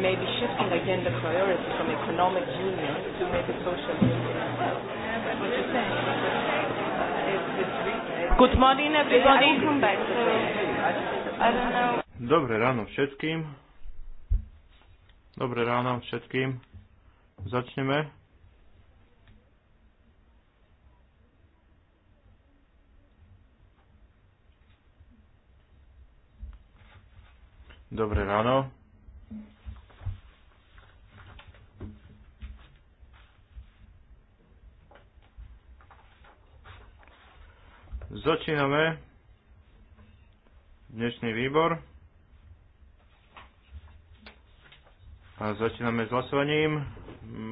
maybe shifting again the priority from economic union to maybe social union itself. What you're saying Good morning, everybody. I come back, so I don't know. Dobré ráno všetkým. Dobré ráno všetkým. Začneme. Dobré ráno. Začíname dnešný výbor. A začíname s hlasovaním.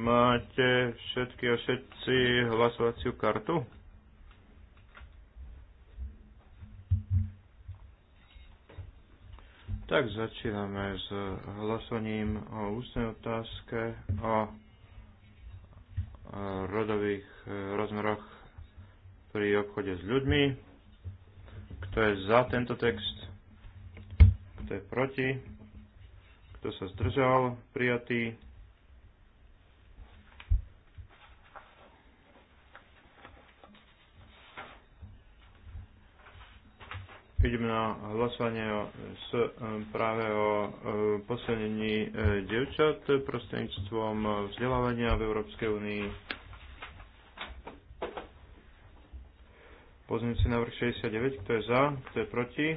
Máte všetky a všetci hlasovaciu kartu? Tak začíname s hlasovaním o ústnej otázke o rodových rozmeroch pri obchode s ľuďmi. Kto je za tento text? Kto je proti? Kto sa zdržal? Prijatý. Ideme na hlasovanie s, um, práve o posledení um, posilnení e, prostredníctvom e, vzdelávania v Európskej únii. Pozmeňujúci návrh 69, kto je za, kto je proti,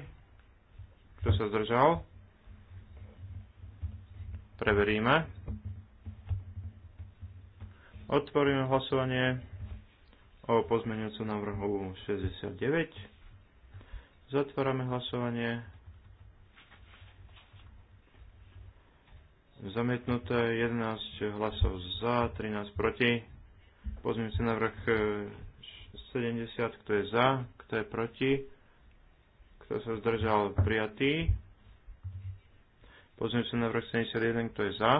kto sa zdržal. Preveríme. Otvoríme hlasovanie o pozmeňujúcom návrhu 69. Zatvárame hlasovanie. Zamietnuté 11 hlasov za, 13 proti. Pozmeňujúci návrh 70, kto je za, kto je proti, kto sa zdržal, prijatý. Pozrieme sa na vrch 71, kto je za,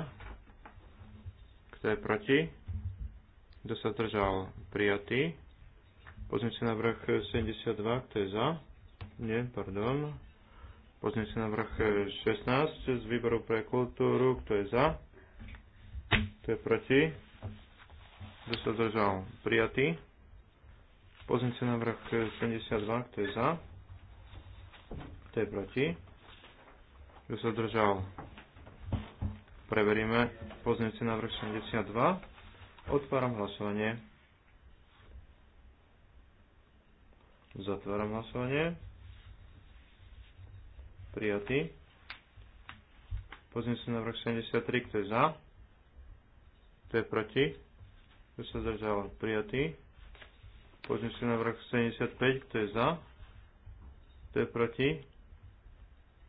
kto je proti, kto sa zdržal, prijatý. Pozrieme sa na vrch 72, kto je za, nie, pardon. Pozrieme sa na vrch 16 z výboru pre kultúru, kto je za, kto je proti, kto sa zdržal, prijatý. Pozrite návrh 72, kto je za, kto je proti, kto sa držal. Preveríme pozrite návrh 72. Otváram hlasovanie. Zatváram hlasovanie. Prijatý. Pozrite vrch 73, kto je za, kto je proti, kto sa zdržal. Prijatý na návrh 75, kto je za? Kto je proti?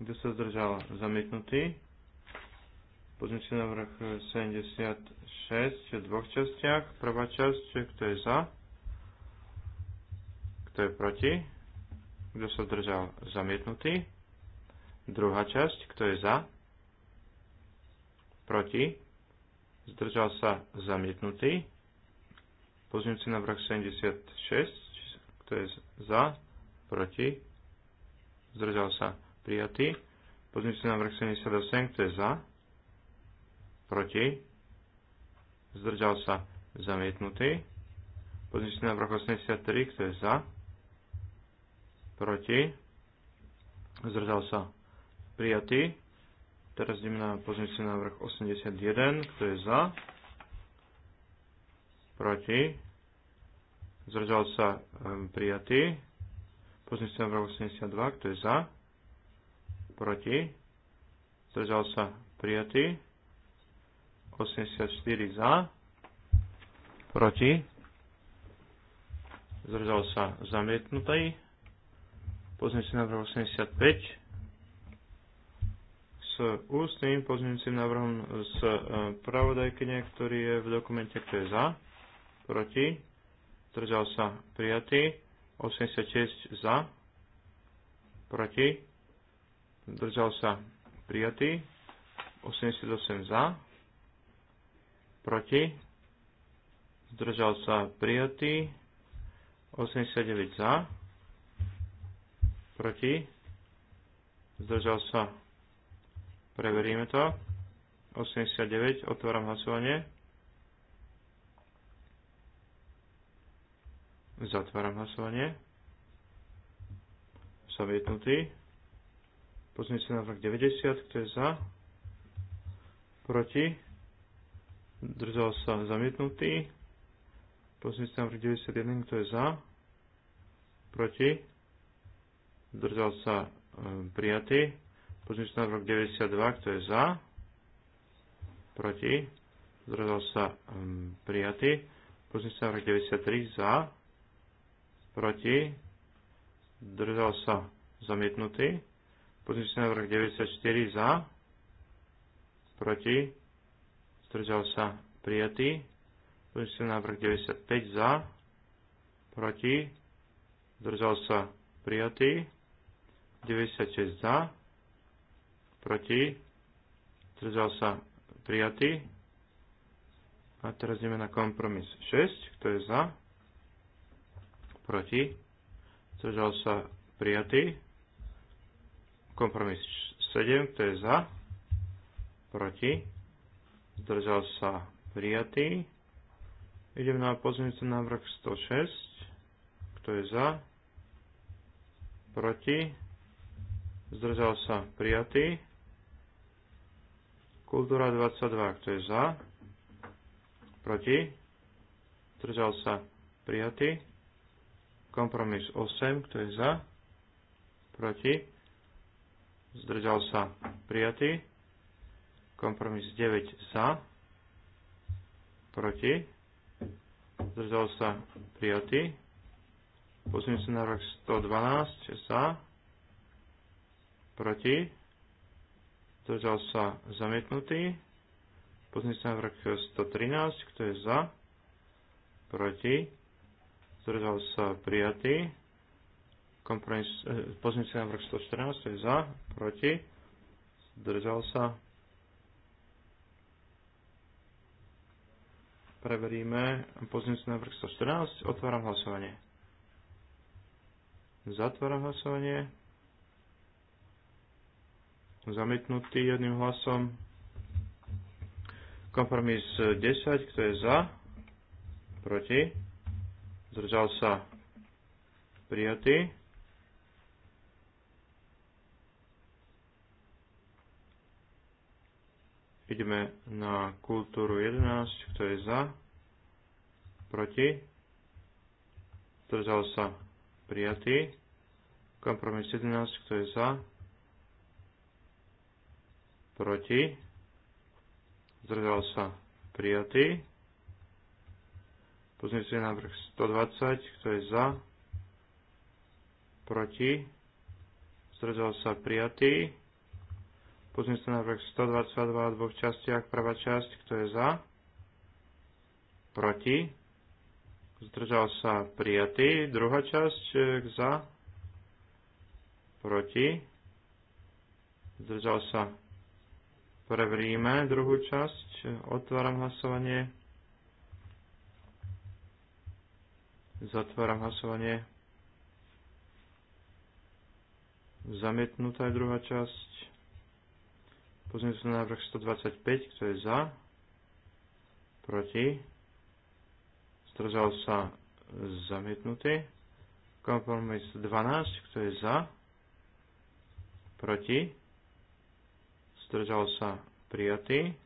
Kto sa zdržal? Zamietnutý. na vrch 76 v dvoch častiach. Prvá časť, kto je za? Kto je proti? Kto sa zdržal? Zamietnutý. Druhá časť, kto je za? Proti? Zdržal sa zamietnutý. Pozmeňujúci návrh 76, kto je za, proti, zdržal sa, prijatý. Pozmeňujúci návrh 78, kto je za, proti, zdržal sa, zamietnutý. Pozmeňujúci návrh 83, kto je za, proti, zdržal sa, prijatý. Teraz ideme na pozmeňujúci návrh 81, kto je za, proti, zdržal sa prijatý, pozmeňujúci vrhu 82, kto je za, proti, zdržal sa prijatý, 84 za, proti, zdržal sa zamietnutý, pozmeňujúci návrh 85, s ústnym pozmeňujúcim návrhom z pravodajkyne, ktorý je v dokumente, kto je za proti, zdržal sa prijatý, 86 za, proti, zdržal sa prijatý, 88 za, proti, zdržal sa prijatý, 89 za, proti, zdržal sa, preveríme to, 89, otváram hlasovanie. Zatváram hlasovanie. Zamietnutý. Pozmeňujúci návrh 90, kto je za? Proti? Držal sa zamietnutý. Pozmeňujúci návrh 91, kto je za? Proti? Držal sa prijatý. Pozmeňujúci návrh 92, kto je za? Proti? Zdržal sa e, prijatý. Pozmeňujúci návrh 93, za? proti, držal sa zamietnutý. Pozmeňujúci návrh 94 za, proti, zdržal sa prijatý. Pozmeňujúci návrh 95 za, proti, zdržal sa prijatý. 96 za, proti, zdržal sa prijatý. A teraz ideme na kompromis 6, kto je za, proti, zdržal sa prijatý. Kompromis 7, kto je za, proti, zdržal sa prijatý. Idem na pozornicu návrh 106, kto je za, proti, zdržal sa prijatý. Kultúra 22, kto je za, proti, zdržal sa prijatý. Kompromis 8, kto je za? Proti? Zdržal sa prijatý. Kompromis 9 za. Proti? Zdržal sa prijatý. Pozrieme sa na rok 112 za. Proti? Zdržal sa zamietnutý. Pozrieme sa na rok 113, kto je za. Proti? zdržal sa prijatý. Kompromis, eh, pozmeňujúci návrh 114, je za, proti, zdržal sa. Preveríme pozmeňujúci návrh 114, otváram hlasovanie. Zatváram hlasovanie. Zamietnutý jedným hlasom. Kompromis 10, e, kto je za, proti, zdržal sa prijatý. Ideme na kultúru 11, kto je za, proti, zdržal sa prijatý. Kompromis 11, kto je za, proti, zdržal sa prijatý. Pozmeňujúci návrh 120, kto je za? Proti? Zdržal sa prijatý. Pozmeňujúci návrh 122 v dvoch častiach. Prvá časť, kto je za? Proti? Zdržal sa prijatý. Druhá časť, e, za? Proti? Zdržal sa prevríme druhú časť. Otváram hlasovanie. Zatváram hlasovanie. Zamietnutá je druhá časť. Pozrieme sa na návrh 125, kto je za, proti, zdržal sa zamietnutý. Kompromis 12, kto je za, proti, zdržal sa prijatý.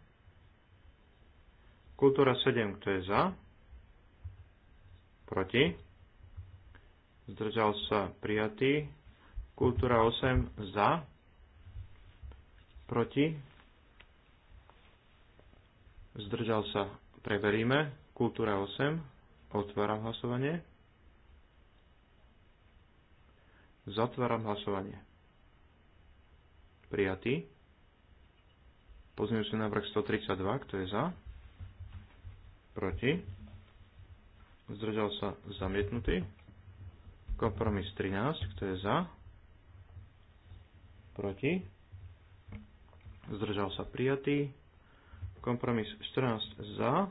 Kultúra 7, kto je za, proti, zdržal sa prijatý, kultúra 8 za, proti, zdržal sa, preveríme, kultúra 8, otváram hlasovanie, zatváram hlasovanie, prijatý, pozmeňujúci návrh 132, kto je za, proti, zdržal sa zamietnutý. Kompromis 13, kto je za, proti, zdržal sa prijatý. Kompromis 14 za,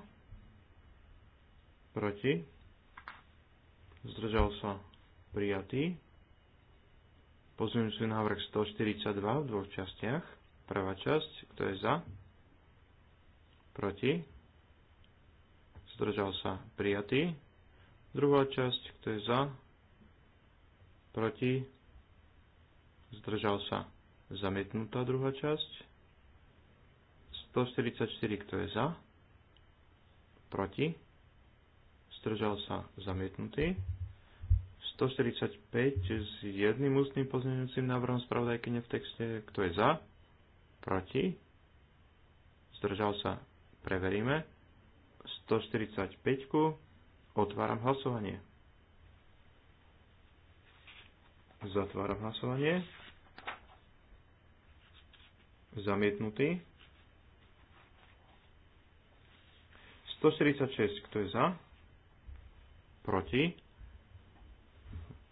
proti, zdržal sa prijatý. si návrh 142 v dvoch častiach. Prvá časť, kto je za, proti, zdržal sa prijatý. Druhá časť, kto je za, proti, zdržal sa. Zamietnutá druhá časť. 144, kto je za, proti, zdržal sa. Zamietnutý. 145 s jedným ústnym pozmeňujúcim návrhom spravodajkyne v texte, kto je za, proti, zdržal sa, preveríme. 145 Otváram hlasovanie. Zatváram hlasovanie. Zamietnutý. 146, kto je za? Proti.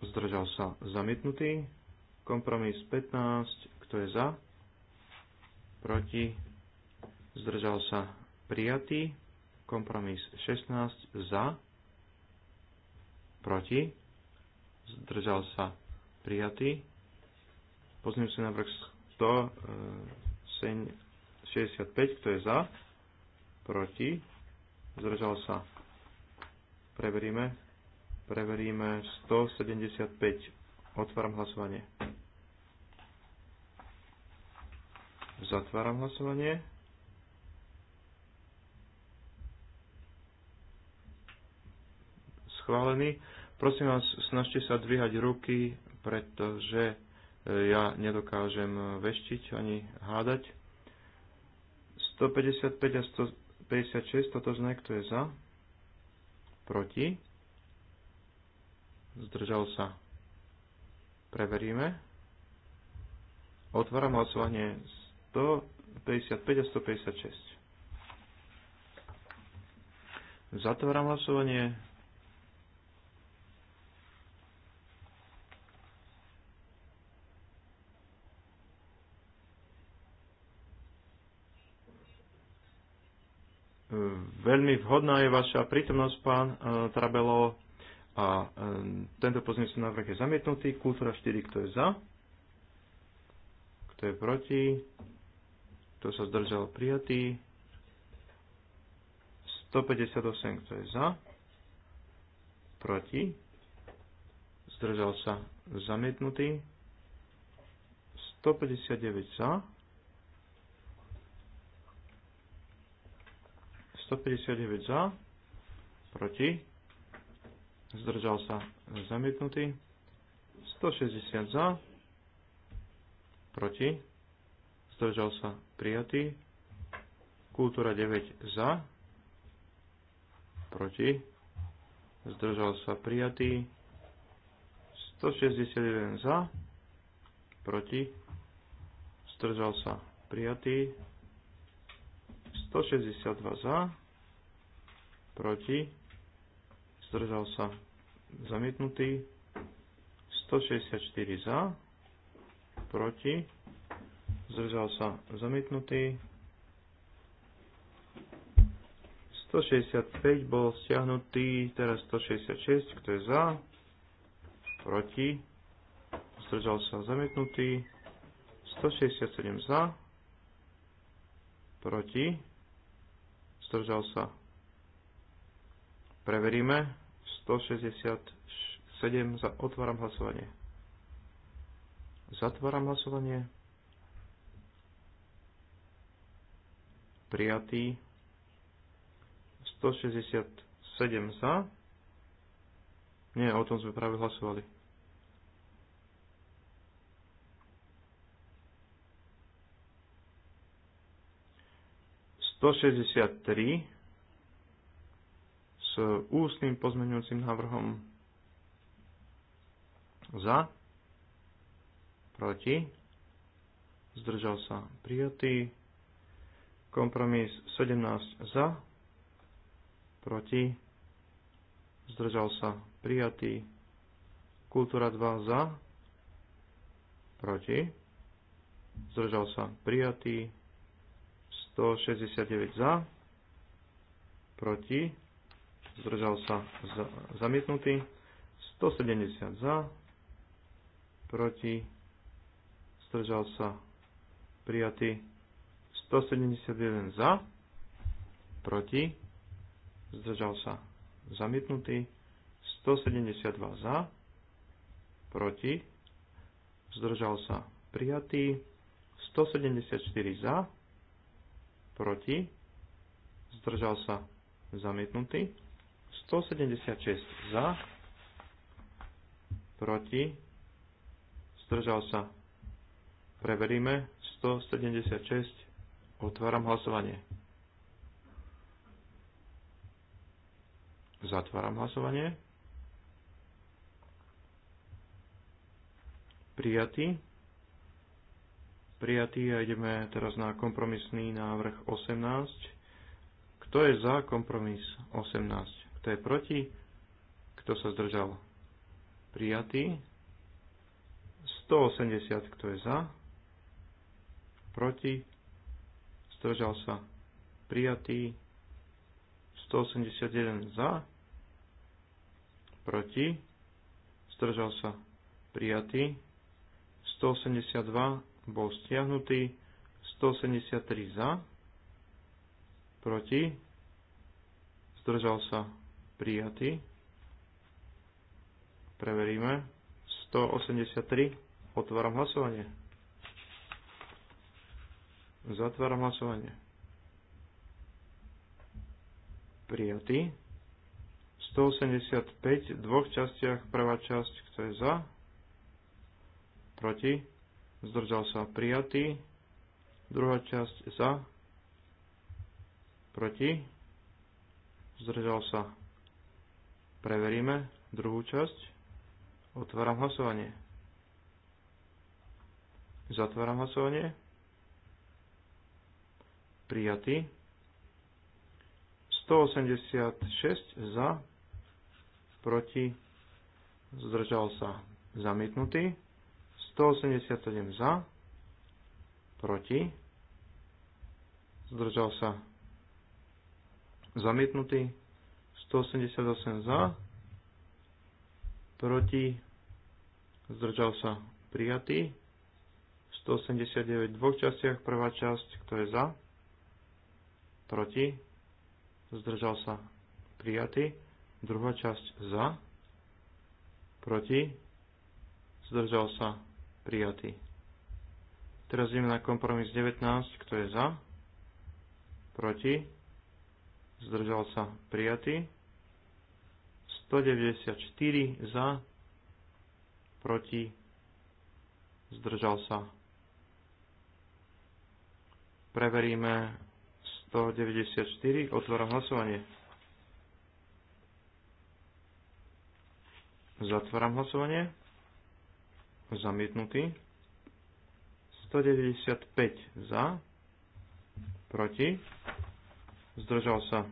Zdržal sa zamietnutý. Kompromis 15, kto je za? Proti. Zdržal sa prijatý. Kompromis 16, za proti, zdržal sa prijatý. na vrch 165, kto je za, proti, zdržal sa. Preveríme. Preveríme 175. Otváram hlasovanie. Zatváram hlasovanie. Schválený. Prosím vás, snažte sa dvíhať ruky, pretože e, ja nedokážem veštiť ani hádať. 155 a 156, toto znak, kto je za? Proti? Zdržal sa. Preveríme. Otváram hlasovanie 155 a 156. Zatváram hlasovanie Veľmi vhodná je vaša prítomnosť, pán e, Trabelo. A e, tento pozmeňujúci návrh je zamietnutý. Kultúra 4, kto je za? Kto je proti? Kto sa zdržal prijatý? 158, kto je za? Proti? Zdržal sa zamietnutý. 159 za? 159 za, proti, zdržal sa zamietnutý, 160 za, proti, zdržal sa prijatý, kultúra 9 za, proti, zdržal sa prijatý, 161 za, proti, zdržal sa prijatý, 162 za, proti, zdržal sa zamietnutý, 164 za, proti, zdržal sa zamietnutý, 165 bol stiahnutý, teraz 166, kto je za, proti, zdržal sa zamietnutý, 167 za, proti, zdržal sa Preveríme. 167. Za, otváram hlasovanie. Zatváram hlasovanie. Prijatý. 167 za. Nie, o tom sme práve hlasovali. Sto tri s ústnym pozmeňujúcim návrhom za, proti, zdržal sa prijatý, kompromis 17 za, proti, zdržal sa prijatý, kultúra 2 za, proti, zdržal sa prijatý, 169 za, proti, zdržal sa zamietnutý, 170 za, proti, zdržal sa prijatý, 171 za, proti, zdržal sa zamietnutý, 172 za, proti, zdržal sa prijatý, 174 za, proti, zdržal sa zamietnutý, 176 za, proti, zdržal sa. Preveríme 176. Otváram hlasovanie. Zatváram hlasovanie. Prijatý. Prijatý a ideme teraz na kompromisný návrh 18. Kto je za kompromis 18? Kto je proti? Kto sa zdržal? Prijatý. 180. Kto je za? Proti? Zdržal sa? Prijatý. 181 za, proti, zdržal sa prijatý, 182 bol stiahnutý, 183 za, proti, zdržal sa prijatý. Preveríme. 183. Otváram hlasovanie. Zatváram hlasovanie. Prijatý. 185 v dvoch častiach. Prvá časť, kto je za? Proti? Zdržal sa. Prijatý. Druhá časť za? Proti? Zdržal sa Preveríme druhú časť. Otváram hlasovanie. Zatváram hlasovanie. Prijatý. 186 za, proti, zdržal sa, zamietnutý. 187 za, proti, zdržal sa, zamietnutý. 188 za, proti, zdržal sa prijatý. 189 v dvoch častiach, prvá časť, kto je za, proti, zdržal sa prijatý. Druhá časť za, proti, zdržal sa prijatý. Teraz ideme na kompromis 19, kto je za, proti, zdržal sa prijatý. 194 za, proti, zdržal sa. Preveríme 194, otváram hlasovanie. Zatváram hlasovanie. Zamietnutý. 195 za, proti, zdržal sa,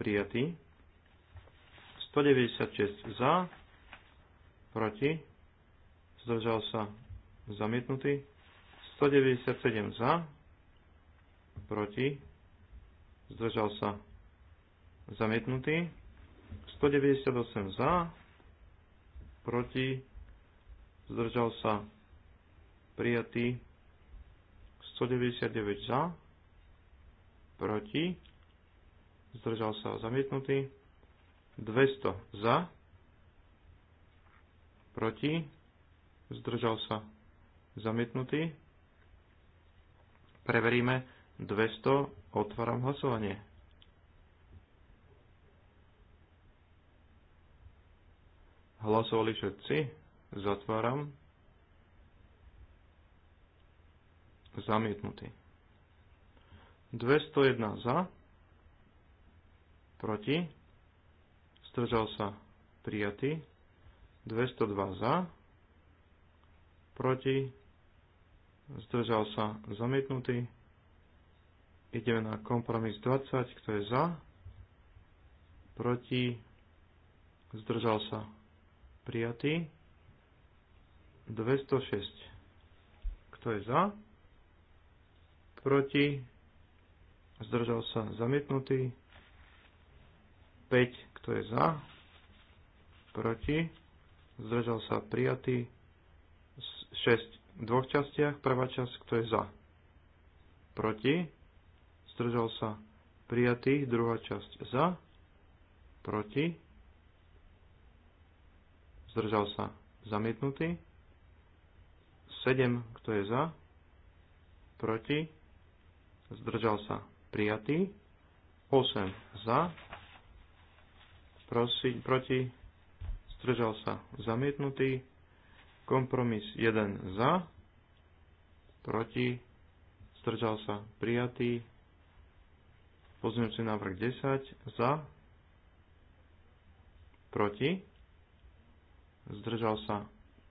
prijatý. 196 za, proti, zdržal sa zamietnutý, 197 za, proti, zdržal sa zamietnutý, 198 za, proti, zdržal sa prijatý, 199 za, proti, zdržal sa zamietnutý, 200 za, proti, zdržal sa zamietnutý. Preveríme 200, otváram hlasovanie. Hlasovali všetci, zatváram. Zamietnutý. 201 za, proti, zdržal sa, prijatý. 202 za, proti, zdržal sa, zamietnutý. Ideme na kompromis 20, kto je za, proti, zdržal sa, prijatý. 206, kto je za, proti, zdržal sa, zamietnutý. 5 kto je za? Proti? Zdržal sa prijatý. 6 v dvoch častiach. Prvá časť, kto je za? Proti? Zdržal sa prijatý. Druhá časť za? Proti? Zdržal sa zamietnutý. 7, kto je za? Proti? Zdržal sa prijatý. 8 za, prosi, proti, zdržal sa zamietnutý, kompromis 1 za, proti, zdržal sa prijatý, pozmeňujúci návrh 10 za, proti, zdržal sa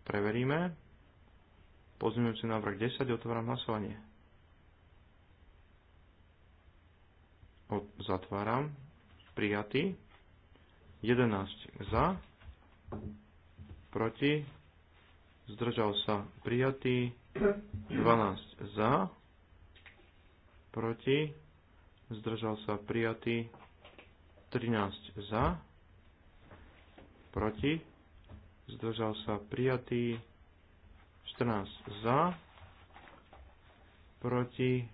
preveríme, pozmeňujúci návrh 10, otváram hlasovanie. zatváram, prijatý. 11 za, proti, zdržal sa prijatý, 12 za, proti, zdržal sa prijatý, 13 za, proti, zdržal sa prijatý, 14 za, proti,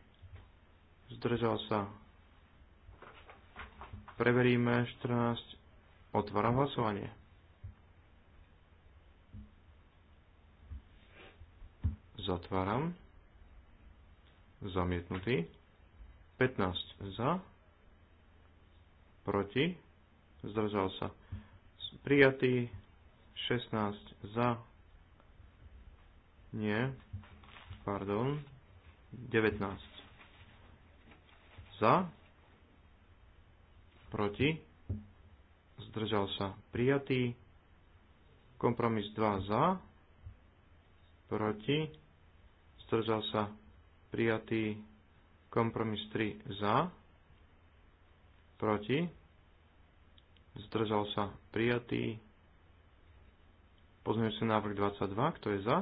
zdržal sa. Preveríme 14 Otváram hlasovanie. Zatváram. Zamietnutý. 15 za. Proti. Zdržal sa. Prijatý. 16 za. Nie. Pardon. 19. Za. Proti zdržal sa prijatý, kompromis 2 za, proti, zdržal sa prijatý, kompromis 3 za, proti, zdržal sa prijatý, sa návrh 22, kto je za,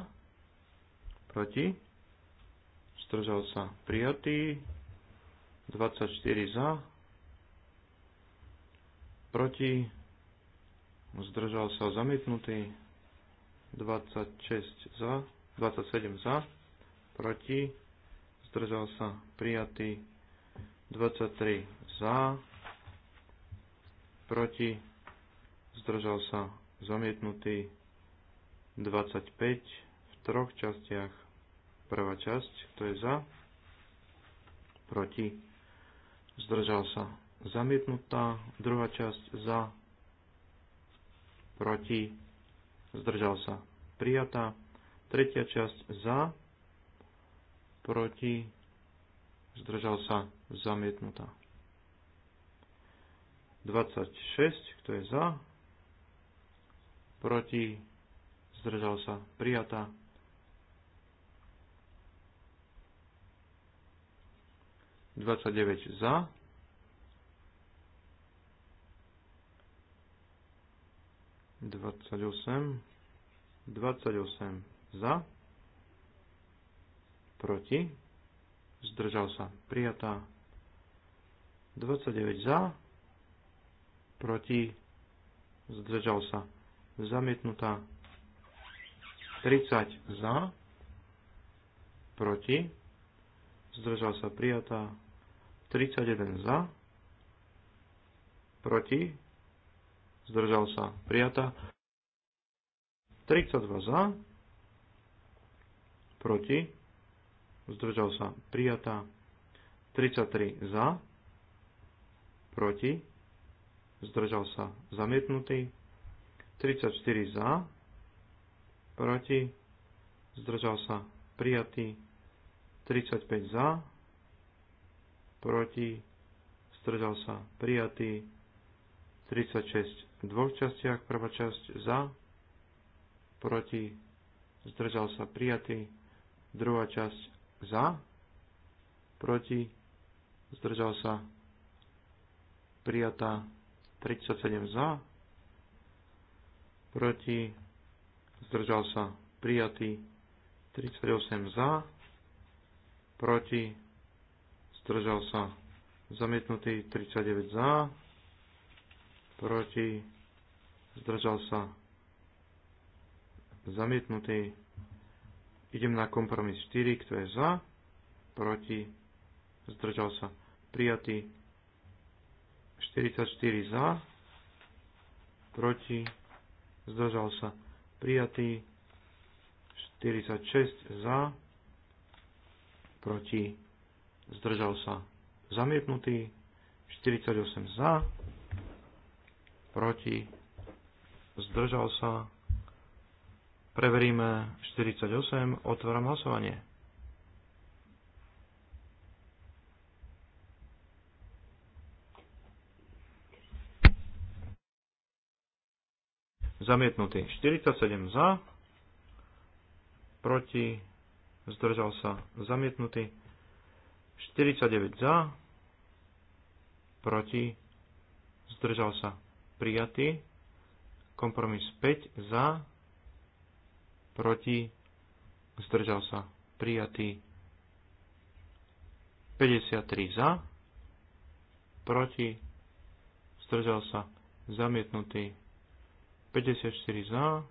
proti, zdržal sa prijatý, 24 za, proti, zdržal sa zamietnutý, 26 za, 27 za, proti, zdržal sa prijatý, 23 za, proti, zdržal sa zamietnutý, 25 v troch častiach, prvá časť, to je za, proti, zdržal sa zamietnutá, druhá časť za, proti, zdržal sa, prijatá, tretia časť za, proti, zdržal sa, zamietnutá. 26, kto je za, proti, zdržal sa, prijatá. 29 za, 28, 28 za, proti, zdržal sa, prijatá, 29 za, proti, zdržal sa, zamietnutá, 30 za, proti, zdržal sa, prijatá, 31 za, proti, zdržal sa, prijatá. 32 za, proti, zdržal sa, prijatá. 33 za, proti, zdržal sa, zamietnutý. 34 za, proti, zdržal sa, prijatý. 35 za, proti, zdržal sa, prijatý. 36 v dvoch častiach. Prvá časť za, proti, zdržal sa prijatý. Druhá časť za, proti, zdržal sa prijatá. 37 za, proti, zdržal sa prijatý. 38 za, proti, zdržal sa zamietnutý. 39 za, proti, zdržal sa, zamietnutý. Idem na kompromis 4, kto je za, proti, zdržal sa, prijatý. 44 za, proti, zdržal sa, prijatý. 46 za, proti, zdržal sa, zamietnutý. 48 za, proti, zdržal sa. Preveríme 48, otváram hlasovanie. Zamietnutý 47 za, proti, zdržal sa, zamietnutý 49 za, proti, zdržal sa, prijatý. Kompromis 5 za, proti, zdržal sa, prijatý. 53 za, proti, zdržal sa, zamietnutý. 54 za,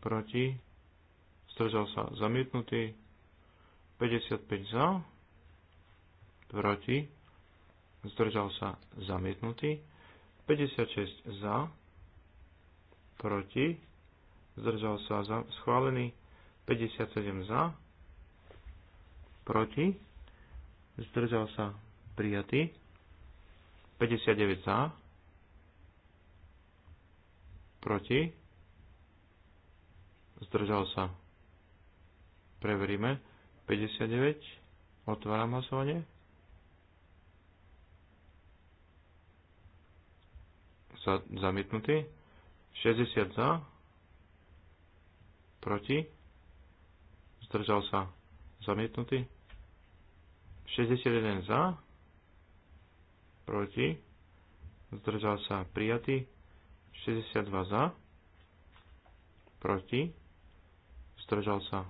proti, zdržal sa, zamietnutý. 55 za, proti, zdržal sa, zamietnutý. 56 za, proti, zdržal sa za, schválený, 57 za, proti, zdržal sa prijatý, 59 za, proti, zdržal sa. Preveríme, 59, otváram hlasovanie. za, zamietnutý. 60 za, proti, zdržal sa zamietnutý. 61 za, proti, zdržal sa prijatý. 62 za, proti, zdržal sa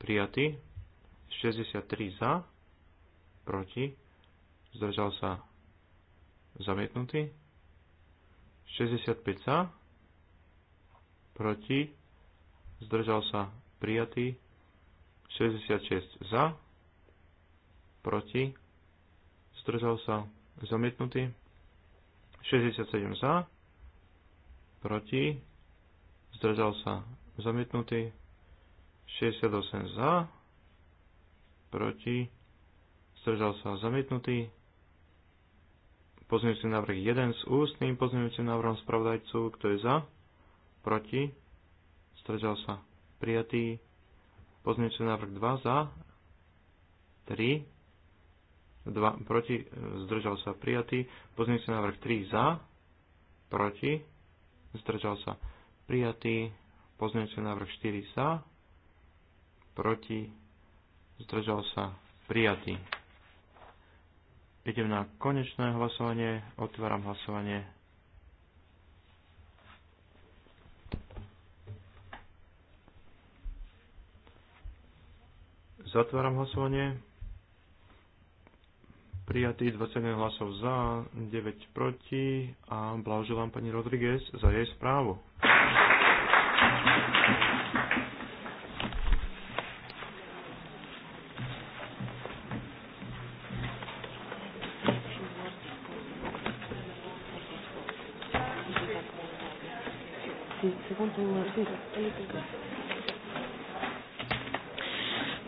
prijatý. 63 za, proti, zdržal sa zamietnutý. 65 za, proti, zdržal sa, prijatý. 66 za, proti, zdržal sa, zamietnutý. 67 za, proti, zdržal sa, zamietnutý. 68 za, proti, zdržal sa, zamietnutý. Pozmeňujúci návrh 1 s ústnym pozmeňujúcim návrhom spravodajcu. Kto je za? Proti? Zdržal sa. Prijatý. Pozmeňujúci návrh 2 za. 3. 2 proti. Zdržal sa. Prijatý. Pozmeňujúci návrh 3 za. Proti. Zdržal sa. Prijatý. Pozmeňujúci návrh 4 za. Proti. Zdržal sa. Prijatý. Idem na konečné hlasovanie. Otváram hlasovanie. Zatváram hlasovanie. Prijatý 21 hlasov za, 9 proti a blahoželám pani Rodriguez za jej správu.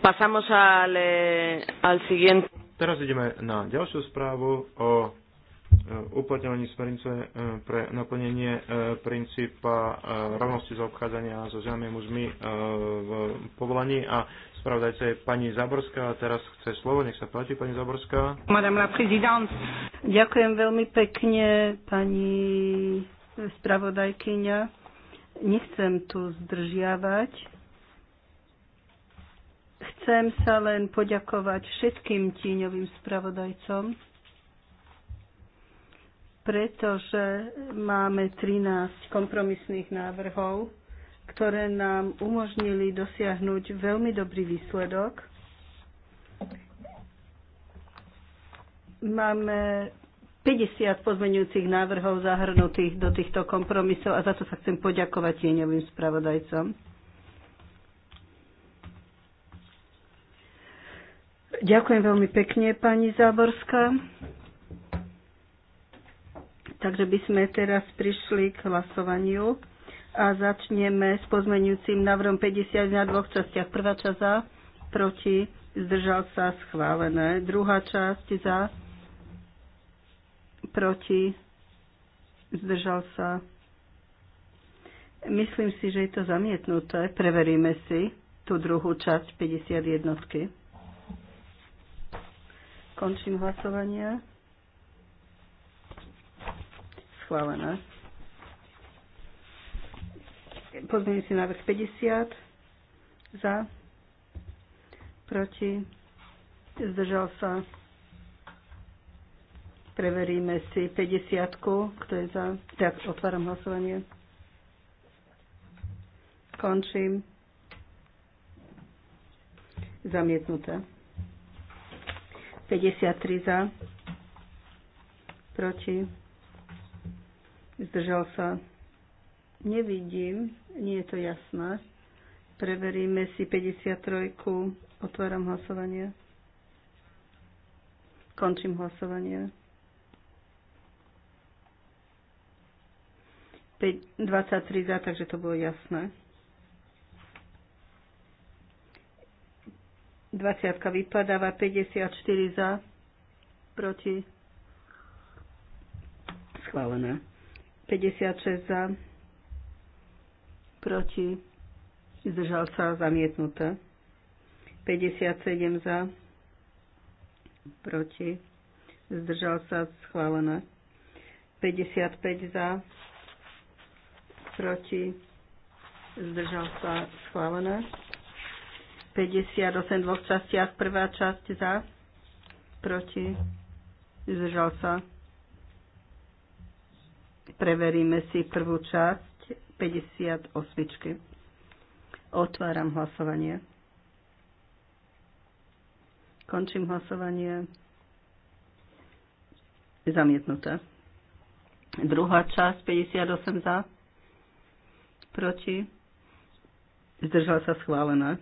Pasamos al, eh, al siguiente. Teraz ideme na ďalšiu správu o e, uplatňovaní smernice e, pre naplnenie e, princípa rovnosti zaobchádzania so ženami a mužmi v povolaní a spravodajca je pani Zaborská a teraz chce slovo. Nech sa páči, pani Zaborská. Madame la présidente. Ďakujem veľmi pekne, pani spravodajkyňa. Nechcem tu zdržiavať. Chcem sa len poďakovať všetkým tíňovým spravodajcom, pretože máme 13 kompromisných návrhov, ktoré nám umožnili dosiahnuť veľmi dobrý výsledok. Máme 50 pozmeňujúcich návrhov zahrnutých do týchto kompromisov a za to sa chcem poďakovať tieňovým spravodajcom. Ďakujem veľmi pekne, pani Záborská. Takže by sme teraz prišli k hlasovaniu a začneme s pozmeňujúcim návrhom 50 na dvoch častiach. Prvá časť za, proti, zdržal sa, schválené. Druhá časť za, proti, zdržal sa. Myslím si, že je to zamietnuté. Preveríme si tú druhú časť 51. Končím hlasovanie. Schválené. Pozmením si návrh 50. Za. Proti. Zdržal sa Preveríme si 50, kto je za. Tak, otváram hlasovanie. Končím. Zamietnuté. 53 za. Proti. Zdržal sa. Nevidím. Nie je to jasné. Preveríme si 53. Otváram hlasovanie. Končím hlasovanie. 23 za, takže to bolo jasné. 20 vypadáva, 54 za, proti, schválené. 56 za, proti, zdržal sa, zamietnuté. 57 za, proti, zdržal sa, schválené. 55 za, proti, zdržal sa schválené. 58 dvoch častiach, prvá časť za, proti, zdržal sa. Preveríme si prvú časť 58. Otváram hlasovanie. Končím hlasovanie. Zamietnuté. Druhá časť 58 za proti, zdržal sa schválená.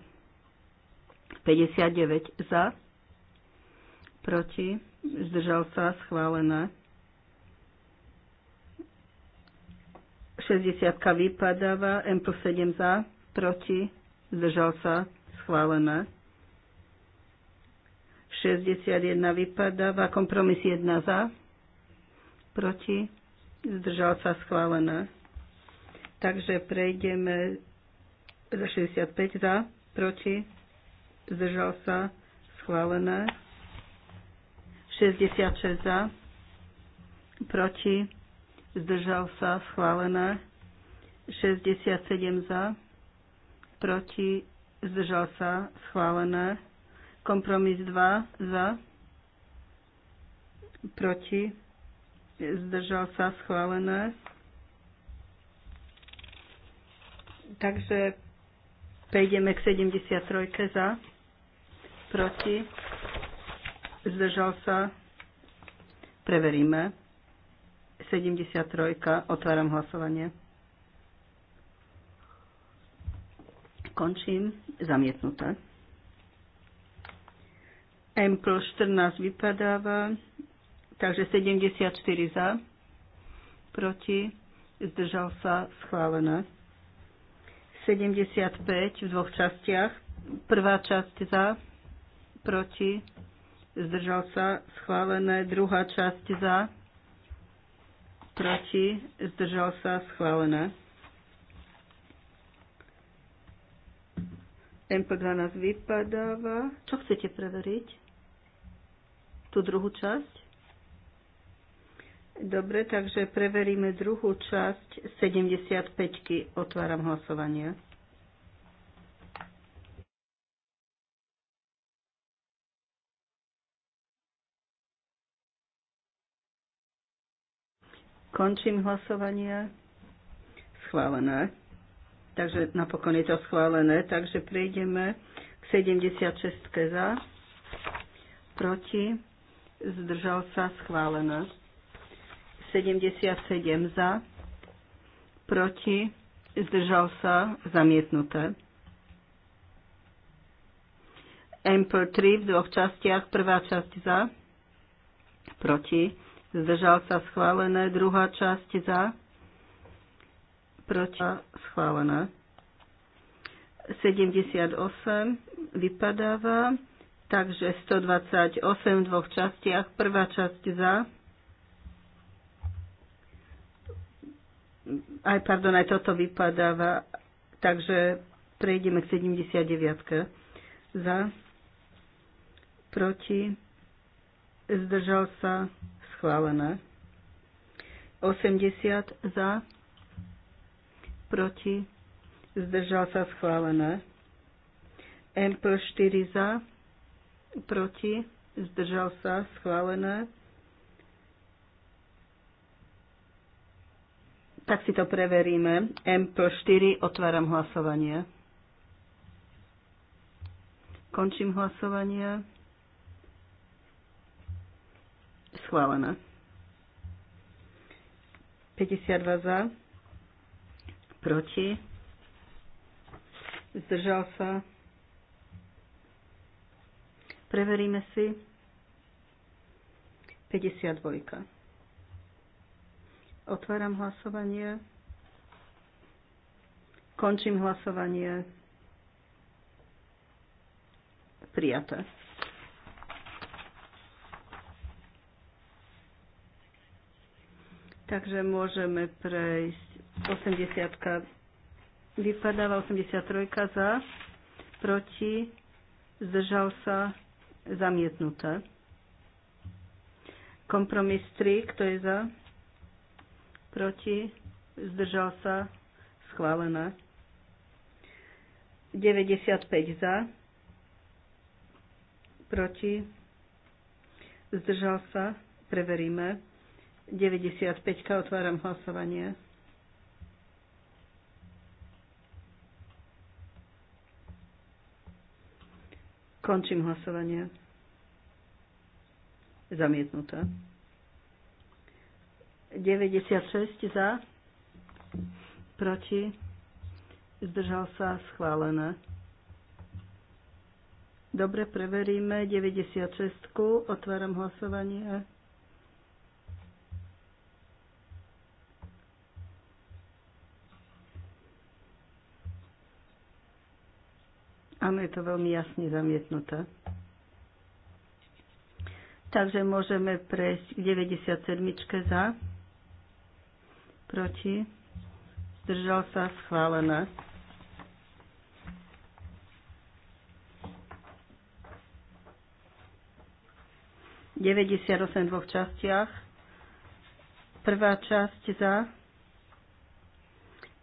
59 za, proti, zdržal sa schválená. 60 vypadáva, M plus 7 za, proti, zdržal sa schválená. 61 vypadáva, kompromis 1 za, proti, zdržal sa schválená. Takže prejdeme za 65 za, proti, zdržal sa, schválené. 66 za, proti, zdržal sa, schválené. 67 za, proti, zdržal sa, schválené. Kompromis 2 za, proti, zdržal sa, schválené. Takže prejdeme k 73 za, proti, zdržal sa, preveríme. 73, otváram hlasovanie. Končím, zamietnuté. M plus 14 vypadáva, takže 74 za, proti, zdržal sa, schválené. 75 v dvoch častiach. Prvá časť za, proti, zdržal sa, schválené. Druhá časť za, proti, zdržal sa, schválené. MP12 vypadáva. Čo chcete preveriť? Tú druhú časť? Dobre, takže preveríme druhú časť 75-ky. Otváram hlasovanie. Končím hlasovanie. Schválené. Takže napokon je to schválené. Takže prejdeme k 76 za. Proti. Zdržal sa. Schválené. 77 za, proti, zdržal sa, zamietnuté. Ample 3 v dvoch častiach, prvá časť za, proti, zdržal sa schválené, druhá časť za, proti, schválené. 78 vypadáva, takže 128 v dvoch častiach, prvá časť za, Aj, pardon, aj toto vypadáva. Takže prejdeme k 79. Za, proti, zdržal sa, schválené. 80 za, proti, zdržal sa schválené. M 4 za, proti, zdržal sa schválené. Tak si to preveríme. MP4, otváram hlasovanie. Končím hlasovanie. Schválené. 52 za. Proti. Zdržal sa. Preveríme si. 52. Otváram hlasovanie. Končím hlasovanie. Prijaté. Takže môžeme prejsť 80 vypadáva 83 za, proti, zdržal sa, zamietnuté. Kompromis 3, kto je za? proti, zdržal sa, schválená. 95 za, proti, zdržal sa, preveríme. 95, otváram hlasovanie. Končím hlasovanie. Zamietnuté. 96 za, proti, zdržal sa, schválené. Dobre, preveríme 96. Otváram hlasovanie. Áno, je to veľmi jasne zamietnuté. Takže môžeme prejsť k 97. za proti, zdržal sa, schválené. V 98 dvoch častiach. Prvá časť za,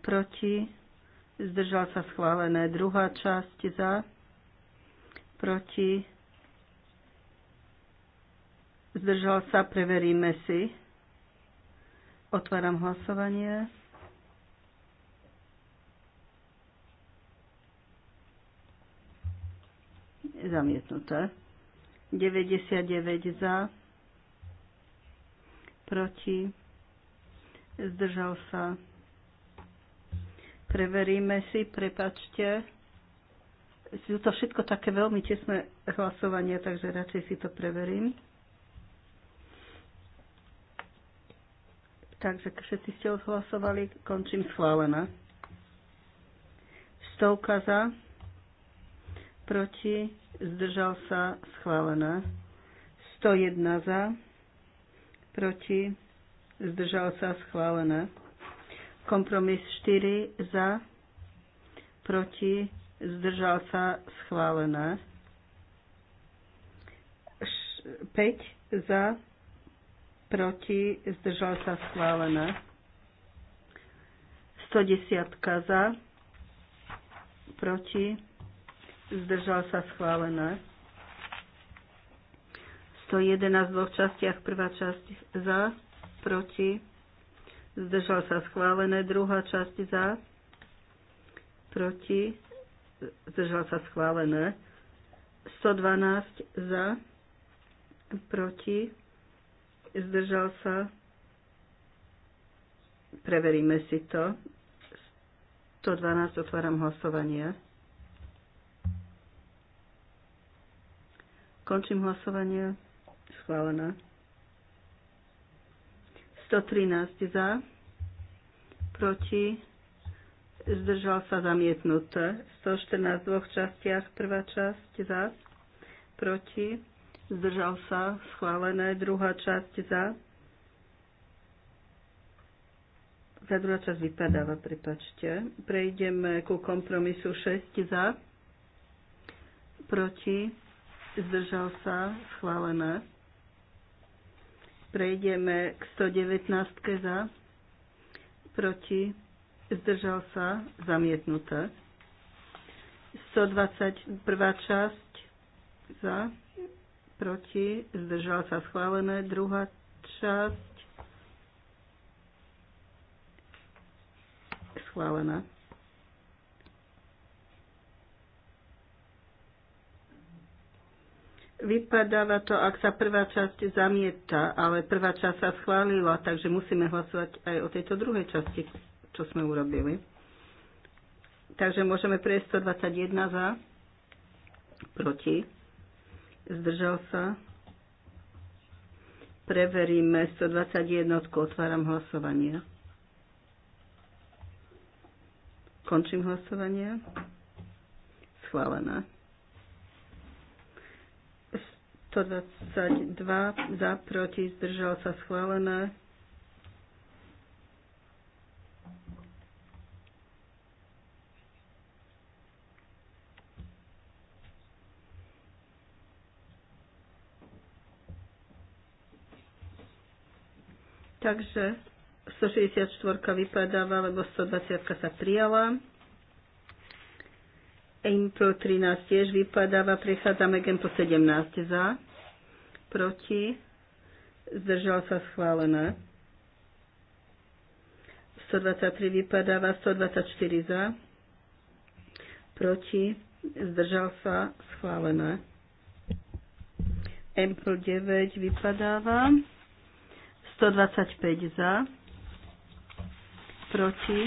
proti, zdržal sa schválené. Druhá časť za, proti, zdržal sa, preveríme si. Otváram hlasovanie. Zamietnuté. 99 za. Proti. Zdržal sa. Preveríme si, prepačte. Sú to všetko také veľmi tesné hlasovanie, takže radšej si to preverím. Takže všetci ste odhlasovali, končím schválená. Stovka za, proti, zdržal sa, schválená. 101 za, proti, zdržal sa, schválená. Kompromis 4 za, proti, zdržal sa, schválená. 5 za, proti, zdržal sa schválené. 110 za, proti, zdržal sa schválené. 111 v dvoch častiach, prvá časť za, proti, zdržal sa schválené, druhá časť za, proti, zdržal sa schválené, 112 za, proti, zdržal sa, preveríme si to. 112 otváram hlasovanie. Končím hlasovanie. Schválené. 113 za, proti, zdržal sa zamietnuté. 114 v dvoch častiach, prvá časť za, proti, zdržal sa, schválené, druhá časť za, Za druhá časť vypadáva, prepačte. Prejdeme ku kompromisu 6 za, proti, zdržal sa, schválené. Prejdeme k 119 za, proti, zdržal sa, zamietnuté. 121 časť za, proti, zdržal sa schválené. Druhá časť schválená. Vypadáva to, ak sa prvá časť zamieta, ale prvá časť sa schválila, takže musíme hlasovať aj o tejto druhej časti, čo sme urobili. Takže môžeme prejsť 121 za, proti, zdržal sa. Preveríme 121, otváram hlasovanie. Končím hlasovanie. Schválené. 122 za, proti, zdržal sa schválené. Takže 164 vypadáva, lebo 120 sa prijala. Impro 13 tiež vypadáva, prechádzame k po 17 za, proti, zdržal sa schválené. 123 vypadáva, 124 za, proti, zdržal sa schválené. Ample 9 vypadáva. 125 za, proti,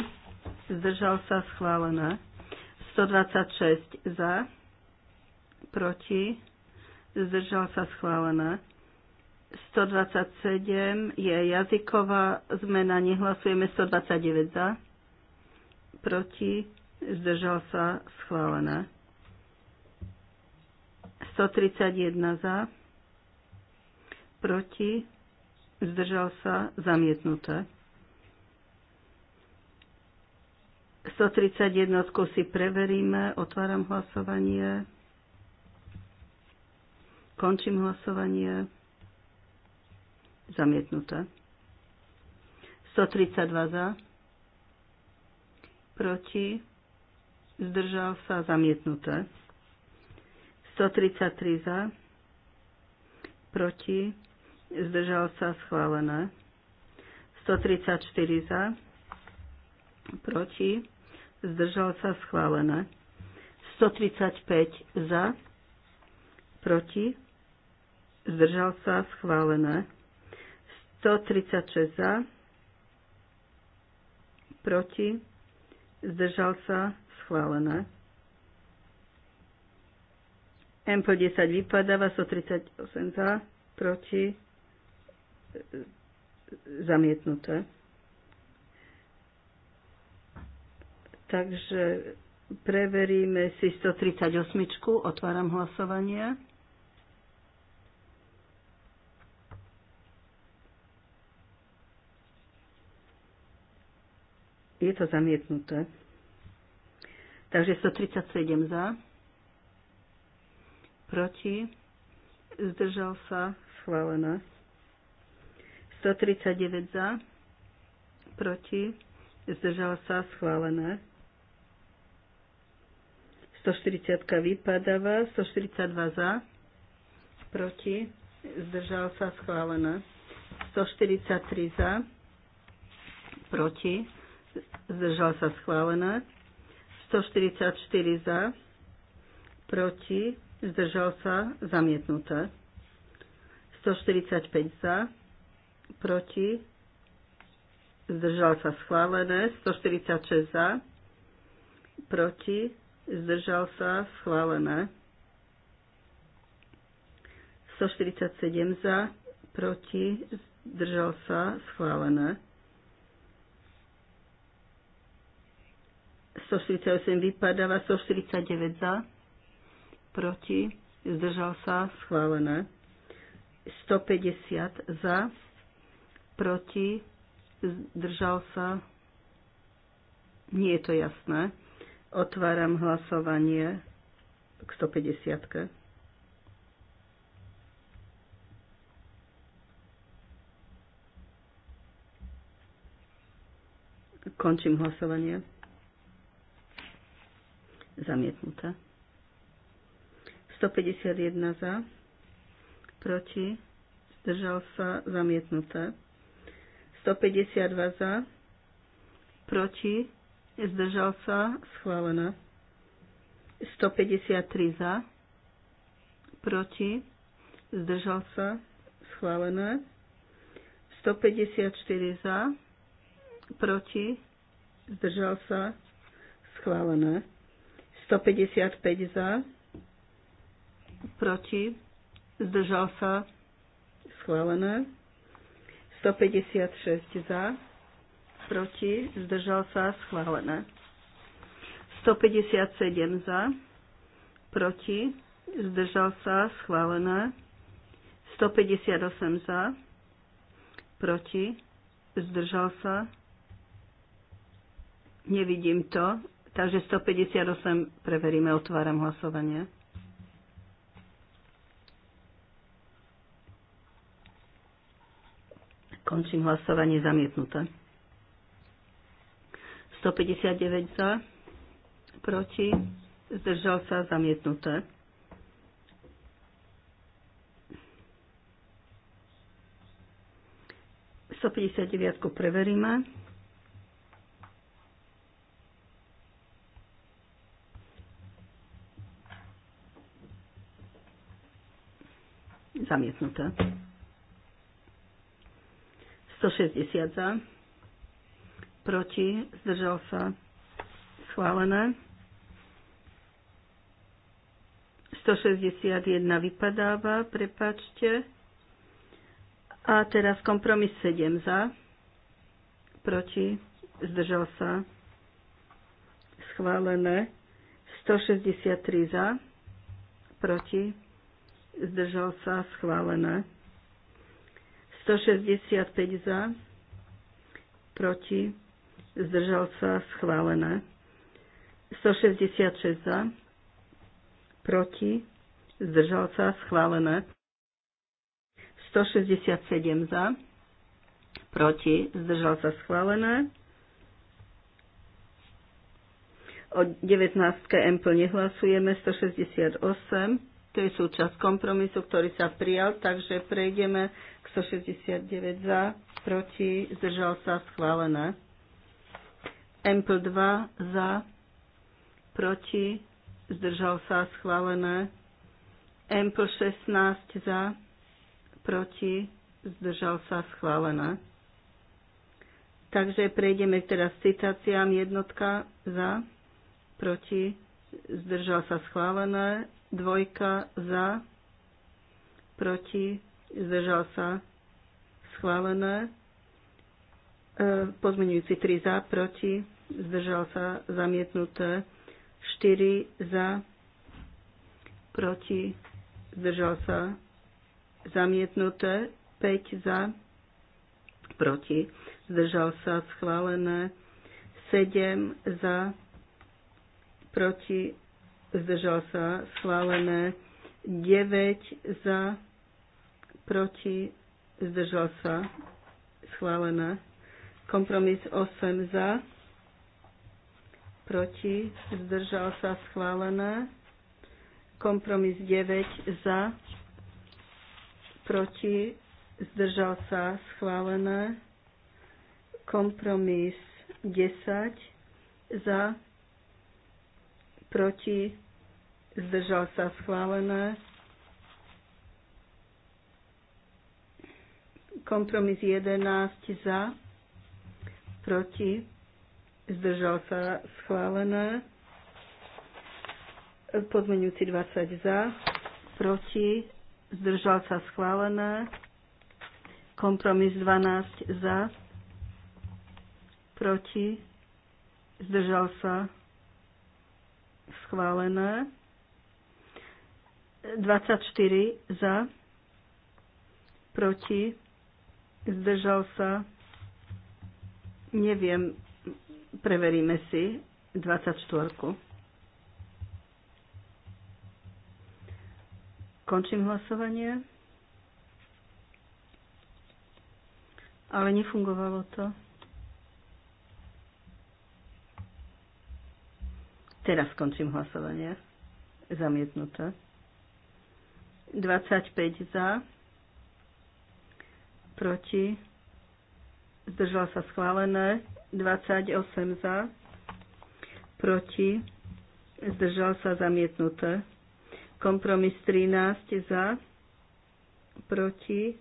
zdržal sa schválené. 126 za, proti, zdržal sa schválené. 127 je jazyková zmena, nehlasujeme 129 za, proti, zdržal sa schválené. 131 za, proti, zdržal sa, zamietnuté. 131 si preveríme, otváram hlasovanie, končím hlasovanie, zamietnuté. 132 za, proti, zdržal sa, zamietnuté. 133 za, proti, zdržal sa schválené. 134 za, proti, zdržal sa schválené. 135 za, proti, zdržal sa schválené. 136 za, proti, zdržal sa schválené. MP10 vypadáva, 138 za, proti, zamietnuté. Takže preveríme si 138. Otváram hlasovanie. Je to zamietnuté. Takže 137 za. Proti. Zdržal sa. Schválené. 139 za, proti, zdržala sa, schválené. 140 vypadáva, 142 za, proti, zdržal sa, schválené. 143 za, proti, zdržal sa, schválené. 144 za, proti, zdržal sa, zamietnuté. 145 za, proti, zdržal sa schválené, 146 za, proti, zdržal sa schválené, 147 za, proti, zdržal sa schválené. 148 vypadáva, 149 za, proti, zdržal sa, schválené. 150 za, proti, zdržal sa, nie je to jasné. Otváram hlasovanie k 150. Končím hlasovanie. Zamietnuté. 151 za, proti, zdržal sa, zamietnuté. 152 za, proti, zdržal sa, schválená. 153 za, proti, zdržal sa, schválené. 154 za, proti, zdržal sa, schválené. 155 za, proti, zdržal sa, schválené. 156 za, proti, zdržal sa, schválené. 157 za, proti, zdržal sa, schválené. 158 za, proti, zdržal sa, nevidím to, takže 158 preveríme, otváram hlasovanie. Končím hlasovanie zamietnuté. 159 za, proti, zdržal sa zamietnuté. So 159 preveríme. Zamietnuté. 160 za, proti, zdržal sa, schválené. 161 vypadáva, prepačte. A teraz kompromis 7 za, proti, zdržal sa, schválené. 163 za, proti, zdržal sa, schválené. 165 za, proti, zdržal sa, schválené. 166 za, proti, zdržal sa, schválené. 167 za, proti, zdržal sa, schválené. O 19. M plne hlasujeme, 168 to je súčasť kompromisu, ktorý sa prijal, takže prejdeme k 169 za, proti, zdržal sa, schválené. mp 2 za, proti, zdržal sa, schválené. MP 16 za, proti, zdržal sa, schválené. Takže prejdeme teraz k citáciám. Jednotka za, proti, zdržal sa schválené. Dvojka za, proti, zdržal sa, schválené. E, pozmeňujúci 3 za, proti, zdržal sa, zamietnuté. 4 za, proti, zdržal sa, zamietnuté. 5 za, proti, zdržal sa, schválené. 7 za, proti, zdržal sa, schválené 9 za, proti, zdržal sa, schválené. Kompromis 8 za, proti, zdržal sa, schválené. Kompromis 9 za, proti, zdržal sa, schválené. Kompromis 10 za, proti, zdržal sa schválené. Kompromis 11 za, proti, zdržal sa schválené. Podmenujúci 20 za, proti, zdržal sa schválené. Kompromis 12 za, proti, zdržal sa schválené. 24 za, proti, zdržal sa, neviem, preveríme si 24. Končím hlasovanie. Ale nefungovalo to. Teraz končím hlasovanie. Zamietnuté. 25 za, proti, zdržal sa schválené, 28 za, proti, zdržal sa zamietnuté. Kompromis 13 za, proti,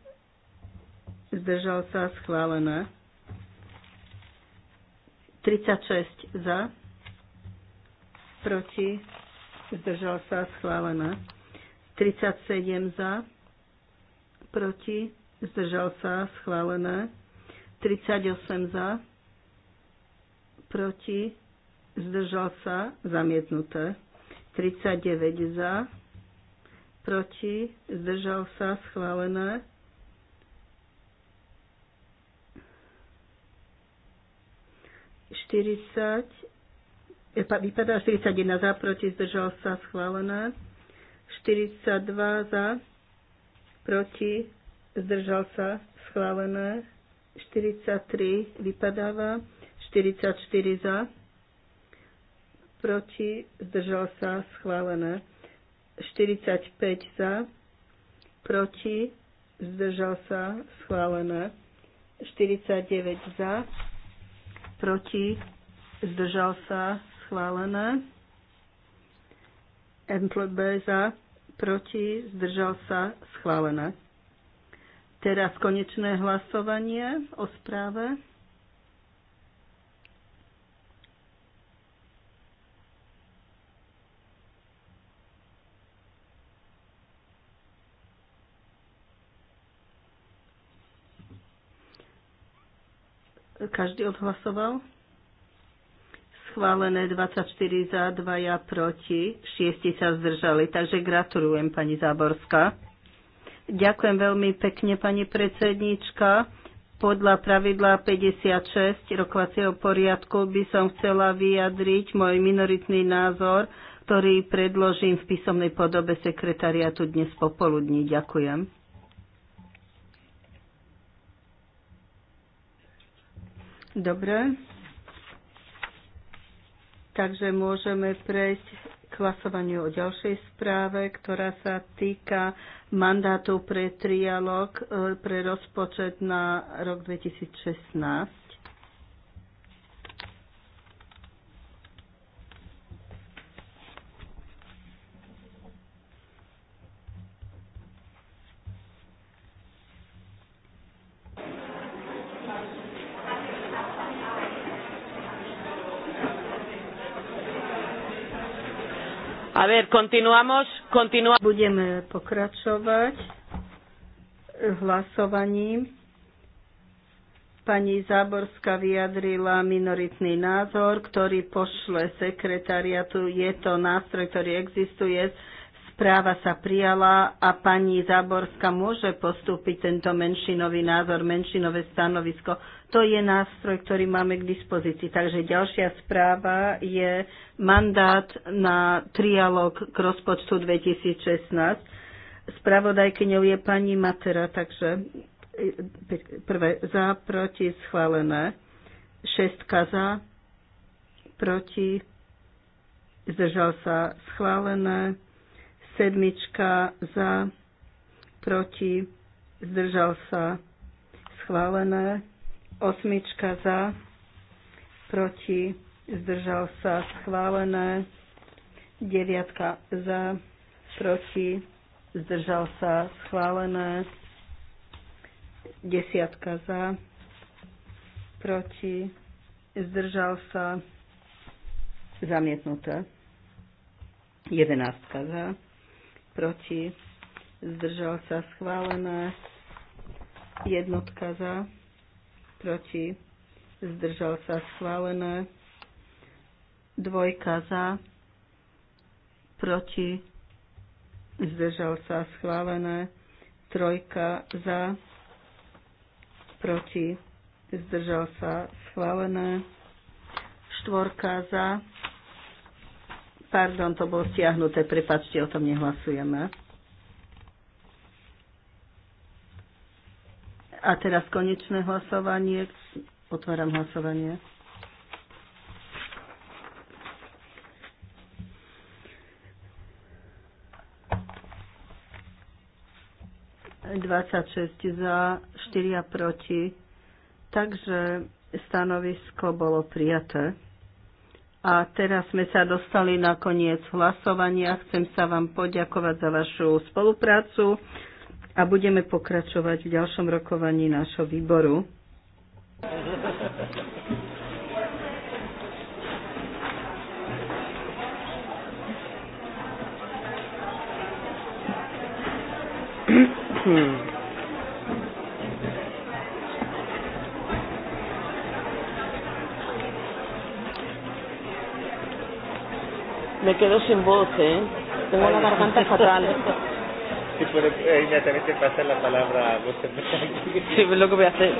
zdržal sa schválené. 36 za, proti, zdržal sa schválené. 37 za, proti, zdržal sa, schválené. 38 za, proti, zdržal sa, zamietnuté. 39 za, proti, zdržal sa, schválené. 40, e, vypadá 41 za, proti, zdržal sa, schválené. 42 za, proti, zdržal sa, schválené. 43 vypadáva, 44 za, proti, zdržal sa, schválené. 45 za, proti, zdržal sa, schválené. 49 za, proti, zdržal sa, schválené. MPB za, proti, zdržal sa, schválené. Teraz konečné hlasovanie o správe. Každý odhlasoval? schválené 24 za, 2 ja proti, 6 sa zdržali. Takže gratulujem, pani Záborská. Ďakujem veľmi pekne, pani predsednička. Podľa pravidla 56 rokovacieho poriadku by som chcela vyjadriť môj minoritný názor, ktorý predložím v písomnej podobe sekretariatu dnes popoludní. Ďakujem. Dobre. Takže môžeme prejsť k hlasovaniu o ďalšej správe, ktorá sa týka mandátu pre trialog e, pre rozpočet na rok 2016. ver, continuamos, continuamos. Budeme pokračovať hlasovaním. Pani Záborská vyjadrila minoritný názor, ktorý pošle sekretariatu. Je to nástroj, ktorý existuje Správa sa prijala a pani Záborská môže postúpiť tento menšinový názor, menšinové stanovisko. To je nástroj, ktorý máme k dispozícii. Takže ďalšia správa je mandát na trialog k rozpočtu 2016. Spravodajkyňou je pani Matera, takže e, prvé za, proti, schválené. Šestka za, proti, zdržal sa schválené. Sedmička za, proti, zdržal sa, schválené. Osmička za, proti, zdržal sa, schválené. Deviatka za, proti, zdržal sa, schválené. Desiatka za, proti, zdržal sa, zamietnuté. Jedenáctka za, proti, zdržal sa schválené, jednotka za, proti, zdržal sa schválené, dvojka za, proti, zdržal sa schválené, trojka za, proti, zdržal sa schválené, štvorka za, Pardon, to bolo stiahnuté, prepačte, o tom nehlasujeme. A teraz konečné hlasovanie. Otváram hlasovanie. Dvadsaťšesť za, štyria proti. Takže stanovisko bolo prijaté. A teraz sme sa dostali na koniec hlasovania. Chcem sa vám poďakovať za vašu spoluprácu a budeme pokračovať v ďalšom rokovaní nášho výboru. Hmm. Me quedo sin voz, ¿eh? Tengo la garganta no. fatal. Sí, pero eh, inmediatamente pasa la palabra a vos. sí, es lo que voy a hacer.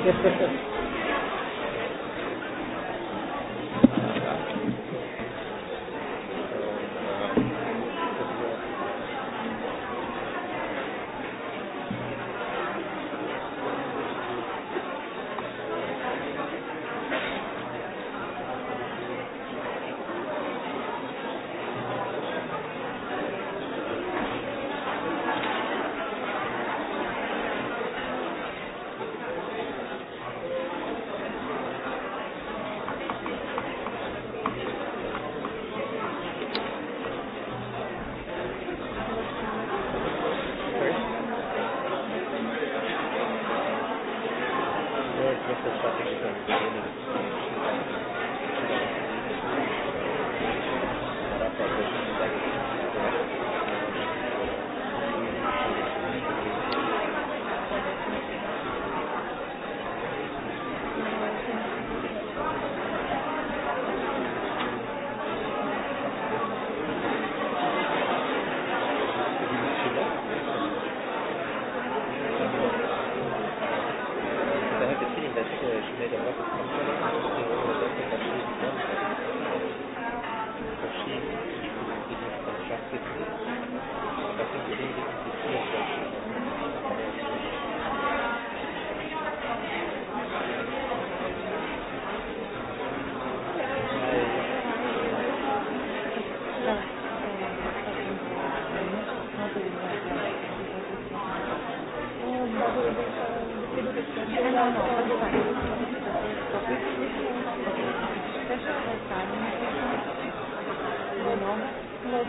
no, no, no.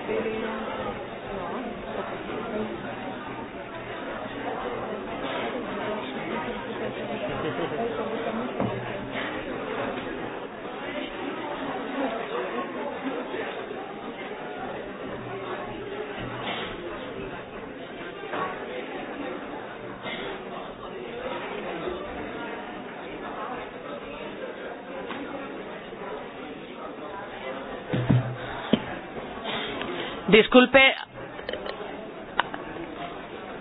Thank you. Disculpe,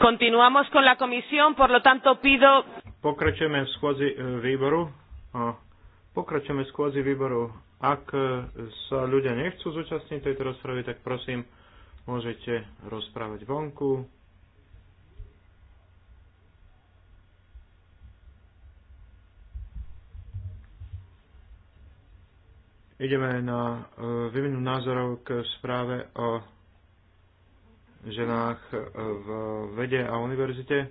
continuamos con la comisión, por lo tanto pido... Pokračujeme v schôdzi eh, výboru. Pokračujeme v schôdzi výboru. Ak eh, sa ľudia nechcú zúčastniť tejto rozpravy, tak prosím, môžete rozprávať vonku. Ideme na eh, výmenu názorov k správe o ženách e, v vede a univerzite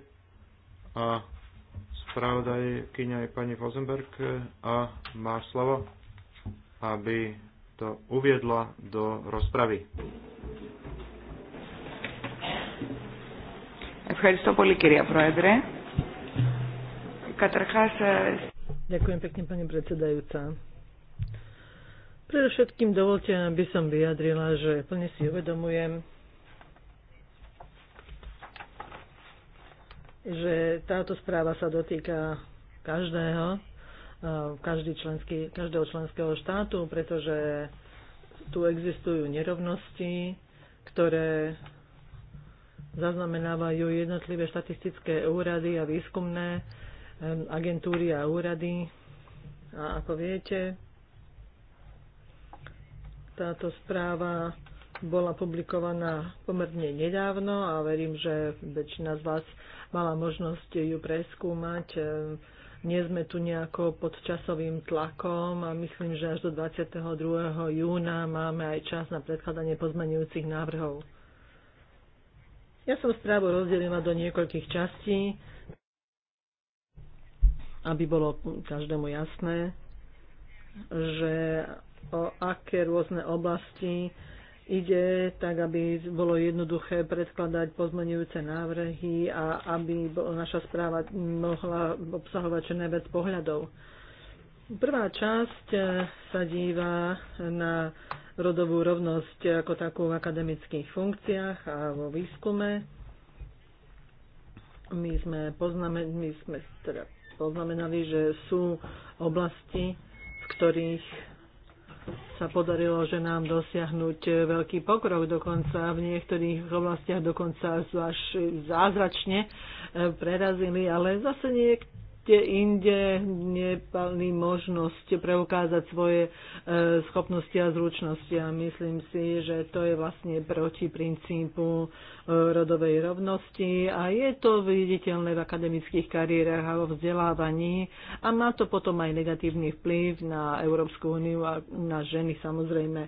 a spravodajkyňa je pani Fosenberg e, a má slovo, aby to uviedla do rozpravy. Ďakujem pekne, pani predsedajúca. Predovšetkým dovolte, aby som vyjadrila, že plne si uvedomujem, že táto správa sa dotýka každého, každý členský, každého členského štátu, pretože tu existujú nerovnosti, ktoré zaznamenávajú jednotlivé štatistické úrady a výskumné agentúry a úrady. A ako viete, táto správa bola publikovaná pomerne nedávno a verím, že väčšina z vás mala možnosť ju preskúmať. E, nie sme tu nejako pod časovým tlakom a myslím, že až do 22. júna máme aj čas na predkladanie pozmenujúcich návrhov. Ja som správu rozdelila do niekoľkých častí, aby bolo každému jasné, že o aké rôzne oblasti ide, tak aby bolo jednoduché predkladať pozmenujúce návrhy a aby naša správa mohla obsahovať čo najviac pohľadov. Prvá časť eh, sa díva na rodovú rovnosť ako takú v akademických funkciách a vo výskume. My sme, pozname, my sme teda poznamenali, že sú oblasti, v ktorých sa podarilo, že nám dosiahnuť veľký pokrok dokonca v niektorých oblastiach dokonca až zázračne e, prerazili, ale zase niek- ste inde nepali možnosť preukázať svoje e, schopnosti a zručnosti. A myslím si, že to je vlastne proti princípu e, rodovej rovnosti a je to viditeľné v akademických kariérach a vo vzdelávaní a má to potom aj negatívny vplyv na Európsku úniu a na ženy samozrejme.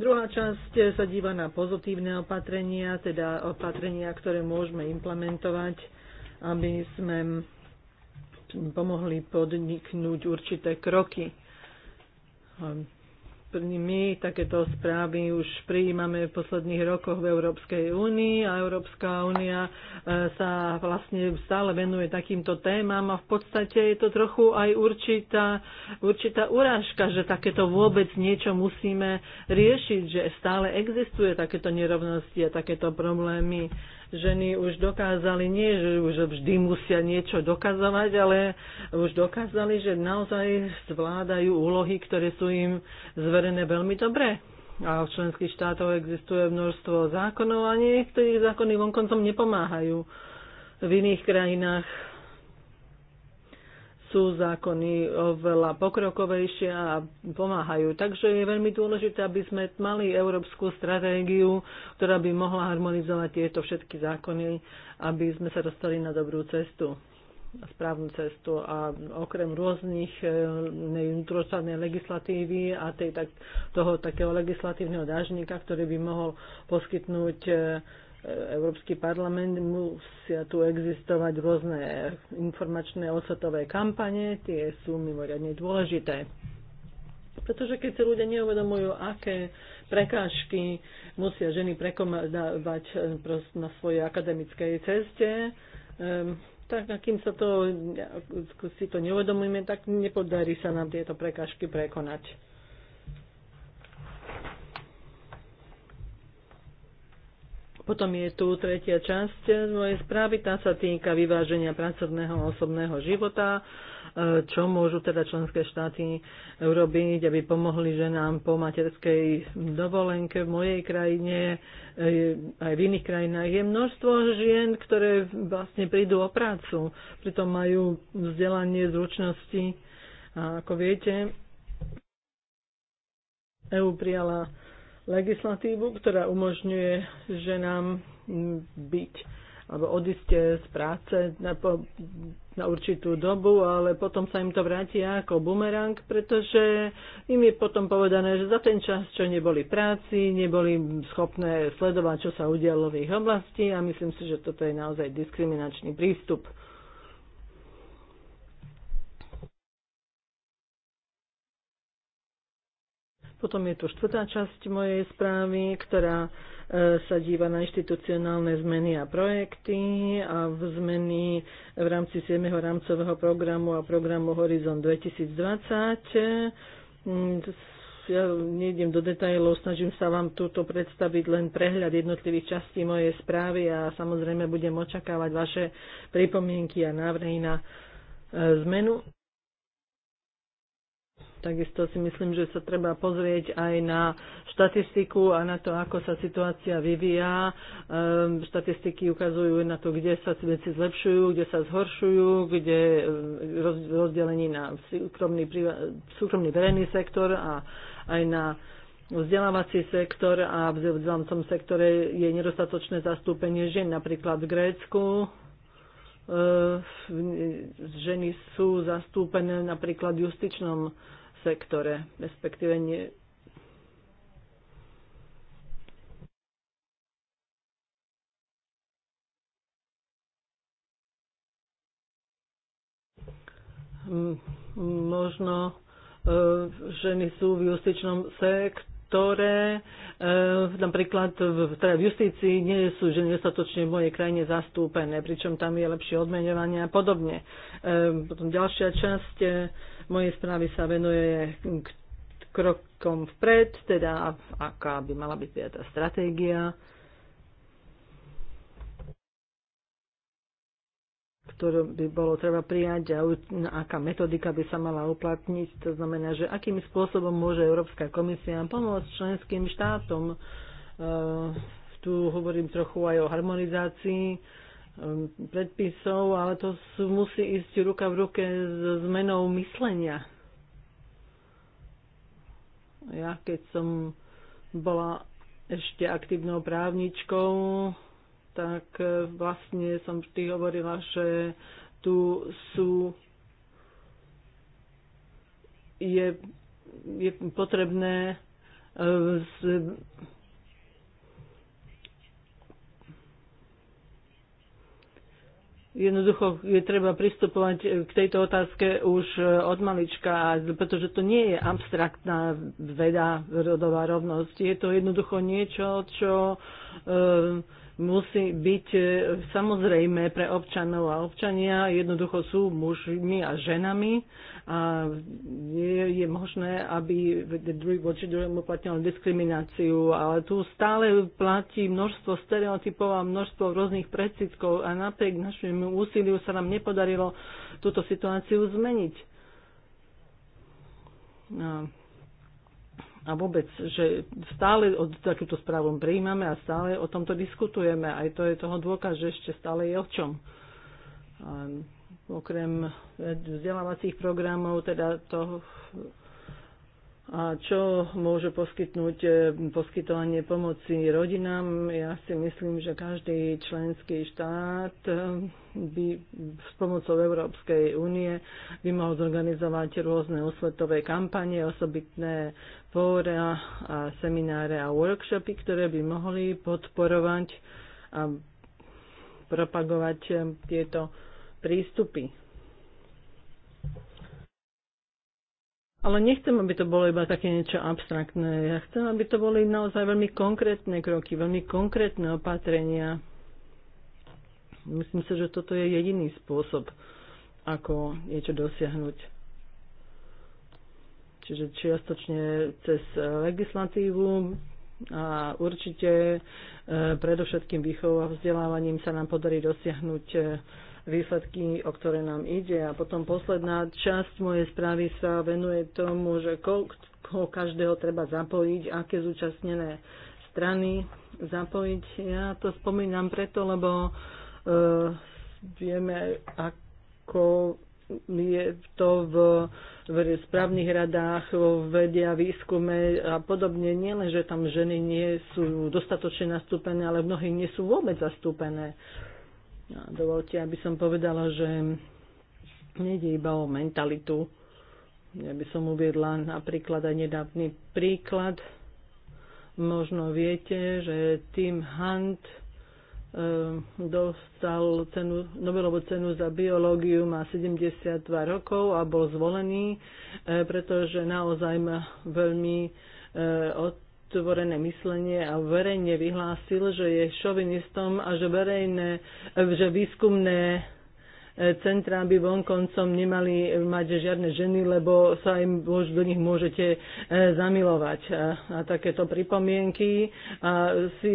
Druhá časť sa díva na pozitívne opatrenia, teda opatrenia, ktoré môžeme implementovať, aby sme pomohli podniknúť určité kroky. My takéto správy už prijímame v posledných rokoch v Európskej únii a Európska únia e, sa vlastne stále venuje takýmto témam a v podstate je to trochu aj určitá, určitá urážka, že takéto vôbec niečo musíme riešiť, že stále existuje takéto nerovnosti a takéto problémy ženy už dokázali, nie že už vždy musia niečo dokazovať, ale už dokázali, že naozaj zvládajú úlohy, ktoré sú im zverené veľmi dobre. A v členských štátoch existuje množstvo zákonov a niektorých zákony vonkoncom nepomáhajú. V iných krajinách sú zákony oveľa pokrokovejšie a pomáhajú. Takže je veľmi dôležité, aby sme mali európsku stratégiu, ktorá by mohla harmonizovať tieto všetky zákony, aby sme sa dostali na dobrú cestu správnu cestu a okrem rôznych vnútroštátnej e, legislatívy a tej, tak, toho takého legislatívneho dážnika, ktorý by mohol poskytnúť e, Európsky parlament, musia tu existovať rôzne informačné osvetové kampane, tie sú mimoriadne dôležité. Pretože keď sa ľudia neuvedomujú, aké prekážky musia ženy prekomadávať eh, na svojej akademickej ceste, ehm, tak akým sa to, si to neuvedomujeme, tak nepodarí sa nám tieto prekážky prekonať. Potom je tu tretia časť mojej správy, tá sa týka vyváženia pracovného a osobného života, e, čo môžu teda členské štáty urobiť, aby pomohli ženám po materskej dovolenke v mojej krajine, e, aj v iných krajinách. Je množstvo žien, ktoré vlastne prídu o prácu, pritom majú vzdelanie, zručnosti. A ako viete, EU prijala legislatívu, ktorá umožňuje ženám byť alebo odísť z práce na, po, na určitú dobu, ale potom sa im to vráti ako bumerang, pretože im je potom povedané, že za ten čas, čo neboli práci, neboli schopné sledovať, čo sa udialo v ich oblasti a myslím si, že toto je naozaj diskriminačný prístup. Potom je tu štvrtá časť mojej správy, ktorá e, sa díva na inštitucionálne zmeny a projekty a v zmeny v rámci 7. rámcového programu a programu Horizon 2020 mm, ja nejdem do detajlov, snažím sa vám túto predstaviť len prehľad jednotlivých častí mojej správy a samozrejme budem očakávať vaše pripomienky a návrhy na e, zmenu. Takisto si myslím, že sa treba pozrieť aj na štatistiku a na to, ako sa situácia vyvíja. Um, štatistiky ukazujú na to, kde sa veci zlepšujú, kde sa zhoršujú, kde ehm, roz, rozdelení na súkromný, súkromný verejný sektor a aj na vzdelávací sektor a v vzdelávacom sektore je nedostatočné zastúpenie žien, napríklad v Grécku ehm, ženy sú zastúpené napríklad v justičnom sektore, respektíve nie, možno e, ženy sú v justičnom sektore ktoré eh, napríklad v, teda v justícii nie sú že nedostatočne v mojej krajine zastúpené, pričom tam je lepšie odmeňovanie a podobne. Eh, potom ďalšia časť eh, mojej správy sa venuje k krokom vpred, teda aká by mala byť tá stratégia ktorú by bolo treba prijať a aká metodika by sa mala uplatniť. To znamená, že akým spôsobom môže Európska komisia pomôcť členským štátom. E, tu hovorím trochu aj o harmonizácii e, predpisov, ale to musí ísť ruka v ruke s zmenou myslenia. Ja keď som bola ešte aktívnou právničkou, tak e, vlastne som vždy hovorila, že tu sú je, je potrebné z, e, jednoducho je treba pristupovať k tejto otázke už e, od malička, pretože to nie je abstraktná veda, rodová rovnosť. Je to jednoducho niečo, čo musí byť e, samozrejme pre občanov a občania. Jednoducho sú mužmi a ženami a je, je možné, aby druhý voči druhému platila diskrimináciu, ale tu stále platí množstvo stereotypov a množstvo rôznych predsitkov a napriek našemu úsiliu sa nám nepodarilo túto situáciu zmeniť. No a vôbec, že stále od, takúto správu prijímame a stále o tomto diskutujeme. Aj to je toho dôkaz, že ešte stále je o čom. A okrem vzdelávacích programov, teda toho a čo môže poskytnúť e, poskytovanie pomoci rodinám. Ja si myslím, že každý členský štát e, by s pomocou Európskej únie by mohol zorganizovať rôzne osvetové kampanie, osobitné fóra, a semináre a workshopy, ktoré by mohli podporovať a propagovať e, tieto prístupy. Ale nechcem, aby to bolo iba také niečo abstraktné. Ja chcem, aby to boli naozaj veľmi konkrétne kroky, veľmi konkrétne opatrenia. Myslím si, že toto je jediný spôsob, ako niečo dosiahnuť. Čiže čiastočne cez legislatívu a určite e, predovšetkým výchovou a vzdelávaním sa nám podarí dosiahnuť e, výsledky, o ktoré nám ide. A potom posledná časť mojej správy sa venuje tomu, že koho každého treba zapojiť, aké zúčastnené strany zapojiť. Ja to spomínam preto, lebo uh, vieme, ako je to v, v správnych radách, vo vede a výskume a podobne. Nie len, že tam ženy nie sú dostatočne nastúpené, ale mnohí nie sú vôbec zastúpené. Dovolte, aby som povedala, že nejde iba o mentalitu. Ja by som uviedla napríklad aj nedávny príklad. Možno viete, že Tim Hunt eh, dostal cenu, Nobelovú cenu za biológiu, má 72 rokov a bol zvolený, eh, pretože naozaj veľmi eh, od otvorené myslenie a verejne vyhlásil, že je šovinistom a že, verejné, že výskumné e, centrá by vonkoncom nemali mať žiadne ženy, lebo sa im do nich môžete e, zamilovať. A, a takéto pripomienky a si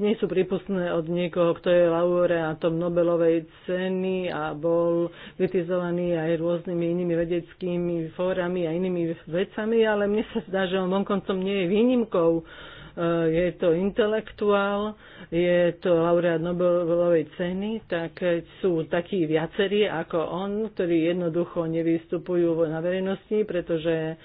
nie sú prípustné od niekoho, kto je laureátom Nobelovej ceny a bol kritizovaný aj rôznymi inými vedeckými fórami a inými vecami, ale mne sa zdá, že on vonkoncom nie je výnimkou. E, je to intelektuál, je to laureát Nobelovej ceny, tak sú takí viacerí ako on, ktorí jednoducho nevystupujú na verejnosti, pretože e,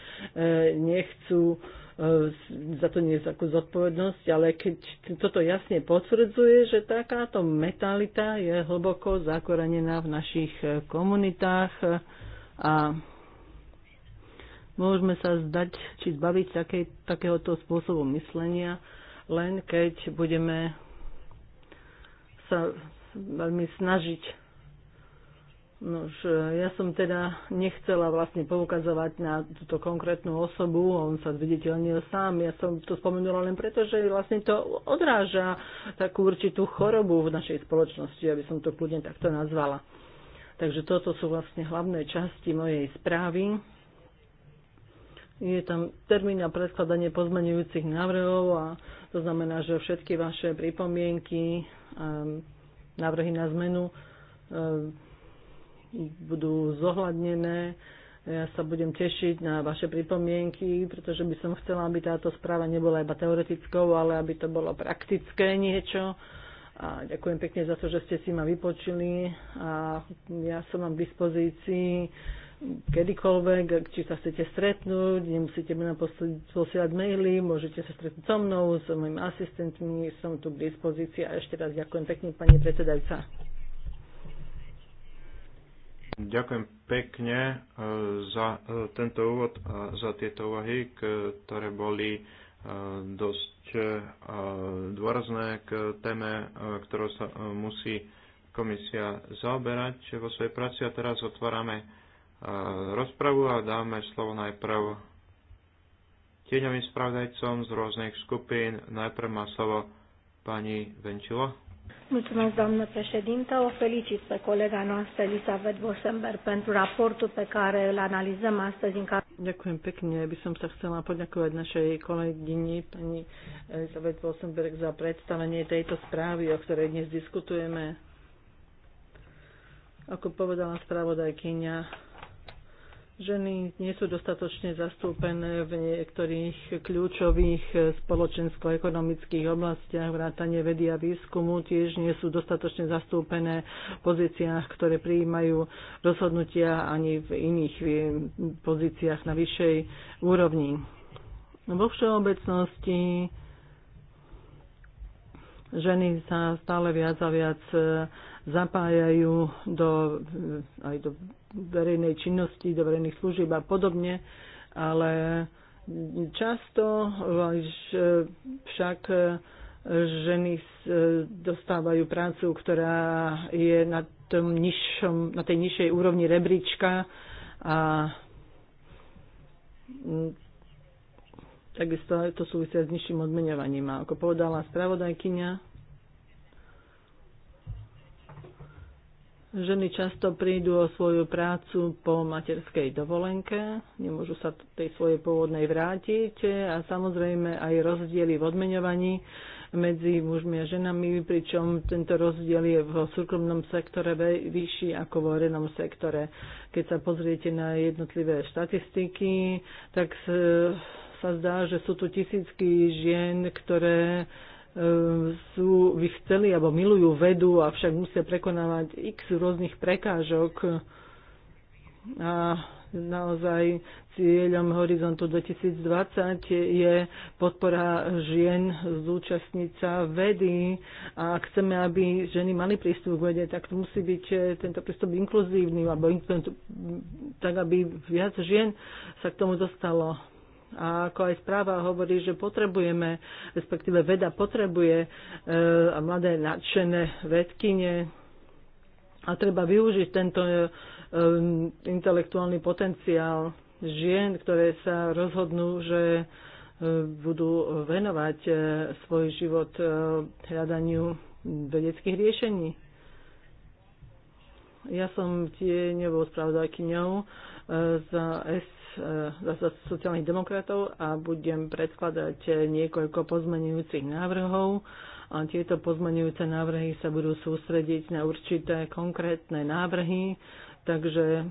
nechcú E, za to nie nejakú zodpovednosť, ale keď toto jasne potvrdzuje, že takáto mentalita je hlboko zakorenená v našich e, komunitách e, a môžeme sa zdať či zbaviť také, takéhoto spôsobu myslenia, len keď budeme sa veľmi snažiť Nož, e, ja som teda nechcela vlastne poukazovať na túto konkrétnu osobu, on sa zviditeľnil sám, ja som to spomenula len preto, že vlastne to odráža takú určitú chorobu v našej spoločnosti, aby som to kľudne takto nazvala. Takže toto sú vlastne hlavné časti mojej správy. Je tam termín na predkladanie pozmenujúcich návrhov a to znamená, že všetky vaše pripomienky, ehm, návrhy na zmenu ehm, budú zohľadnené. Ja sa budem tešiť na vaše pripomienky, pretože by som chcela, aby táto správa nebola iba teoretickou, ale aby to bolo praktické niečo. A ďakujem pekne za to, že ste si ma vypočili a ja som vám k dispozícii kedykoľvek, či sa chcete stretnúť, nemusíte mi posielať maily, môžete sa stretnúť so mnou, s so mojimi asistentmi, som tu k dispozícii a ešte raz ďakujem pekne pani predsedajca. Ďakujem pekne e, za e, tento úvod a za tieto úvahy, ktoré boli e, dosť dôrazné k téme, ktorou sa musí komisia zaoberať vo svojej práci. A teraz otvárame rozpravu a dáme slovo najprv tieňovým spravdajcom z rôznych skupín. Najprv má slovo pani Venčilo. Mulțumesc, doamnă președintă. O felicit pe colega noastră, Elisabeth Bosember, pentru raportul pe care îl analizăm astăzi în care... Ďakujem pekne. By som sa chcela poďakovať našej kolegyni, pani Elizabeth Vosenberg, za predstavenie tejto správy, o ktorej dnes diskutujeme. Ako povedala spravodajkyňa, Ženy nie sú dostatočne zastúpené v niektorých kľúčových spoločensko-ekonomických oblastiach, vrátanie vedy a výskumu, tiež nie sú dostatočne zastúpené v pozíciách, ktoré prijímajú rozhodnutia ani v iných eh, pozíciách na vyššej úrovni. Vo všeobecnosti ženy sa stále viac a viac eh, zapájajú do, eh, aj do verejnej činnosti, do verejných služieb a podobne, ale často však ženy dostávajú prácu, ktorá je na, tom nižšom, na tej nižšej úrovni rebríčka a takisto to súvisia s nižším odmenovaním. A ako povedala spravodajkyňa, Ženy často prídu o svoju prácu po materskej dovolenke, nemôžu sa tej svojej pôvodnej vrátiť a samozrejme aj rozdiely v odmeňovaní medzi mužmi a ženami, pričom tento rozdiel je v súkromnom sektore vyšší ako v verejnom sektore. Keď sa pozriete na jednotlivé štatistiky, tak sa zdá, že sú tu tisícky žien, ktoré sú, by chceli alebo milujú vedu, avšak musia prekonávať x rôznych prekážok. A naozaj cieľom Horizontu 2020 je podpora žien zúčastniť sa vedy a ak chceme, aby ženy mali prístup k vede, tak to musí byť eh, tento prístup inkluzívny, alebo tak, aby viac žien sa k tomu dostalo. A ako aj správa hovorí, že potrebujeme, respektíve veda potrebuje e, a mladé nadšené vedkine a treba využiť tento e, intelektuálny potenciál žien, ktoré sa rozhodnú, že e, budú venovať e, svoj život e, hľadaniu vedeckých riešení. Ja som tie nebo spravodajkyňou za S E, zase sociálnych demokratov a budem predkladať niekoľko pozmenujúcich návrhov. A tieto pozmenujúce návrhy sa budú sústrediť na určité konkrétne návrhy, takže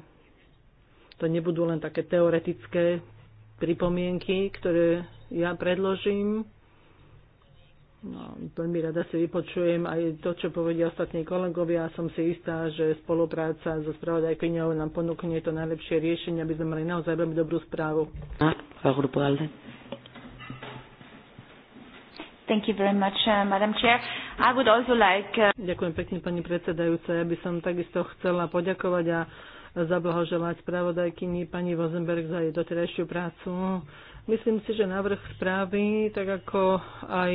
to nebudú len také teoretické pripomienky, ktoré ja predložím No, veľmi rada si vypočujem aj to, čo povedia ostatní kolegovia. Som si istá, že spolupráca so spravodajkyňou nám ponúkne to najlepšie riešenie, aby sme mali naozaj veľmi dobrú správu. Thank you very much, uh, Madam Chair. I would also like... Uh... Ďakujem pekne, pani predsedajúca. Ja by som takisto chcela poďakovať a zablahoželať spravodajkyni pani Vozenberg za jej doterajšiu prácu. Myslím si, že návrh správy, tak ako aj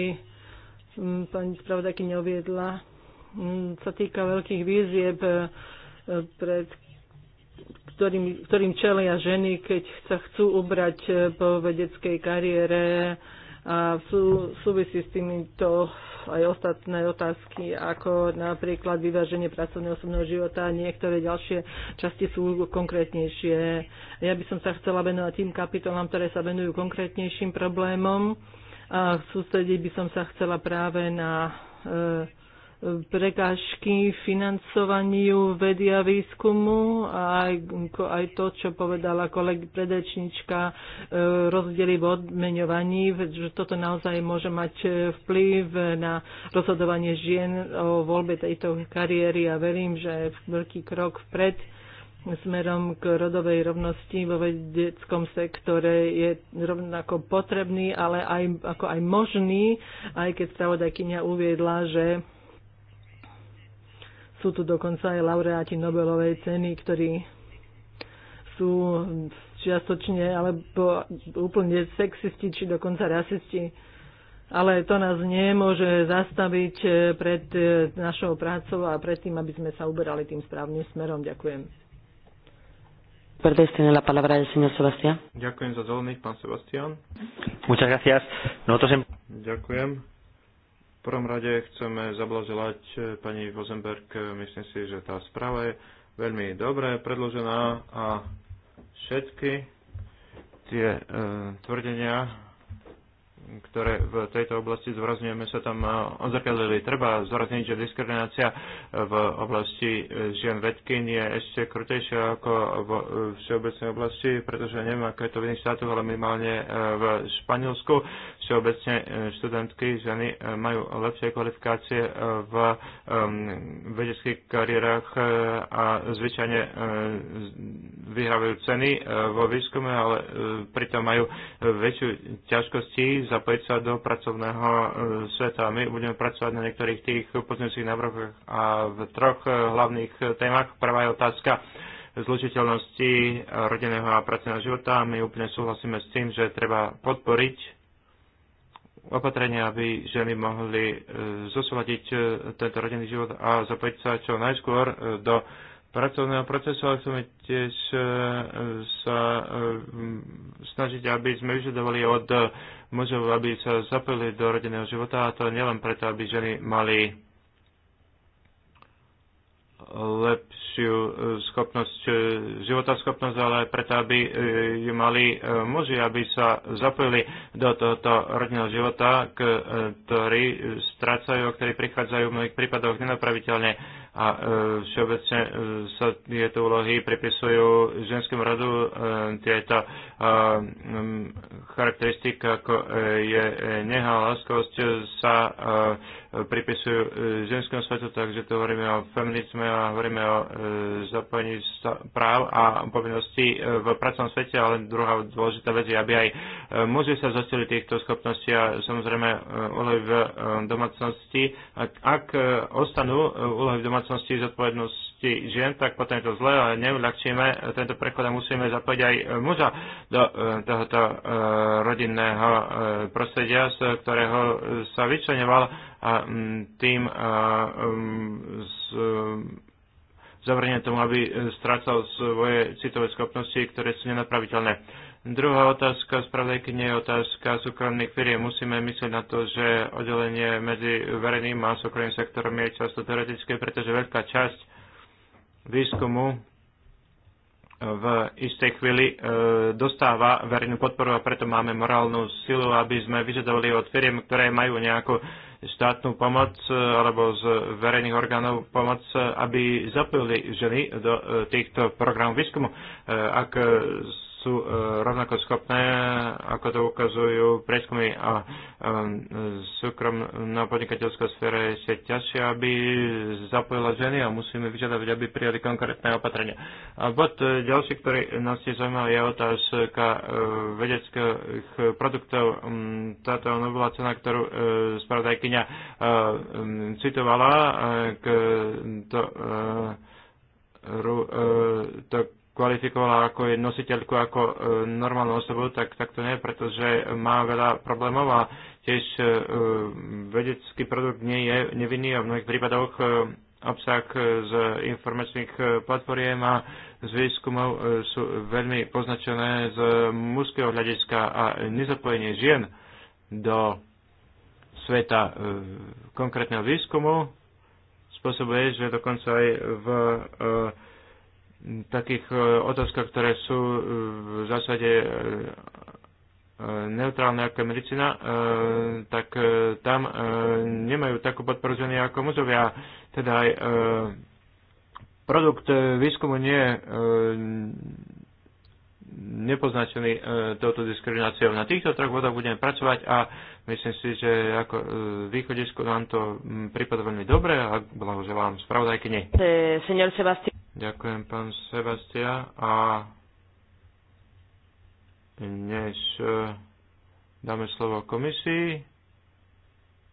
pani spravodajky neoviedla. sa týka veľkých výzieb, e, pred ktorým, ktorým čelia ženy, keď sa chcú ubrať e, po vedeckej kariére a sú, súvisí s týmito aj ostatné otázky, ako napríklad vyváženie pracovného osobného života a niektoré ďalšie časti sú konkrétnejšie. Ja by som sa chcela venovať tým kapitolám, ktoré sa venujú konkrétnejším problémom a sústrediť by som sa chcela práve na e, prekážky financovaniu vedy a výskumu a aj, aj to, čo povedala koleg predečnička, e, rozdiely v odmeňovaní, že toto naozaj môže mať e, vplyv na rozhodovanie žien o voľbe tejto kariéry a verím, že veľký krok vpred smerom k rodovej rovnosti vo vedeckom sektore je rovnako potrebný, ale aj, ako aj možný, aj keď spravodajkynia uviedla, že sú tu dokonca aj laureáti Nobelovej ceny, ktorí sú čiastočne alebo úplne sexisti či dokonca rasisti. Ale to nás nemôže zastaviť pred našou prácou a pred tým, aby sme sa uberali tým správnym smerom. Ďakujem. Verdes tiene la palabra el señor Sebastián. Ďakujem za zelených, pán Sebastián. Muchas gracias. Nosotros en... Ďakujem. V prvom rade chceme zablaželať e, pani Vozenberg. E, myslím si, že tá správa je veľmi dobre predložená a všetky tie e, tvrdenia ktoré v tejto oblasti zvrazňujeme, sa tam eh, odzrkadlili. Treba zvrazniť, že diskriminácia eh, v oblasti eh, žien vedkyn je ešte krutejšia ako v všeobecnej oblasti, pretože neviem, ako je to v iných štátoch, ale minimálne v Španielsku všeobecne študentky ženy majú lepšie kvalifikácie v ehm, vedeckých kariérach a zvyčajne vyhrávajú ceny vo výskume, ale pritom majú väčšiu ťažkosti za zapojiť sa do pracovného e, sveta. My budeme pracovať na niektorých tých pozmeňujúcich návrhoch a v troch e, hlavných e, témach. Prvá je otázka zlučiteľnosti rodinného a pracovného života. My úplne súhlasíme s tým, že treba podporiť opatrenia, aby ženy mohli zosúľadiť tento rodinný život a zapojiť sa čo najskôr do pracovného procesu, ale chceme tiež e, sa e, snažiť, aby sme vyžadovali od mužov, aby sa zapojili do rodinného života a to nielen preto, aby ženy mali lepšiu e, schopnosť, schopnosť, ale aj preto, aby ju mali muži, aby sa zapojili do tohoto rodinného života, ktorí strácajú, ktorí prichádzajú v mnohých prípadoch nenapraviteľne a e, všeobecne e, sa tieto úlohy pripisujú ženskému radu e, tieto charakteristika ako je neha a láskavosť sa pripisujú e, ženskému svetu, takže to hovoríme o feminizme a hovoríme o e, zapojení práv a povinností e, v pracovnom svete, ale druhá dôležitá vec je, aby aj muži sa zostili týchto schopností a samozrejme úlohy v domácnosti. Ak, ak ostanú úlohy v domácnosti zodpovednosť rovnosti žien, tak potom je to zle ale neuľahčíme tento prechod a musíme zapojiť aj muža do e, tohoto e, rodinného e, prostredia, z ktorého sa vyčlenoval a mm, tým mm, zavrne tomu, aby strácal svoje citové schopnosti, ktoré sú nenapraviteľné. Druhá otázka spravodajkyne je otázka súkromných firiem. Musíme myslieť na to, že oddelenie medzi verejným a súkromným sektorom je často teoretické, pretože veľká časť výskumu e, v istej chvíli e, dostáva verejnú podporu a preto máme morálnu silu, aby sme vyžadovali od firiem, ktoré majú nejakú štátnu pomoc e, alebo z verejných orgánov pomoc, e, aby zapojili ženy do týchto programov výskumu. ak sú e, rovnako schopné, ako to ukazujú preskumy a e, súkromná podnikateľská sféra je ešte ťažšia, aby zapojila ženy a musíme vyžadovať, aby prijali konkrétne opatrenia. A bod e, ďalší, ktorý nás je zaujímavý, je otázka vedeckých produktov. Mm, táto nová cena, ktorú spravodajkyňa citovala, k to, to kvalifikovala ako je nositeľku, ako e, normálnu osobu, tak, tak to nie, pretože má veľa problémov a tiež e, vedecký produkt nie je nevinný a v mnohých prípadoch e, obsah z informačných platformiem a z výskumov sú veľmi poznačené z mužského hľadiska a nezapojenie žien do sveta konkrétneho výskumu spôsobuje, že dokonca aj v e, takých e, otázkach, ktoré sú e, v zásade e, neutrálne ako medicína, tak tam nemajú takú podporu ako muzovia. Teda aj produkt výskumu nie je nepoznačený touto diskrimináciou. Na týchto troch bodoch budeme pracovať a myslím si, že ako východisko nám to prípada veľmi dobre a blahoželám spravodajkyni. E, Ďakujem, pán Sebastia. A dnes e, dáme slovo komisii,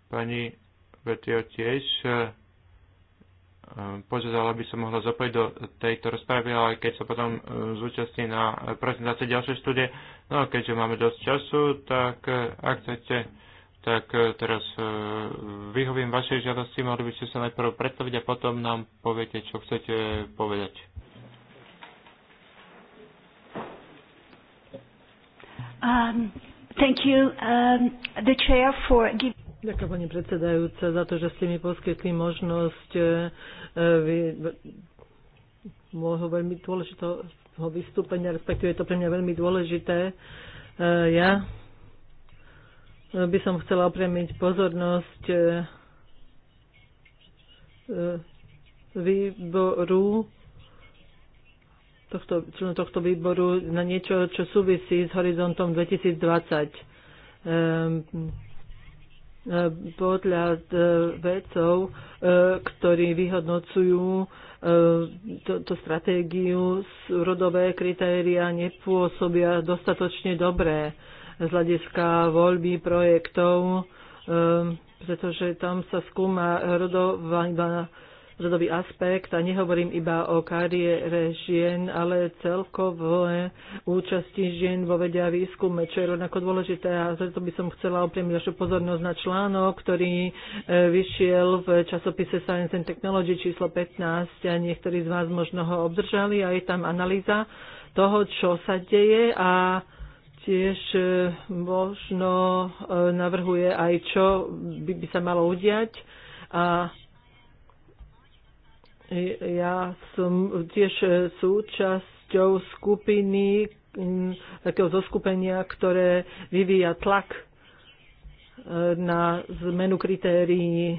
pani Betio tiež e, e, požiadala, aby sa mohla zapojiť do tejto rozpravy, ale keď sa potom zúčastní na prezentácii ďalšej štúdie, no keďže máme dosť času, tak ak chcete tak e, teraz e, vyhovím vašej žiadosti, mohli by ste sa najprv predstaviť a potom nám poviete, čo chcete povedať. Um, thank you, um, the chair for Ďakujem pani predsedajúca za to, že ste mi poskytli možnosť e, môjho veľmi dôležitého vystúpenia, respektíve je to pre mňa veľmi dôležité. Ja by som chcela opremiť pozornosť e, e, výboru tohto, tohto výboru na niečo, čo súvisí s horizontom 2020 e, podľa vedcov, ktorí vyhodnocujú túto stratégiu, rodové kritéria nepôsobia dostatočne dobré z hľadiska voľby projektov, ehm, pretože tam sa skúma rodová rodový aspekt a nehovorím iba o kariére žien, ale celkové účasti žien vo vedia a výskume, čo je rovnako dôležité a za to by som chcela upriamiť vašu pozornosť na článok, ktorý e, vyšiel v časopise Science and Technology číslo 15 a niektorí z vás možno ho obdržali a je tam analýza toho, čo sa deje a tiež e, možno e, navrhuje aj, čo by, by sa malo udiať. A ja som tiež e, súčasťou skupiny, takého zoskupenia, ktoré vyvíja tlak na zmenu kritérií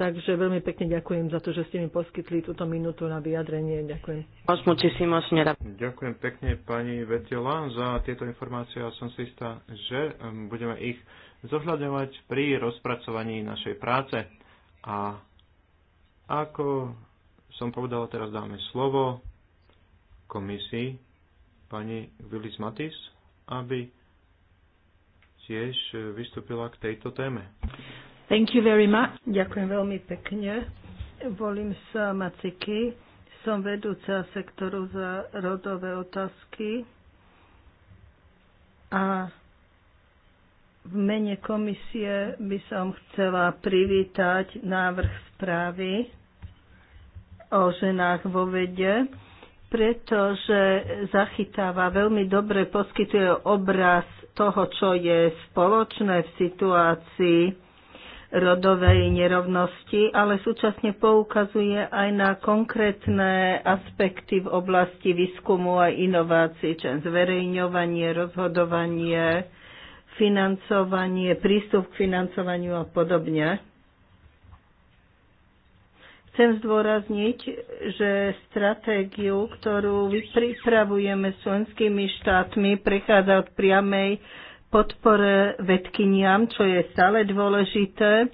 Takže veľmi pekne ďakujem za to, že ste mi poskytli túto minútu na vyjadrenie. Ďakujem. Ďakujem pekne pani Vetela za tieto informácie a som si istá, že um, budeme ich zohľadňovať pri rozpracovaní našej práce. A ako som povedal, teraz dáme slovo komisii pani Willis Matis, aby tiež e, vystúpila k tejto téme. Thank you very much. Ďakujem veľmi pekne. Volím sa Maciky, som vedúca sektoru za rodové otázky a v mene komisie by som chcela privítať návrh správy o ženách vo vede, pretože zachytáva veľmi dobre, poskytuje obraz toho, čo je spoločné v situácii rodovej nerovnosti, ale súčasne poukazuje aj na konkrétne aspekty v oblasti výskumu a inovácií, čiže zverejňovanie, rozhodovanie, financovanie, prístup k financovaniu a podobne. Chcem zdôrazniť, že stratégiu, ktorú pripravujeme s členskými štátmi, prechádza od priamej podpore vedkyniam, čo je stále dôležité,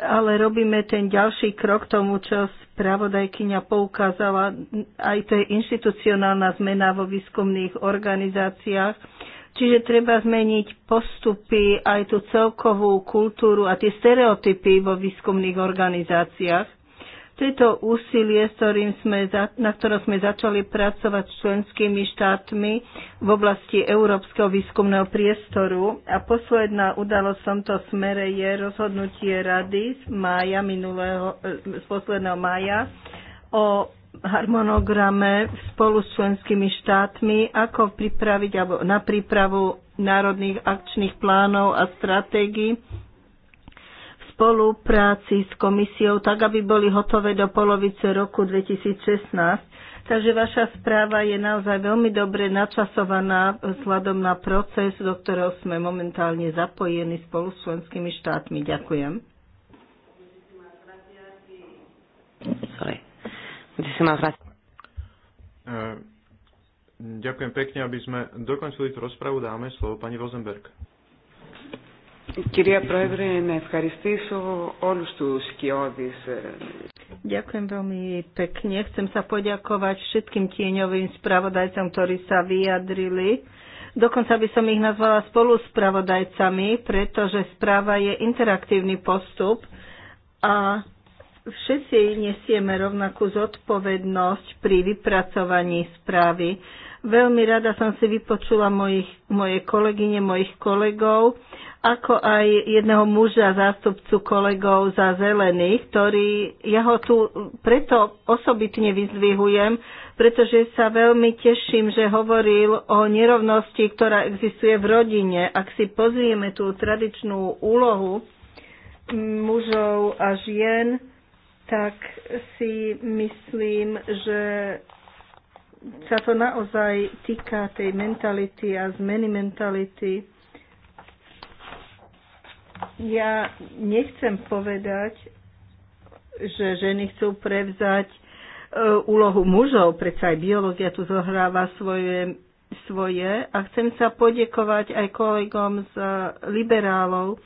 ale robíme ten ďalší krok tomu, čo spravodajkyňa poukázala, aj to je inštitucionálna zmena vo výskumných organizáciách, Čiže treba zmeniť postupy, aj tú celkovú kultúru a tie stereotypy vo výskumných organizáciách. Tieto úsilie, ktorým sme, na ktorom sme začali pracovať s členskými štátmi v oblasti európskeho výskumného priestoru a posledná udalosť v tomto smere je rozhodnutie rady z, mája minulého, e, z posledného mája o harmonograme spolu s členskými štátmi, ako pripraviť alebo na prípravu národných akčných plánov a stratégií spolupráci s komisiou, tak aby boli hotové do polovice roku 2016. Takže vaša správa je naozaj veľmi dobre načasovaná vzhľadom na proces, do ktorého sme momentálne zapojení spolu s členskými štátmi. Ďakujem. Sorry. Eh, ďakujem pekne, aby sme dokončili tú rozpravu. Dáme slovo pani Rosenberg. Κυρία Πρόεδρε, να ευχαριστήσω όλους τους σκιώδεις. Ďakujem veľmi pekne. Chcem sa poďakovať všetkým tieňovým spravodajcom, ktorí sa vyjadrili. Dokonca by som ich nazvala spoluspravodajcami, pretože správa je interaktívny postup a všetci nesieme rovnakú zodpovednosť pri vypracovaní správy. Veľmi rada som si vypočula mojich, moje kolegyne, mojich kolegov ako aj jedného muža, zástupcu kolegov za zelených, ktorý, ja ho tu preto osobitne vyzdvihujem, pretože sa veľmi teším, že hovoril o nerovnosti, ktorá existuje v rodine. Ak si pozrieme tú tradičnú úlohu mužov a žien, tak si myslím, že sa to naozaj týka tej mentality a zmeny mentality ja nechcem povedať, že ženy chcú prevzať e, úlohu mužov, predsa aj biológia tu zohráva svoje, svoje a chcem sa podiekovať aj kolegom z liberálov,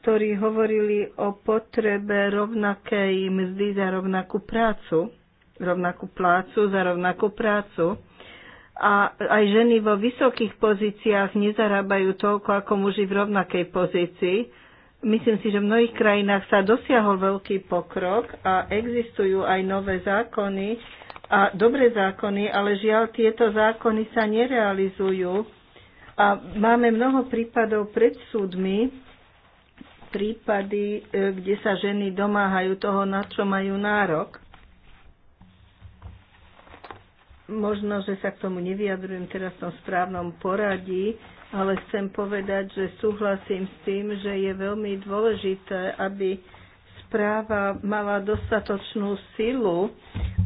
ktorí hovorili o potrebe rovnakej mzdy za rovnakú prácu, rovnakú plácu za rovnakú prácu. A aj ženy vo vysokých pozíciách nezarábajú toľko ako muži v rovnakej pozícii. Myslím si, že v mnohých krajinách sa dosiahol veľký pokrok a existujú aj nové zákony a dobré zákony, ale žiaľ tieto zákony sa nerealizujú. A máme mnoho prípadov pred súdmi, prípady, e, kde sa ženy domáhajú toho, na čo majú nárok. Možno, že sa k tomu nevyjadrujem teraz v tom správnom poradí, ale chcem povedať, že súhlasím s tým, že je veľmi dôležité, aby správa mala dostatočnú silu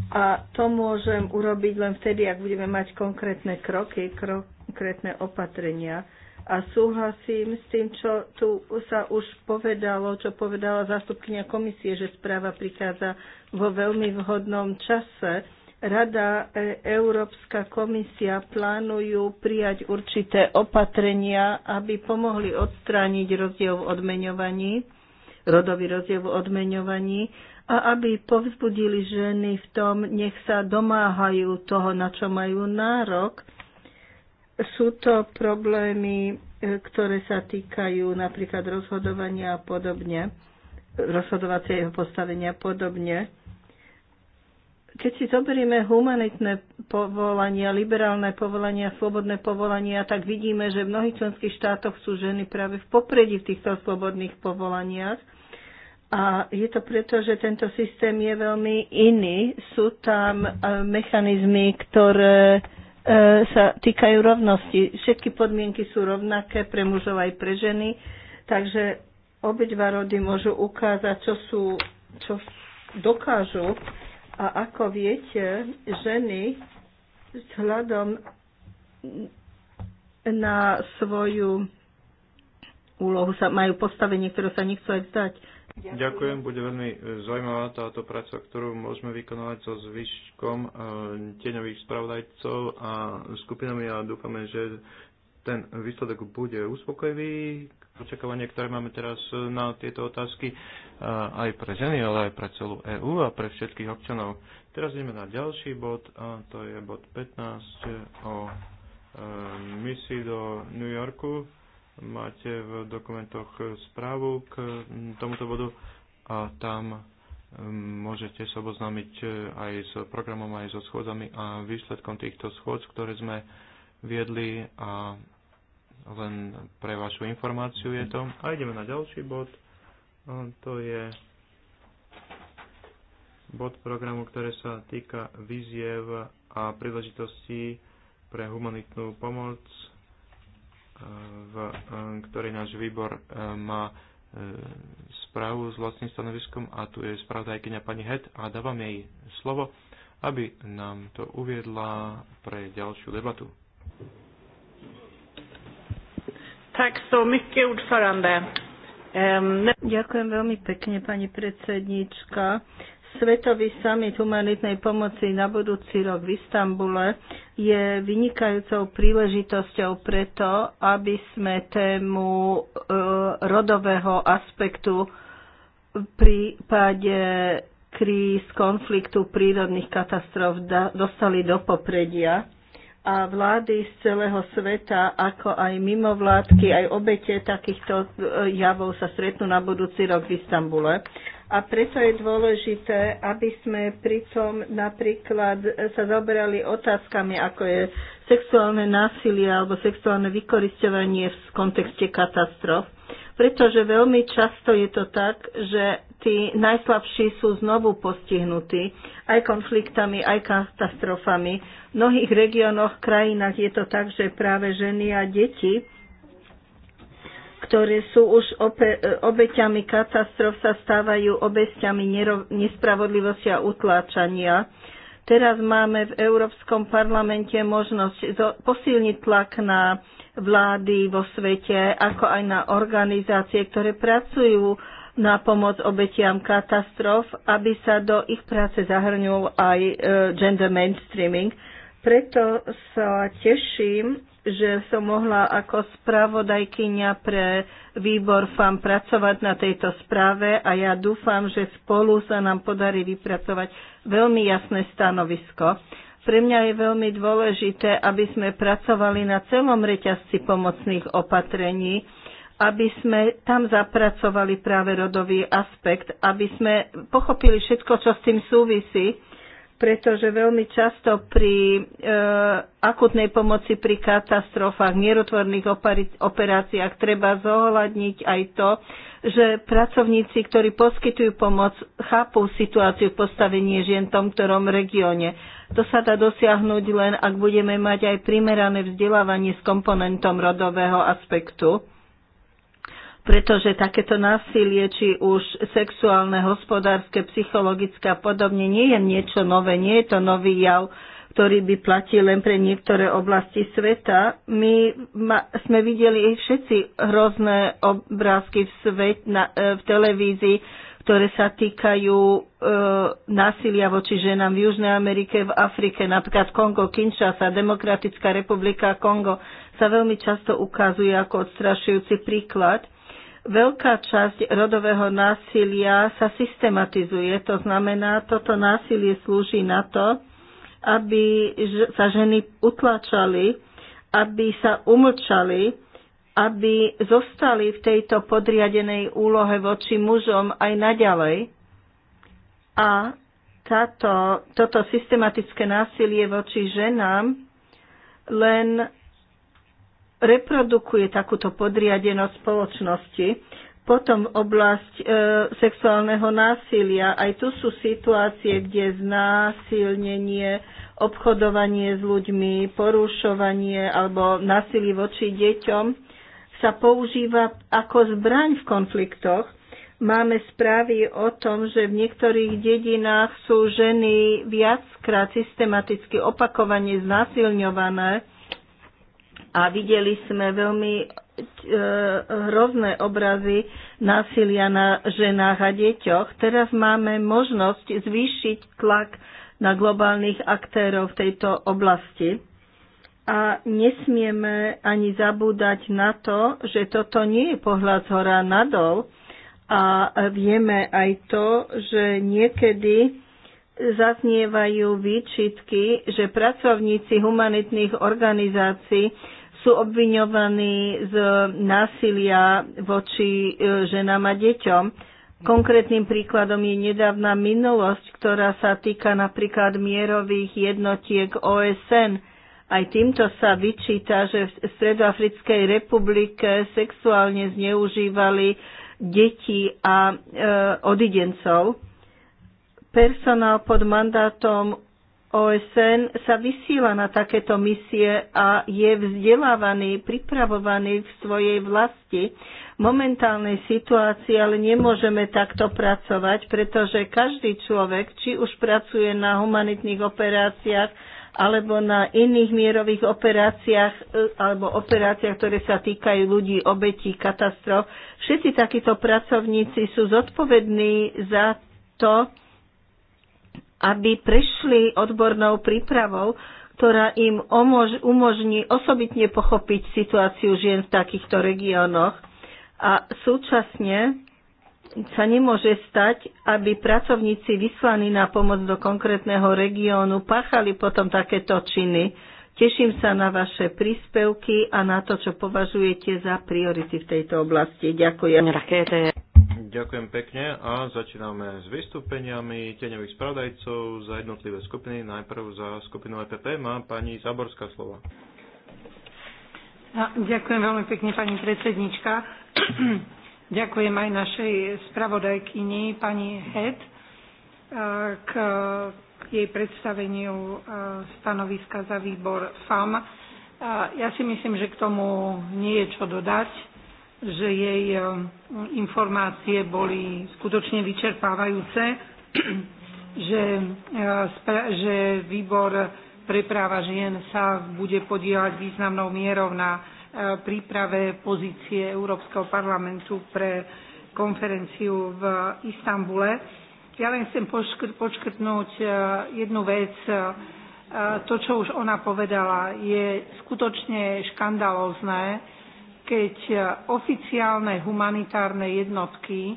a to môžem urobiť len vtedy, ak budeme mať konkrétne kroky, konkrétne opatrenia. A súhlasím s tým, čo tu sa už povedalo, čo povedala zástupkynia komisie, že správa prichádza vo veľmi vhodnom čase Rada e, Európska komisia plánujú prijať určité opatrenia, aby pomohli odstrániť rozdiel v odmeňovaní, rodový rozdiel v odmeňovaní a aby povzbudili ženy v tom, nech sa domáhajú toho, na čo majú nárok. Sú to problémy, e, ktoré sa týkajú napríklad rozhodovania a podobne, rozhodovacieho postavenia a podobne keď si zoberieme humanitné povolania, liberálne povolania, slobodné povolania, tak vidíme, že v mnohých členských štátoch sú ženy práve v popredí v týchto slobodných povolaniach. A je to preto, že tento systém je veľmi iný. Sú tam e, mechanizmy, ktoré e, sa týkajú rovnosti. Všetky podmienky sú rovnaké pre mužov aj pre ženy, takže obidva rody môžu ukázať, čo sú, čo dokážu a ako viete, ženy vzhľadom na svoju úlohu sa majú postavenie, ktoré sa nechcú aj vzdať. Ďakujem. Ďakujem, bude veľmi e, zaujímavá táto práca, ktorú môžeme vykonávať so zvyškom e, tieňových spravodajcov a skupinami a dúfame, že ten výsledok bude uspokojivý, očakávanie, ktoré máme teraz e, na tieto otázky e, aj pre ženy, ale aj pre celú EÚ a pre všetkých občanov. Teraz ideme na ďalší bod a to je bod 15 e, o misii do New Yorku. Máte v dokumentoch správu k tomuto bodu a tam môžete sa oboznámiť aj s programom, aj so schôdzami a výsledkom týchto schôdz, ktoré sme viedli a len pre vašu informáciu je to. A ideme na ďalší bod. to je bod programu, ktoré sa týka výziev a príležitostí pre humanitnú pomoc, v ktorej náš výbor má e, správu s vlastným stanoviskom a tu je spravodajkyňa pani Het a dávam jej slovo, aby nám to uviedla pre ďalšiu debatu. mycket ordförande. Ehm, Ďakujem veľmi pekne, pani predsednička. Svetový summit humanitnej pomoci na budúci rok v Istambule je vynikajúcou príležitosťou preto, aby sme tému e, rodového aspektu v prípade kríz, konfliktu, prírodných katastrof dostali do popredia a vlády z celého sveta, ako aj mimovládky, aj obete takýchto e, javov sa stretnú na budúci rok v Istambule. A preto je dôležité, aby sme pritom napríklad sa zaoberali otázkami, ako je sexuálne násilie alebo sexuálne vykoristovanie v kontexte katastrof. Pretože veľmi často je to tak, že tí najslabší sú znovu postihnutí aj konfliktami, aj katastrofami. V mnohých regiónoch, krajinách je to tak, že práve ženy a deti, ktoré sú už ope- e, obeťami katastrof, sa stávajú obestiami nespravodlivosti a utláčania. Teraz máme v Európskom parlamente možnosť posilniť tlak na vlády vo svete, ako aj na organizácie, ktoré pracujú na pomoc obetiam katastrof, aby sa do ich práce zahrňul aj e, gender mainstreaming. Preto sa teším, že som mohla ako spravodajkyňa pre výbor FAM pracovať na tejto správe a ja dúfam, že spolu sa nám podarí vypracovať veľmi jasné stanovisko. Pre mňa je veľmi dôležité, aby sme pracovali na celom reťazci pomocných opatrení, aby sme tam zapracovali práve rodový aspekt, aby sme pochopili všetko, čo s tým súvisí, pretože veľmi často pri e, akutnej pomoci pri katastrofách, mierotvorných operáciách treba zohľadniť aj to, že pracovníci, ktorí poskytujú pomoc, chápú situáciu postavenie žien v tom ktorom regióne. To sa dá dosiahnuť len, ak budeme mať aj primerané vzdelávanie s komponentom rodového aspektu pretože takéto násilie, či už sexuálne, hospodárske, psychologické a podobne, nie je niečo nové, nie je to nový jav, ktorý by platil len pre niektoré oblasti sveta. My ma, sme videli všetci hrozné obrázky v, svet, na, e, v televízii, ktoré sa týkajú e, násilia voči ženám v Južnej Amerike, v Afrike, napríklad Kongo, Kinshasa, Demokratická republika Kongo sa veľmi často ukazuje ako odstrašujúci príklad. Veľká časť rodového násilia sa systematizuje, to znamená, toto násilie slúži na to, aby sa ženy utlačali, aby sa umlčali, aby zostali v tejto podriadenej úlohe voči mužom aj naďalej. A táto, toto systematické násilie voči ženám len reprodukuje takúto podriadenosť spoločnosti. Potom oblasť e, sexuálneho násilia. Aj tu sú situácie, kde znásilnenie, obchodovanie s ľuďmi, porušovanie alebo násilie voči deťom sa používa ako zbraň v konfliktoch. Máme správy o tom, že v niektorých dedinách sú ženy viackrát systematicky opakovane znásilňované a videli sme veľmi e, hrozné obrazy násilia na ženách a deťoch. Teraz máme možnosť zvýšiť tlak na globálnych aktérov v tejto oblasti. A nesmieme ani zabúdať na to, že toto nie je pohľad z hora nadol. A vieme aj to, že niekedy zaznievajú výčitky, že pracovníci humanitných organizácií sú obviňovaní z násilia voči e, ženám a deťom. Konkrétnym príkladom je nedávna minulosť, ktorá sa týka napríklad mierových jednotiek OSN. Aj týmto sa vyčíta, že v Stredoafrickej republike sexuálne zneužívali deti a e, odidencov. Personál pod mandátom OSN sa vysiela na takéto misie a je vzdelávaný, pripravovaný v svojej vlasti. momentálnej situácii ale nemôžeme takto pracovať, pretože každý človek, či už pracuje na humanitných operáciách alebo na iných mierových operáciách e, alebo operáciách, ktoré sa týkajú ľudí, obetí, katastrof, všetci takíto pracovníci sú zodpovední za to, aby prešli odbornou prípravou, ktorá im umožní osobitne pochopiť situáciu žien v takýchto regiónoch. A súčasne sa nemôže stať, aby pracovníci vyslaní na pomoc do konkrétneho regiónu páchali potom takéto činy. Teším sa na vaše príspevky a na to, čo považujete za priority v tejto oblasti. Ďakujem. Ďakujem pekne a začíname s vystúpeniami teňových spravodajcov za jednotlivé skupiny. Najprv za skupinu EPP má pani Zaborská slova. Ďakujem veľmi pekne, pani predsednička. Ďakujem aj našej spravodajkyni, pani Hed k jej predstaveniu stanoviska za výbor FAM. Ja si myslím, že k tomu nie je čo dodať že jej e, informácie boli skutočne vyčerpávajúce, že, e, že výbor pre práva žien sa bude podielať významnou mierou na e, príprave pozície Európskeho parlamentu pre konferenciu v Istambule. Ja len chcem počkrtnúť jednu vec. To, čo už ona povedala, je skutočne škandalozné keď e, oficiálne humanitárne jednotky e,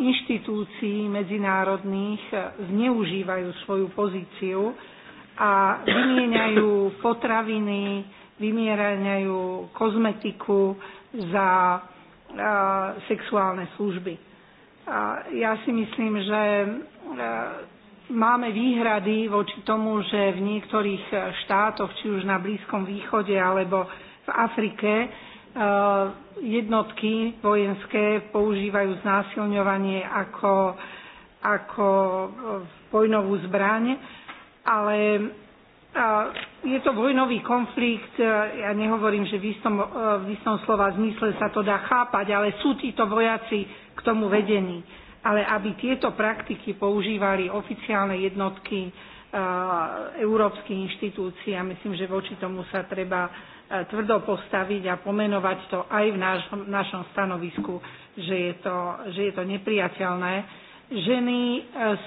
inštitúcií medzinárodných e, zneužívajú svoju pozíciu a vymieňajú potraviny, vymieňajú kozmetiku za sexuálne služby. Ja si myslím, že máme výhrady voči tomu, že v niektorých štátoch, či už na Blízkom východe alebo v Afrike, Eh, jednotky vojenské používajú znásilňovanie ako, ako eh, vojnovú zbraň, ale eh, je to vojnový konflikt, ja nehovorím, že v istom, v istom slova zmysle sa to dá chápať, ale sú títo vojaci k tomu vedení. Ale aby tieto praktiky používali oficiálne jednotky európskych inštitúcií, ja myslím, že voči tomu sa treba E, tvrdo postaviť a pomenovať to aj v našom, našom stanovisku, že je, to, že je to nepriateľné. Ženy e,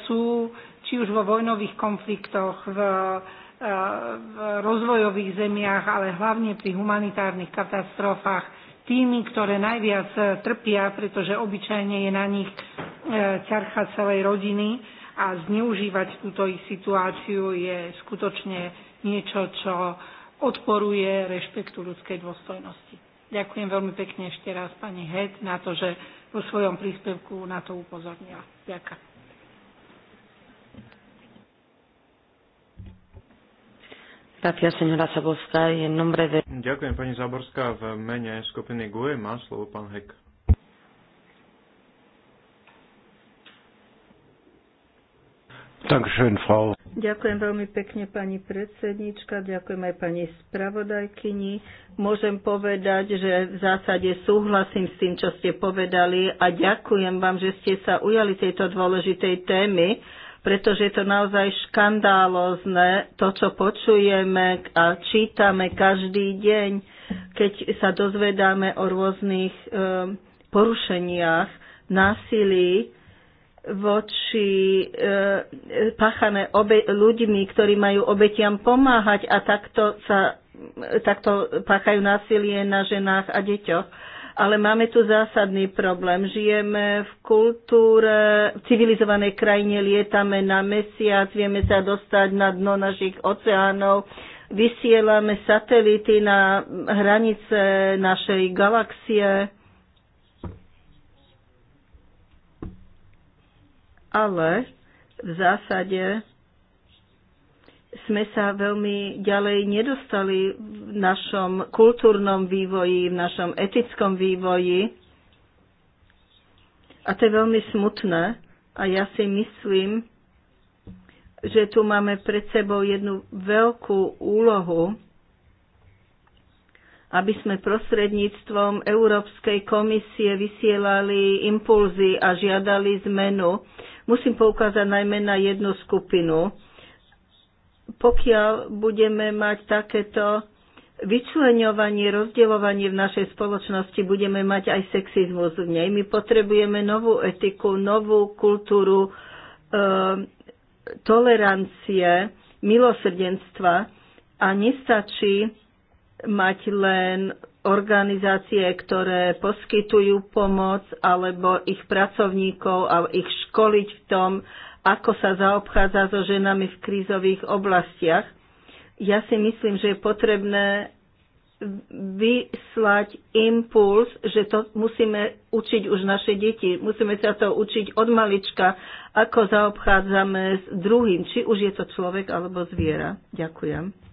sú či už vo vojnových konfliktoch, v, e, v rozvojových zemiach, ale hlavne pri humanitárnych katastrofách tými, ktoré najviac trpia, pretože obyčajne je na nich ťarcha celej rodiny a zneužívať túto ich situáciu je skutočne niečo, čo odporuje rešpektu ľudskej dôstojnosti. Ďakujem veľmi pekne ešte raz pani Hed na to, že vo svojom príspevku na to upozornila. Ďakujem. Ďakujem, pani Zaborská. V mene skupiny GUE má slovo pán Hek. Dankeschön, Frau. Ďakujem veľmi pekne pani predsednička, ďakujem aj pani spravodajkyni. Môžem povedať, že v zásade súhlasím s tým, čo ste povedali a ďakujem vám, že ste sa ujali tejto dôležitej témy, pretože je to naozaj škandálozne, to, čo počujeme a čítame každý deň, keď sa dozvedáme o rôznych e, porušeniach, násilí voči e, e, páchané obe, ľuďmi, ktorí majú obetiam pomáhať a takto, sa, e, takto páchajú násilie na ženách a deťoch. Ale máme tu zásadný problém. Žijeme v kultúre, v civilizovanej krajine, lietame na mesiac, vieme sa dostať na dno našich oceánov, vysielame satelity na hranice našej galaxie ale v zásade sme sa veľmi ďalej nedostali v našom kultúrnom vývoji, v našom etickom vývoji. A to je veľmi smutné. A ja si myslím, že tu máme pred sebou jednu veľkú úlohu, aby sme prostredníctvom Európskej komisie vysielali impulzy a žiadali zmenu Musím poukázať najmä na jednu skupinu. Pokiaľ budeme mať takéto vyčleňovanie, rozdielovanie v našej spoločnosti, budeme mať aj sexizmus v nej. My potrebujeme novú etiku, novú kultúru e, tolerancie, milosrdenstva a nestačí mať len organizácie, ktoré poskytujú pomoc alebo ich pracovníkov a ich školiť v tom, ako sa zaobchádza so ženami v krízových oblastiach. Ja si myslím, že je potrebné vyslať impuls, že to musíme učiť už naše deti. Musíme sa to učiť od malička, ako zaobchádzame s druhým, či už je to človek alebo zviera. Ďakujem.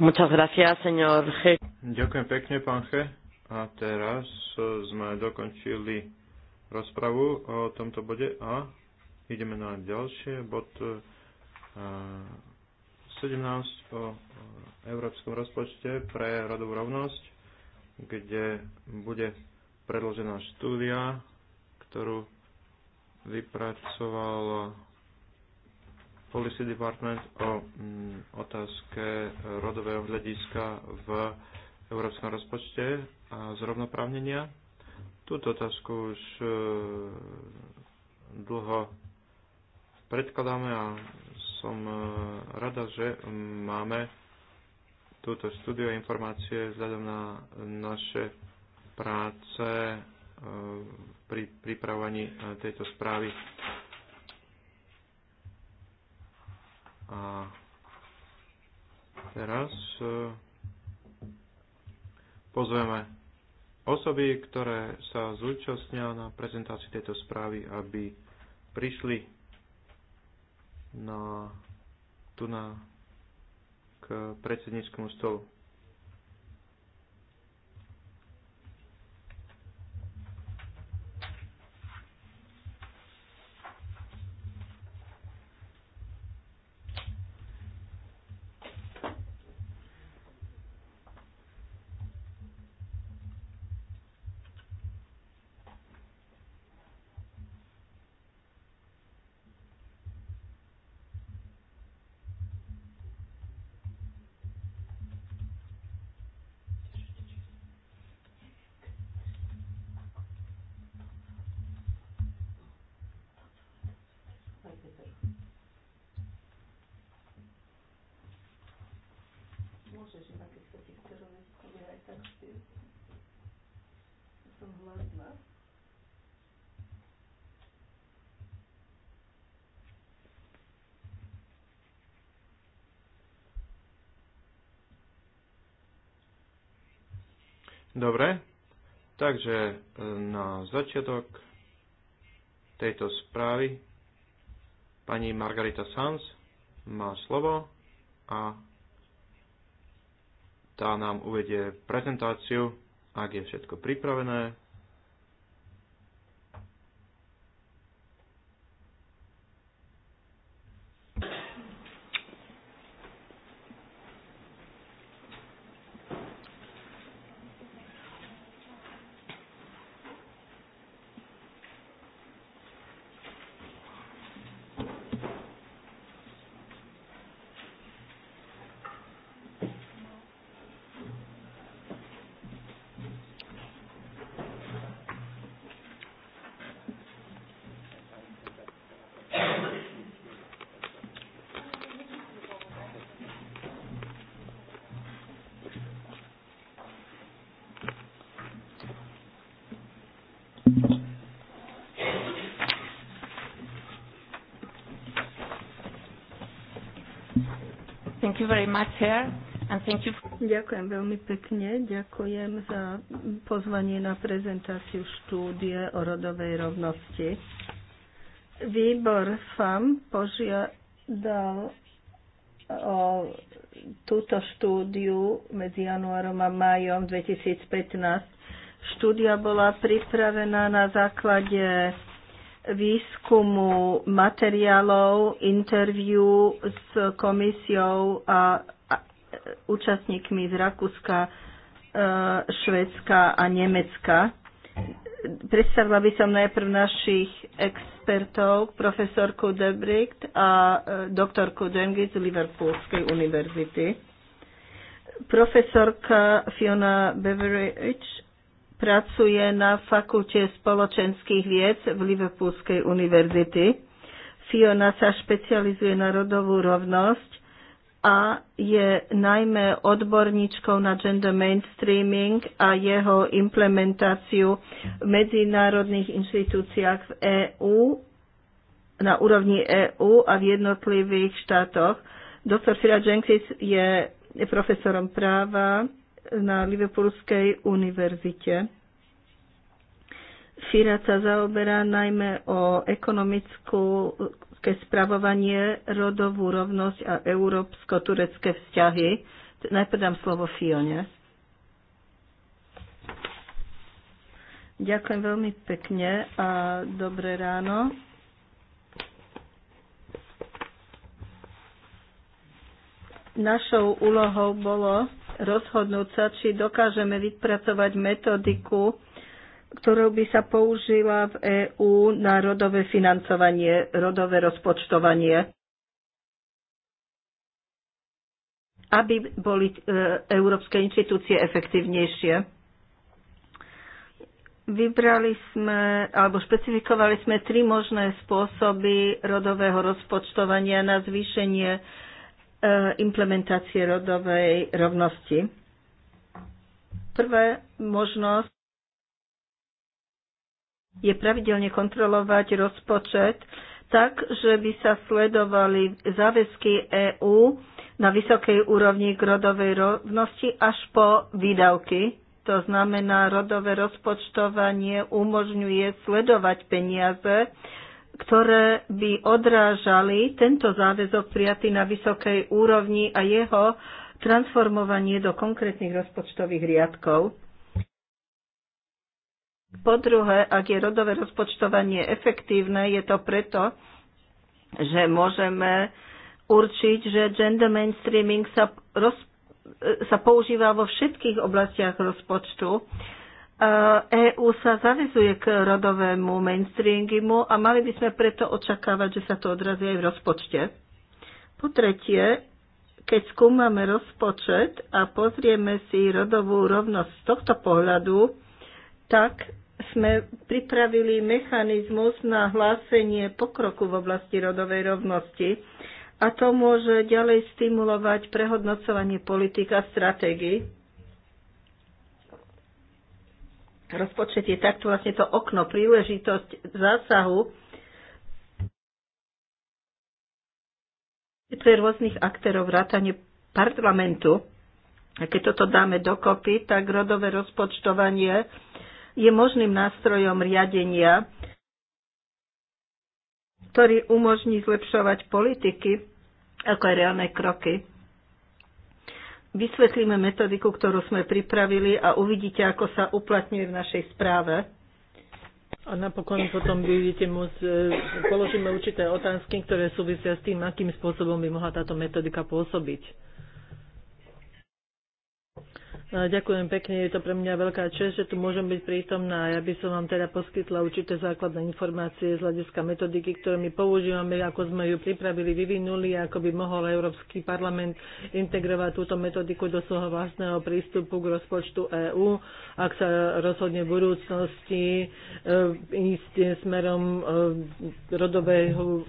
Muchas gracias, señor G. Ďakujem pekne, pán G. A teraz e, sme dokončili rozpravu o tomto bode a ideme na ďalšie bod 17 e, o európskom rozpočte pre rodovú rovnosť, kde bude predložená štúdia, ktorú vypracovala Policy Department o mm, otázke e, rodového hľadiska v európskom rozpočte a zrovnoprávnenia. Túto otázku už e, dlho predkladáme a som e, rada, že máme túto štúdiu informácie vzhľadom na naše práce pri pripravovaní tejto správy. A teraz e, pozveme osoby, ktoré sa zúčastnia na prezentácii tejto správy, aby prišli na, tu na, k predsedníckému stolu. Dobre, takže e, na začiatok tejto správy pani Margarita Sanz má slovo a tá nám uvedie prezentáciu, ak je všetko pripravené, Thank you very much, Chair. And thank you. Ďakujem veľmi pekne. Ďakujem za pozvanie na prezentáciu štúdie o rodovej rovnosti. Výbor FAM požiadal o túto štúdiu medzi januárom a májom 2015. Štúdia bola pripravená na základe výskumu materiálov, interviu s komisiou a účastníkmi z Rakúska, e, Švedska a Nemecka. Predstavila by som najprv našich expertov, profesorku Debrigt a e, doktorku Dengi z Liverpoolskej univerzity. Profesorka Fiona Beveridge Pracuje na Fakulte spoločenských vied v Liverpoolskej univerzity. Fiona sa špecializuje na rodovú rovnosť a je najmä odborníčkou na gender mainstreaming a jeho implementáciu v medzinárodných inštitúciách v EU na úrovni EU a v jednotlivých štátoch. Doktor Fira Jenkins je profesorom práva na Liverpoolskej univerzite. Firat sa zaoberá najmä o ekonomickú ke spravovanie, rodovú rovnosť a európsko-turecké vzťahy. Najprv dám slovo Fione. Ďakujem veľmi pekne a dobré ráno. Našou úlohou bolo rozhodnúť sa, či dokážeme vypracovať metodiku, ktorou by sa použila v EÚ na rodové financovanie, rodové rozpočtovanie, aby boli e, európske inštitúcie efektívnejšie. Vybrali sme, alebo špecifikovali sme tri možné spôsoby rodového rozpočtovania na zvýšenie Eh, implementácie rodovej rovnosti. Prvá možnosť je pravidelne kontrolovať rozpočet tak, že by sa sledovali záväzky EÚ na vysokej úrovni k rodovej rovnosti až po výdavky. To znamená, rodové rozpočtovanie umožňuje sledovať peniaze, ktoré by odrážali tento záväzok prijatý na vysokej úrovni a jeho transformovanie do konkrétnych rozpočtových riadkov. Po druhé, ak je rodové rozpočtovanie efektívne, je to preto, že môžeme určiť, že gender mainstreaming sa, roz, e, sa používa vo všetkých oblastiach rozpočtu EÚ e sa zavizuje k rodovému mainstreamingu a mali by sme preto očakávať, že sa to odrazí aj v rozpočte. Po tretie, keď skúmame rozpočet a pozrieme si rodovú rovnosť z tohto pohľadu, tak sme pripravili mechanizmus na hlásenie pokroku v oblasti rodovej rovnosti a to môže ďalej stimulovať prehodnocovanie politik a stratégií rozpočet je takto vlastne to okno, príležitosť zásahu pre rôznych aktérov vrátane parlamentu. A keď toto dáme dokopy, tak rodové rozpočtovanie je možným nástrojom riadenia, ktorý umožní zlepšovať politiky ako aj reálne kroky vysvetlíme metodiku, ktorú sme pripravili a uvidíte, ako sa uplatňuje v našej správe. A napokon potom budete môcť, e, položíme určité otázky, ktoré súvisia s tým, akým spôsobom by mohla táto metodika pôsobiť. Ďakujem pekne, je to pre mňa veľká čest, že tu môžem byť prítomná. Ja by som vám teda poskytla určité základné informácie z hľadiska metodiky, ktoré my používame, ako sme ju pripravili, vyvinuli, ako by mohol Európsky parlament integrovať túto metodiku do svojho vlastného prístupu k rozpočtu EÚ, ak sa rozhodne v budúcnosti e, ísť smerom e, rodového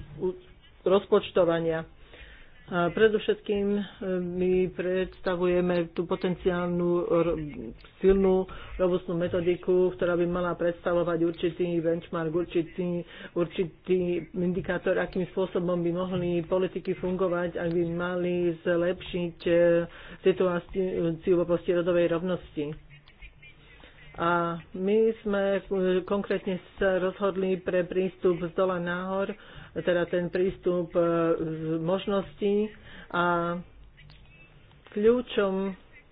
rozpočtovania. A predovšetkým e, my predstavujeme tú potenciálnu silnú robustnú metodiku, ktorá by mala predstavovať určitý benchmark, určitý, určitý indikátor, akým spôsobom by mohli politiky fungovať, ak by mali zlepšiť e, situáciu v oblasti rodovej rovnosti. A my sme konkrétne sa rozhodli pre prístup z dola nahor, teda ten prístup e, z možností a kľúčom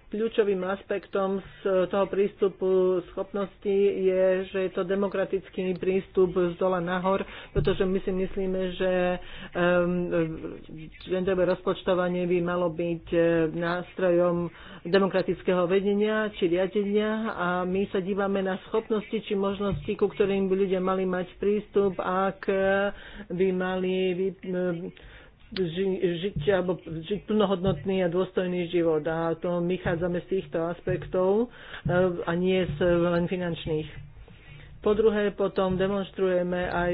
Kľúčovým aspektom z toho prístupu schopnosti je, že je to demokratický prístup z dola nahor, pretože my si myslíme, že genderové rozpočtovanie by malo byť eh, nástrojom demokratického vedenia či riadenia a my sa dívame na schopnosti či možnosti, ku ktorým by ľudia mali mať prístup, ak by mali ži, žiť, alebo žiť plnohodnotný a dôstojný život. A to my chádzame z týchto aspektov e, a nie z len finančných. Po druhé, potom demonstrujeme aj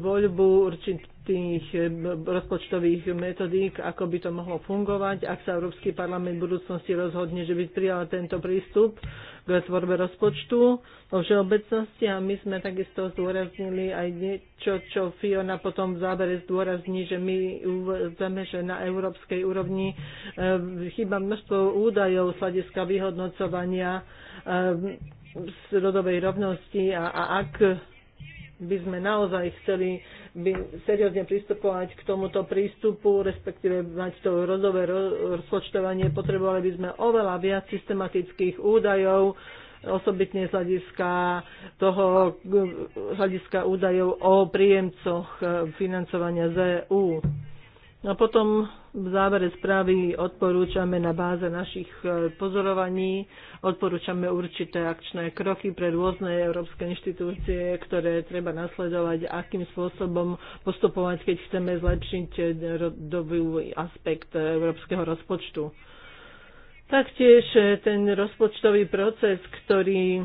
voľbu určit, tých eh, rozpočtových metodík, ako by to mohlo fungovať, ak sa Európsky parlament v budúcnosti rozhodne, že by prijal tento prístup k tvorbe rozpočtu vo všeobecnosti a my sme takisto zdôraznili aj niečo, čo Fiona potom v závere zdôrazní, že my uvedeme, že na európskej úrovni eh, chýba množstvo údajov z hľadiska vyhodnocovania eh, rodovej rovnosti a, a ak by sme naozaj chceli by seriózne pristupovať k tomuto prístupu, respektíve mať to rodové rozpočtovanie, potrebovali by sme oveľa viac systematických údajov, osobitne z hľadiska toho, z hľadiska údajov o príjemcoch eh, financovania z EU. potom v závere správy odporúčame na báze našich e, pozorovaní, odporúčame určité akčné kroky pre rôzne európske inštitúcie, ktoré treba nasledovať, akým spôsobom postupovať, keď chceme zlepšiť rodový aspekt európskeho rozpočtu. Taktiež e, ten rozpočtový proces, ktorý e,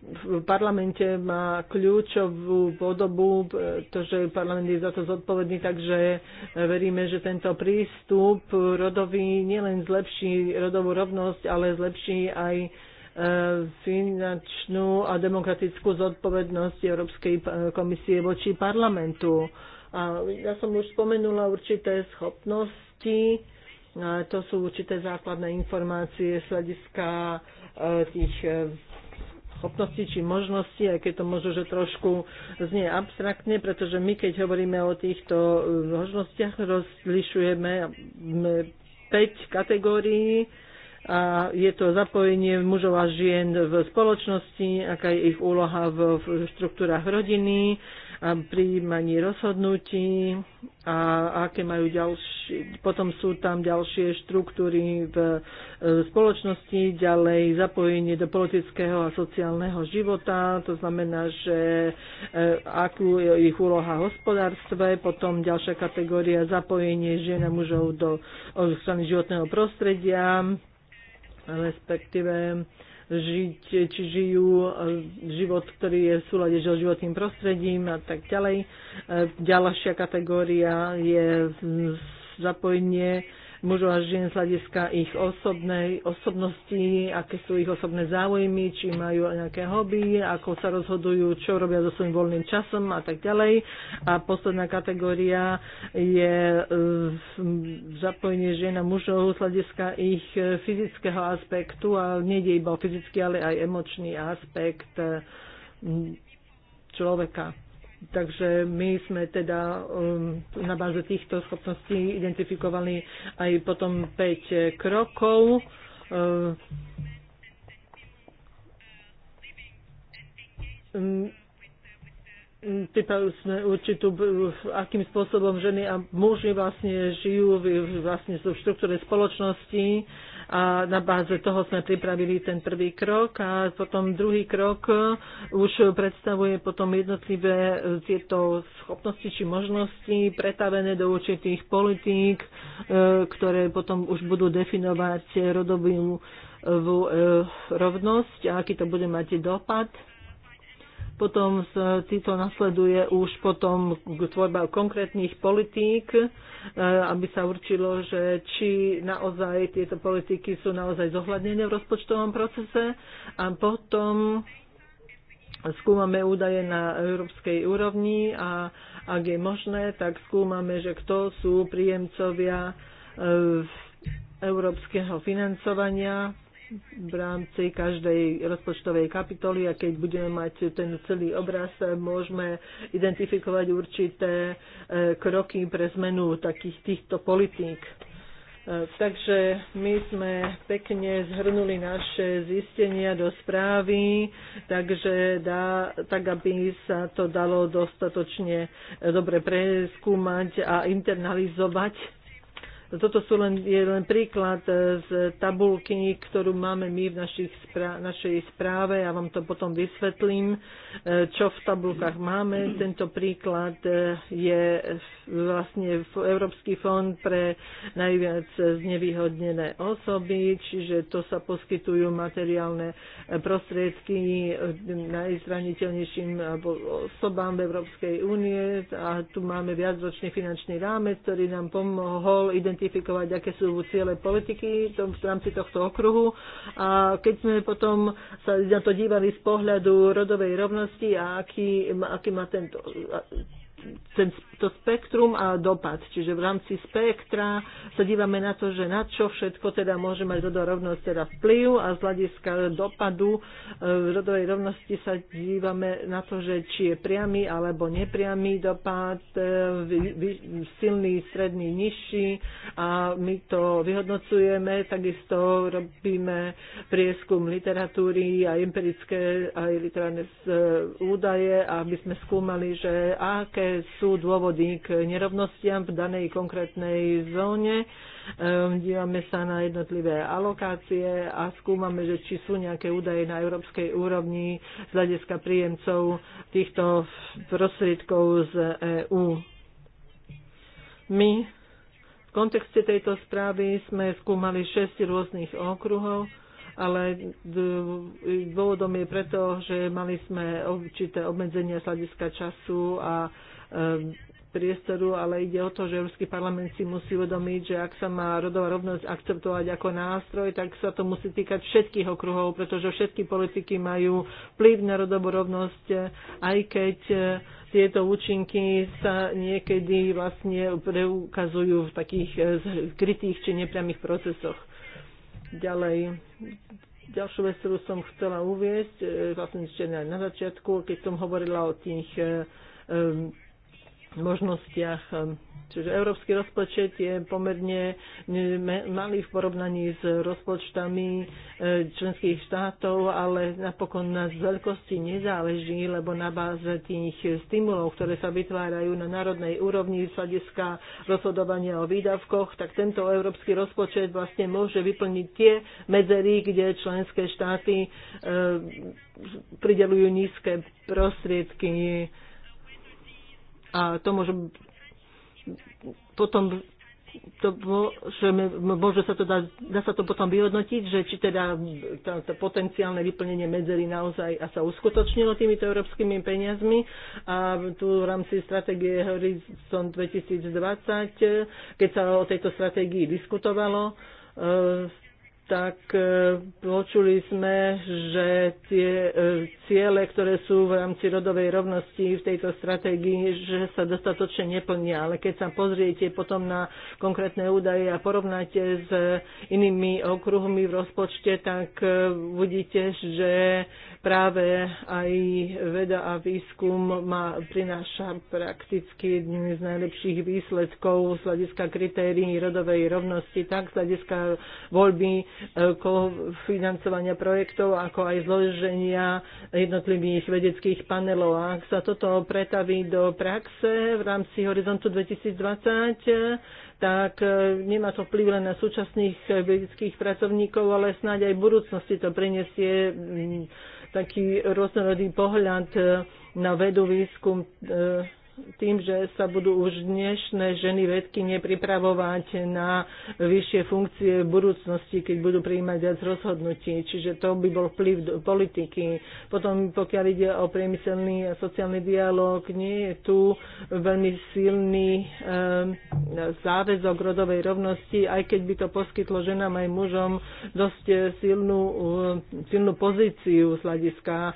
v parlamente má kľúčovú podobu, e, to, že parlament je za to zodpovedný, takže veríme, že tento prístup rodový nielen zlepší rodovú rovnosť, ale zlepší aj finančnú a demokratickú zodpovednosť Európskej komisie voči parlamentu. A ja som už spomenula určité schopnosti, to sú určité základné informácie z hľadiska e, tých e, schopností či možností, aj keď to možno, že trošku znie abstraktne, pretože my, keď hovoríme o týchto e, možnostiach, rozlišujeme 5 kategórií a je to zapojenie mužov a žien v spoločnosti, aká je ich úloha v štruktúrach rodiny, prijímaní rozhodnutí a aké majú ďalšie, potom sú tam ďalšie štruktúry v e, spoločnosti, ďalej zapojenie do politického a sociálneho života, to znamená, že e, akú je ich úloha v hospodárstve, potom ďalšia kategória zapojenie žien a mužov do strany životného prostredia, respektíve žiť, či žijú e, život, ktorý je v súlade so životným prostredím a tak ďalej. E, ďalšia kategória je zapojenie mužov a žien z hľadiska ich osobnej osobnosti, aké sú ich osobné záujmy, či majú nejaké hobby, ako sa rozhodujú, čo robia so svojím voľným časom a tak ďalej. A posledná kategória je e, zapojenie žien a mužov z hľadiska ich fyzického aspektu a nejde iba o fyzický, ale aj emočný aspekt človeka. Takže my sme teda um, na báze týchto schopností identifikovali aj potom 5 krokov. Um, um pripravili sme určitú, akým spôsobom ženy a muži vlastne žijú v, vlastne v štruktúre spoločnosti a na báze toho sme pripravili ten prvý krok a potom druhý krok e, už predstavuje potom jednotlivé e, tieto schopnosti či možnosti pretavené do určitých politík, e, ktoré potom už budú definovať rodovú rovnosť a aký to bude mať dopad. Potom títo nasleduje už potom tvorba konkrétnych politík, e, aby sa určilo, že či naozaj tieto politiky sú naozaj zohľadnené v rozpočtovom procese. A potom skúmame údaje na európskej úrovni a ak je možné, tak skúmame, že kto sú príjemcovia e, európskeho financovania v rámci každej rozpočtovej kapitoly a keď budeme mať ten celý obraz, môžeme identifikovať určité e, kroky pre zmenu takých týchto politík. E, takže my sme pekne zhrnuli naše zistenia do správy, takže dá, tak, aby sa to dalo dostatočne dobre preskúmať a internalizovať toto sú len, je len príklad e, z tabulky, ktorú máme my v našich našej správe. Ja vám to potom vysvetlím, e, čo v tabulkách máme. Tento príklad e, je vlastne Európsky fond pre najviac znevýhodnené osoby, čiže to sa poskytujú materiálne prostriedky najzraniteľnejším osobám v Európskej únie a tu máme viacročný finančný rámec, ktorý nám pomohol identifikovať identifikovať, aké sú ciele politiky v rámci tohto okruhu. A keď sme potom sa na to dívali z pohľadu rodovej rovnosti a aký, aký má tento, to spektrum a dopad. Čiže v rámci spektra sa dívame na to, že na čo všetko teda môže mať rodová rovnosť teda vplyv a z hľadiska dopadu e, v rodovej rovnosti sa dívame na to, že či je priamy alebo nepriamy dopad, e, silný, stredný, nižší a my to vyhodnocujeme, takisto robíme prieskum literatúry a empirické aj literárne e, údaje, aby sme skúmali, že aké sú dôvody k nerovnostiam v danej konkrétnej zóne. Ehm, dívame sa na jednotlivé alokácie a skúmame, že či sú nejaké údaje na európskej úrovni z hľadiska príjemcov týchto prostriedkov z EÚ. My v kontexte tejto správy sme skúmali 6 rôznych okruhov ale dôvodom je preto, že mali sme určité obmedzenia z hľadiska času a Eh, priestoru, ale ide o to, že Európsky parlament si musí uvedomiť, že ak sa má rodová rovnosť akceptovať ako nástroj, tak sa to musí týkať všetkých okruhov, pretože všetky politiky majú vplyv na rodovú rovnosť, aj keď eh, tieto účinky sa niekedy vlastne preukazujú v takých skrytých eh, či nepriamých procesoch. Ďalej, ďalšiu vec, ktorú som chcela uviesť, vlastne ešte na začiatku, keď som hovorila o tých možnostiach. Ehm, čiže európsky rozpočet je pomerne malý v porovnaní s rozpočtami eh, členských štátov, ale napokon na veľkosti nezáleží, lebo na báze tých stimulov, ktoré sa vytvárajú na národnej úrovni z hľadiska rozhodovania o výdavkoch, tak tento európsky rozpočet vlastne môže vyplniť tie medzery, kde členské štáty eh, pridelujú nízke prostriedky a to môže potom to môže, môže sa to dá, dá sa to potom vyhodnotiť, že či teda to potenciálne vyplnenie medzery naozaj a sa uskutočnilo týmito európskymi peniazmi. A tu v rámci stratégie Horizon 2020, keď sa o tejto stratégii diskutovalo, e, tak e, počuli sme, že tie e, ciele, ktoré sú v rámci rodovej rovnosti v tejto stratégii, že sa dostatočne neplnia. Ale keď sa pozriete potom na konkrétne údaje a porovnáte s inými okruhmi v rozpočte, tak e, vidíte, že práve aj veda a výskum má, prináša prakticky jedným z najlepších výsledkov z hľadiska kritérií rodovej rovnosti, tak z hľadiska voľby Eh, financovania projektov, ako aj zloženia jednotlivých vedeckých panelov. A ak sa toto pretaví do praxe v rámci Horizontu 2020, tak eh, nemá to vplyv len na súčasných vedeckých pracovníkov, ale snáď aj v budúcnosti to prinesie mm, taký rôznorodý pohľad eh, na vedu, výskum, tým, že sa budú už dnešné ženy vedky nepripravovať na vyššie funkcie v budúcnosti, keď budú prijímať viac rozhodnutí. Čiže to by bol vplyv do politiky. Potom, pokiaľ ide o priemyselný a sociálny dialog, nie je tu veľmi silný um, záväzok rodovej rovnosti, aj keď by to poskytlo ženám aj mužom dosť silnú, um, silnú pozíciu z hľadiska uh,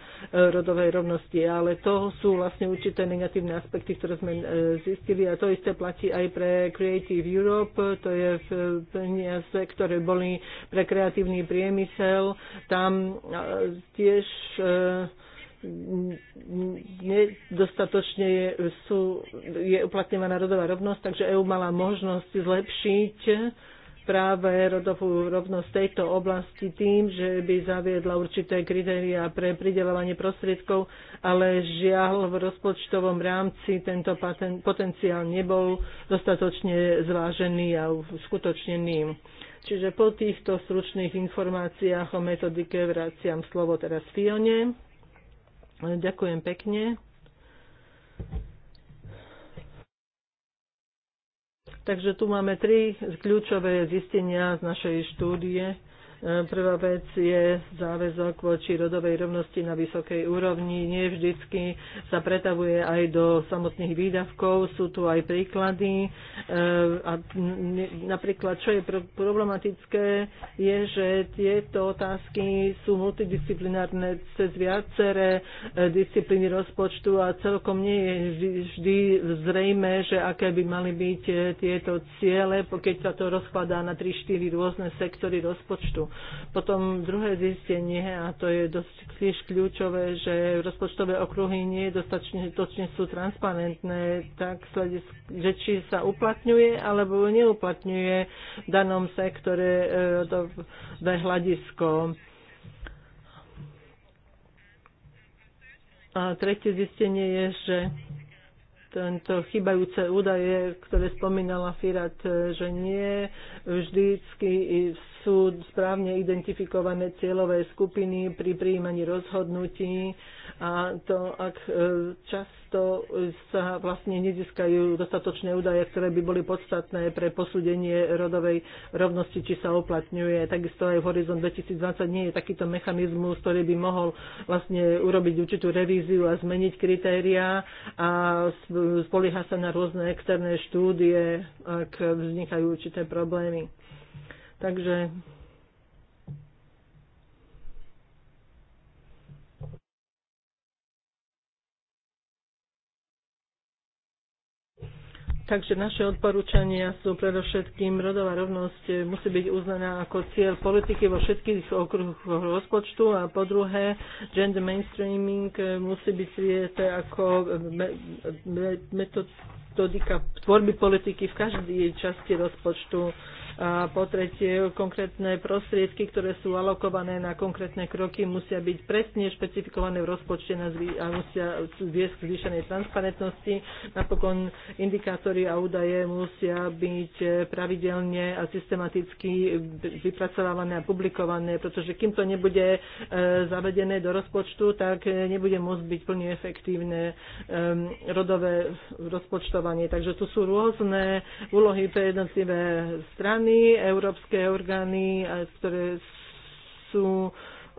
rodovej rovnosti. Ale to sú vlastne určité negatívne aspekty udalosti, ktoré sme e, zistili a to isté platí aj pre Creative Europe, to je v peniaze, ktoré boli pre kreatívny priemysel. Tam e, tiež e, nedostatočne je, sú, je uplatňovaná rodová rovnosť, takže EU mala možnosť zlepšiť práve rodovú rovnosť tejto oblasti tým, že by zaviedla určité kritéria pre pridelovanie prostriedkov, ale žiaľ v rozpočtovom rámci tento potenciál nebol dostatočne zvážený a uskutočnený. Čiže po týchto stručných informáciách o metodike vraciam slovo teraz Fione. Ďakujem pekne. Takže tu máme tri kľúčové zistenia z našej štúdie E, prvá vec je záväzok voči rodovej rovnosti na vysokej úrovni. Nie vždycky sa pretavuje aj do samotných výdavkov. Sú tu aj príklady. E, a napríklad, čo je problematické, je, že tieto otázky sú multidisciplinárne cez viaceré e, disciplíny rozpočtu a celkom nie je vždy zrejme, že aké by mali byť tieto ciele, keď sa to rozkladá na 3-4 rôzne sektory rozpočtu. Potom druhé zistenie, a to je dosť tiež kľúčové, že rozpočtové okruhy nie dostatočne sú transparentné, tak že či sa uplatňuje alebo neuplatňuje v danom sektore e, to hľadisko. A tretie zistenie je, že tento chybajúce údaje, ktoré spomínala Firat, e, že nie vždycky sú správne identifikované cieľové skupiny pri príjmaní rozhodnutí a to, ak e, často sa vlastne nezískajú dostatočné údaje, ktoré by boli podstatné pre posúdenie rodovej rovnosti, či sa uplatňuje. Takisto aj v Horizon 2020 nie je takýto mechanizmus, ktorý by mohol vlastne urobiť určitú revíziu a zmeniť kritériá a spolieha sa na rôzne externé štúdie, ak vznikajú určité problémy. Takže Takže naše odporúčania sú predovšetkým rodová rovnosť musí byť uznaná ako cieľ politiky vo všetkých okruhoch rozpočtu a po druhé gender mainstreaming musí byť svieté ako metodika tvorby politiky v každej časti rozpočtu. A po tretie, konkrétne prostriedky, ktoré sú alokované na konkrétne kroky, musia byť presne špecifikované v rozpočte a musia viesť k zvýšenej transparentnosti. Napokon indikátory a údaje musia byť pravidelne a systematicky vypracovávané a publikované, pretože kým to nebude e, zavedené do rozpočtu, tak e, nebude môcť byť plne efektívne e, rodové rozpočtovanie. Takže tu sú rôzne úlohy pre jednotlivé strany orgány, európske orgány, ktoré sú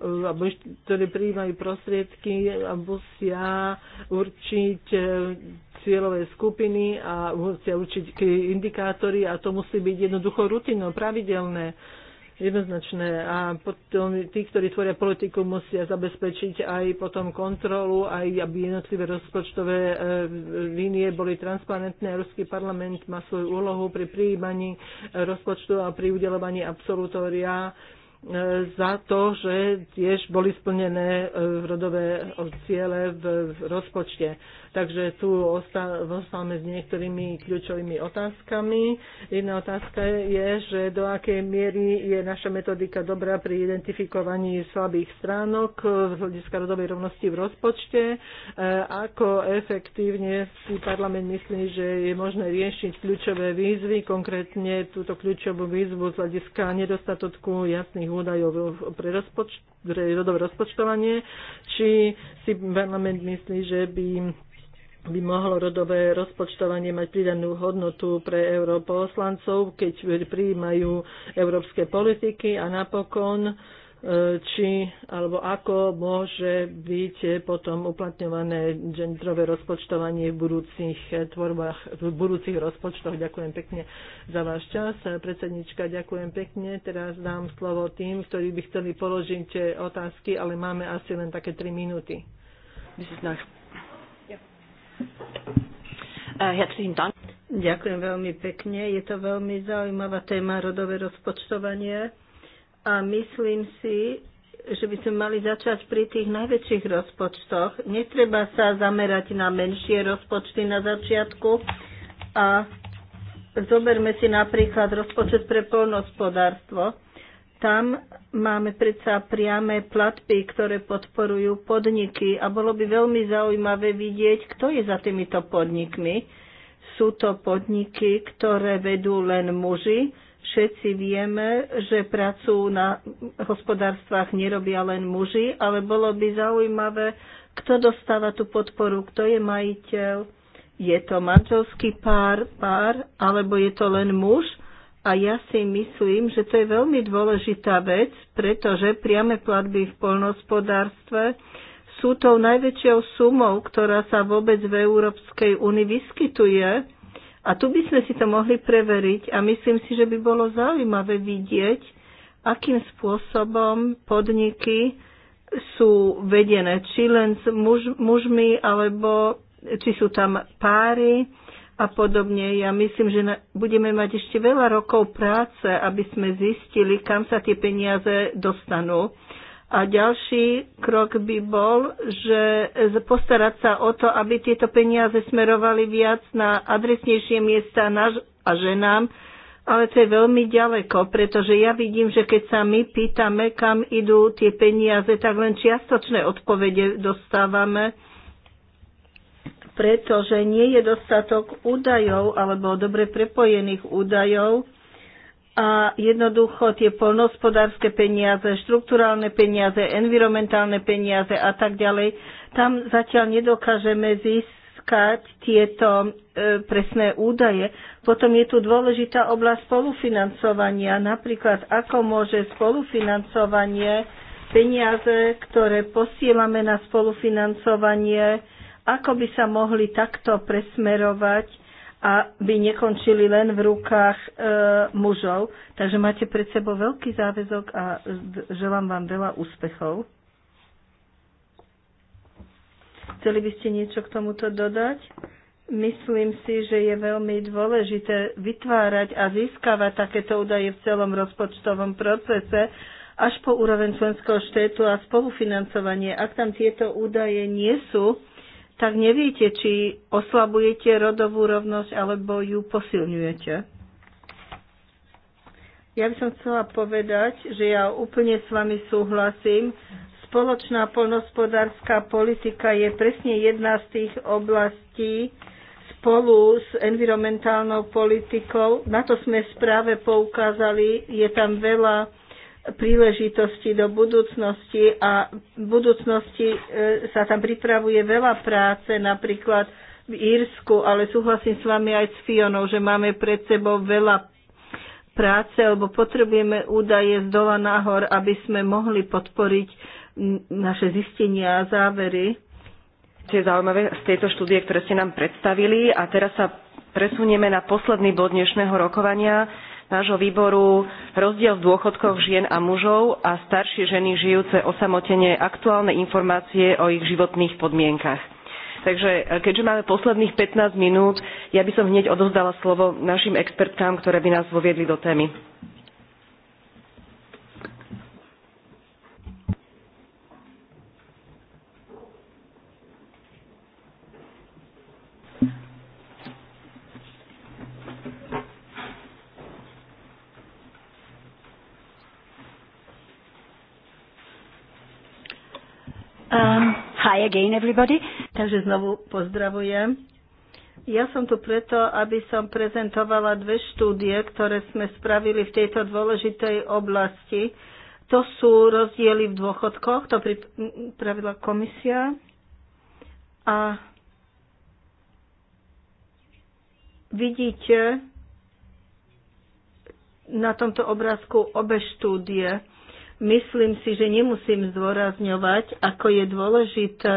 e, alebo ktoré prijímajú prostriedky a musia určiť e, cieľové skupiny a musia určiť indikátory a to musí byť jednoducho rutinné, pravidelné jednoznačné. A potom tí, ktorí tvoria politiku, musia zabezpečiť aj potom kontrolu, aj aby jednotlivé rozpočtové e, línie boli transparentné. Ruský parlament má svoju úlohu pri prijímaní e, rozpočtu a pri udelovaní absolutória e, za to, že tiež boli splnené rodové ciele v rozpočte. Takže tu ostávame s niektorými kľúčovými otázkami. Jedna otázka je, že do akej miery je naša metodika dobrá pri identifikovaní slabých stránok z hľadiska rodovej rovnosti v rozpočte, e, ako efektívne si parlament myslí, že je možné riešiť kľúčové výzvy, konkrétne túto kľúčovú výzvu z hľadiska nedostatku jasných údajov pre, rozpoč- rodové rozpočtovanie, či si parlament myslí, že by by mohlo rodové rozpočtovanie mať pridanú hodnotu pre europoslancov, keď prijímajú európske politiky a napokon e, či alebo ako môže byť potom uplatňované genderové rozpočtovanie v budúcich tvorbách, v budúcich rozpočtoch. Ďakujem pekne za váš čas. Predsednička, ďakujem pekne. Teraz dám slovo tým, ktorí by chceli položiť otázky, ale máme asi len také 3 minúty. Mrs. Äh, herzlichen Dank. Ďakujem veľmi pekne. Je to veľmi zaujímavá téma rodové rozpočtovanie a myslím si, že by sme mali začať pri tých najväčších rozpočtoch. Netreba sa zamerať na menšie rozpočty na začiatku a zoberme si napríklad rozpočet pre polnospodárstvo. Tam máme predsa priame platby, ktoré podporujú podniky a bolo by veľmi zaujímavé vidieť, kto je za týmito podnikmi. Sú to podniky, ktoré vedú len muži. Všetci vieme, že pracu na hospodárstvách nerobia len muži, ale bolo by zaujímavé, kto dostáva tú podporu, kto je majiteľ. Je to manželský pár, pár alebo je to len muž? A ja si myslím, že to je veľmi dôležitá vec, pretože priame platby v poľnohospodárstve sú tou najväčšou sumou, ktorá sa vôbec v Európskej únii vyskytuje. A tu by sme si to mohli preveriť a myslím si, že by bolo zaujímavé vidieť, akým spôsobom podniky sú vedené, či len s muž, mužmi, alebo či sú tam páry, a podobne. Ja myslím, že budeme mať ešte veľa rokov práce, aby sme zistili, kam sa tie peniaze dostanú. A ďalší krok by bol, že postarať sa o to, aby tieto peniaze smerovali viac na adresnejšie miesta a ženám, ale to je veľmi ďaleko, pretože ja vidím, že keď sa my pýtame, kam idú tie peniaze, tak len čiastočné odpovede dostávame pretože nie je dostatok údajov alebo dobre prepojených údajov a jednoducho tie polnospodárske peniaze, štruktúrálne peniaze, environmentálne peniaze a tak ďalej, tam zatiaľ nedokážeme získať tieto e, presné údaje. Potom je tu dôležitá oblasť spolufinancovania, napríklad ako môže spolufinancovanie peniaze, ktoré posielame na spolufinancovanie ako by sa mohli takto presmerovať, aby nekončili len v rukách e, mužov. Takže máte pred sebou veľký záväzok a želám vám veľa úspechov. Chceli by ste niečo k tomuto dodať? Myslím si, že je veľmi dôležité vytvárať a získavať takéto údaje v celom rozpočtovom procese až po úroveň členského štátu a spolufinancovanie. Ak tam tieto údaje nie sú, tak neviete, či oslabujete rodovú rovnosť alebo ju posilňujete. Ja by som chcela povedať, že ja úplne s vami súhlasím. Spoločná polnospodárska politika je presne jedna z tých oblastí spolu s environmentálnou politikou. Na to sme správe poukázali. Je tam veľa príležitosti do budúcnosti a v budúcnosti e, sa tam pripravuje veľa práce, napríklad v Írsku, ale súhlasím s vami aj s Fionou, že máme pred sebou veľa práce, lebo potrebujeme údaje z dola nahor, aby sme mohli podporiť naše zistenia a závery. Tie zaujímavé z tejto štúdie, ktoré ste nám predstavili a teraz sa presunieme na posledný bod dnešného rokovania nášho výboru rozdiel v dôchodkoch žien a mužov a staršie ženy žijúce osamotene aktuálne informácie o ich životných podmienkach. Takže e, keďže máme posledných 15 minút, ja by som hneď odovzdala slovo našim expertkám, ktoré by nás voviedli do témy. Um, hi again, everybody. Takže znovu pozdravujem. Ja som tu preto, aby som prezentovala dve štúdie, ktoré sme spravili v tejto dôležitej oblasti. To sú rozdiely v dôchodkoch, to pripravila komisia. A vidíte na tomto obrázku obe štúdie Myslím si, že nemusím zdôrazňovať, ako je dôležité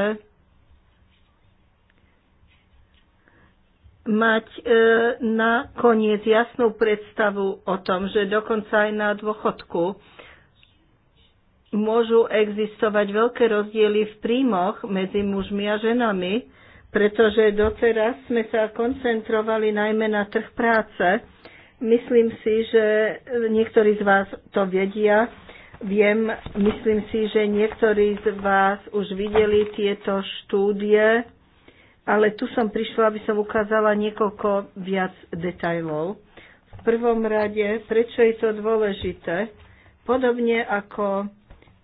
mať e, na koniec jasnú predstavu o tom, že dokonca aj na dôchodku môžu existovať veľké rozdiely v príjmoch medzi mužmi a ženami, pretože doteraz sme sa koncentrovali najmä na trh práce. Myslím si, že niektorí z vás to vedia, Viem, myslím si, že niektorí z vás už videli tieto štúdie, ale tu som prišla, aby som ukázala niekoľko viac detajlov. V prvom rade, prečo je to dôležité? Podobne ako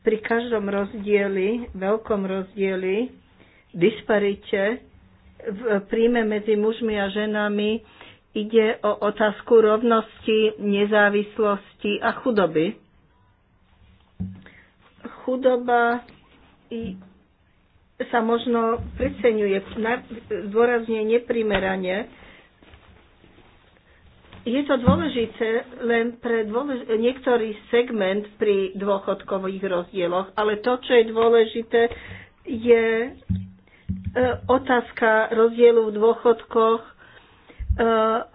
pri každom rozdieli, veľkom rozdieli, disparite v príjme medzi mužmi a ženami ide o otázku rovnosti, nezávislosti a chudoby chudoba i sa možno preceňuje, dôrazne neprimerane. Je to dôležité len pre dôlež- niektorý segment pri dôchodkových rozdieloch, ale to, čo je dôležité, je e, otázka rozdielu v dôchodkoch E,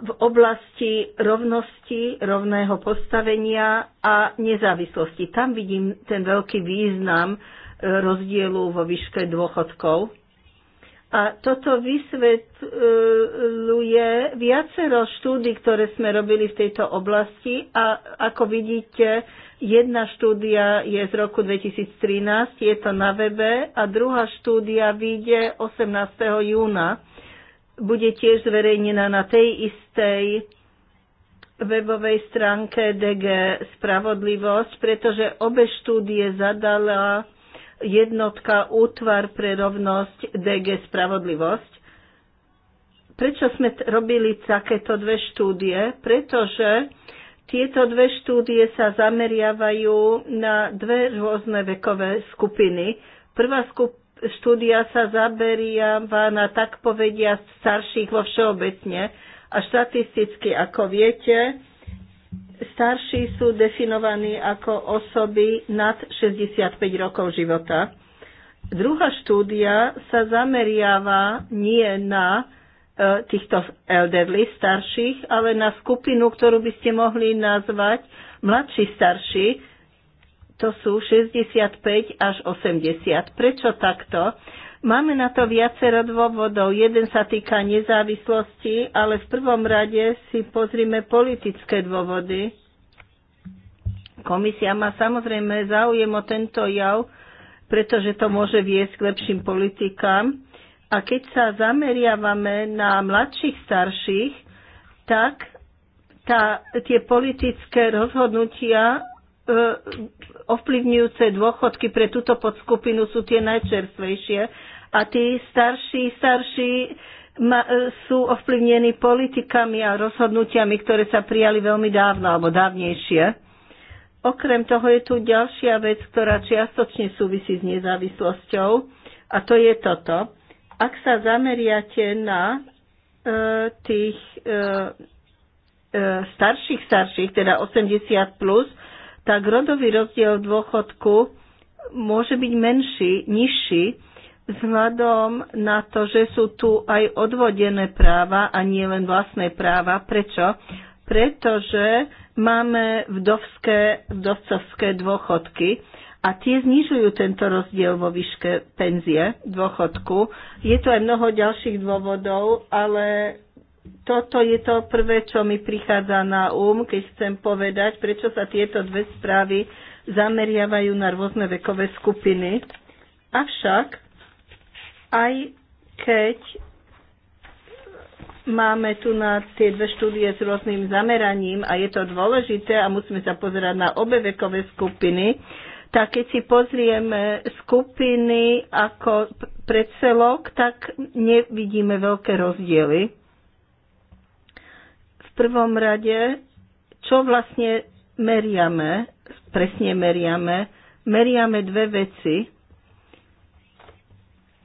v oblasti rovnosti, rovného postavenia a nezávislosti. Tam vidím ten veľký význam e, rozdielu vo výške dôchodkov. A toto vysvetľuje viacero štúdí, ktoré sme robili v tejto oblasti a ako vidíte, jedna štúdia je z roku 2013, je to na webe a druhá štúdia vyjde 18. júna bude tiež zverejnená na tej istej webovej stránke DG Spravodlivosť, pretože obe štúdie zadala jednotka Útvar pre rovnosť DG Spravodlivosť. Prečo sme robili takéto dve štúdie? Pretože tieto dve štúdie sa zameriavajú na dve rôzne vekové skupiny. Prvá skupina štúdia sa zaberiava na tak povedia starších vo všeobecne. A štatisticky, ako viete, starší sú definovaní ako osoby nad 65 rokov života. Druhá štúdia sa zameriava nie na e, týchto elderly starších, ale na skupinu, ktorú by ste mohli nazvať mladší starší, to sú 65 až 80. Prečo takto? Máme na to viacero dôvodov. Jeden sa týka nezávislosti, ale v prvom rade si pozrime politické dôvody. Komisia má samozrejme záujem o tento jav, pretože to môže viesť k lepším politikám. A keď sa zameriavame na mladších, starších, tak tá, tie politické rozhodnutia E, ovplyvňujúce dôchodky pre túto podskupinu sú tie najčerstvejšie a tí starší, starší ma, e, sú ovplyvnení politikami a rozhodnutiami, ktoré sa prijali veľmi dávno alebo dávnejšie. Okrem toho je tu ďalšia vec, ktorá čiastočne súvisí s nezávislosťou a to je toto. Ak sa zameriate na e, tých e, e starších starších, teda 80 plus, tak rodový rozdiel v dôchodku môže byť menší, nižší, vzhľadom na to, že sú tu aj odvodené práva a nie len vlastné práva. Prečo? Pretože máme vdovské, vdovcovské dôchodky a tie znižujú tento rozdiel vo výške penzie, dôchodku. Je tu aj mnoho ďalších dôvodov, ale toto je to prvé, čo mi prichádza na úm, um, keď chcem povedať, prečo sa tieto dve správy zameriavajú na rôzne vekové skupiny. Avšak, aj keď máme tu na tie dve štúdie s rôznym zameraním a je to dôležité a musíme sa pozerať na obe vekové skupiny, tak keď si pozrieme skupiny ako predselok, tak nevidíme veľké rozdiely prvom rade, čo vlastne meriame, presne meriame, meriame dve veci,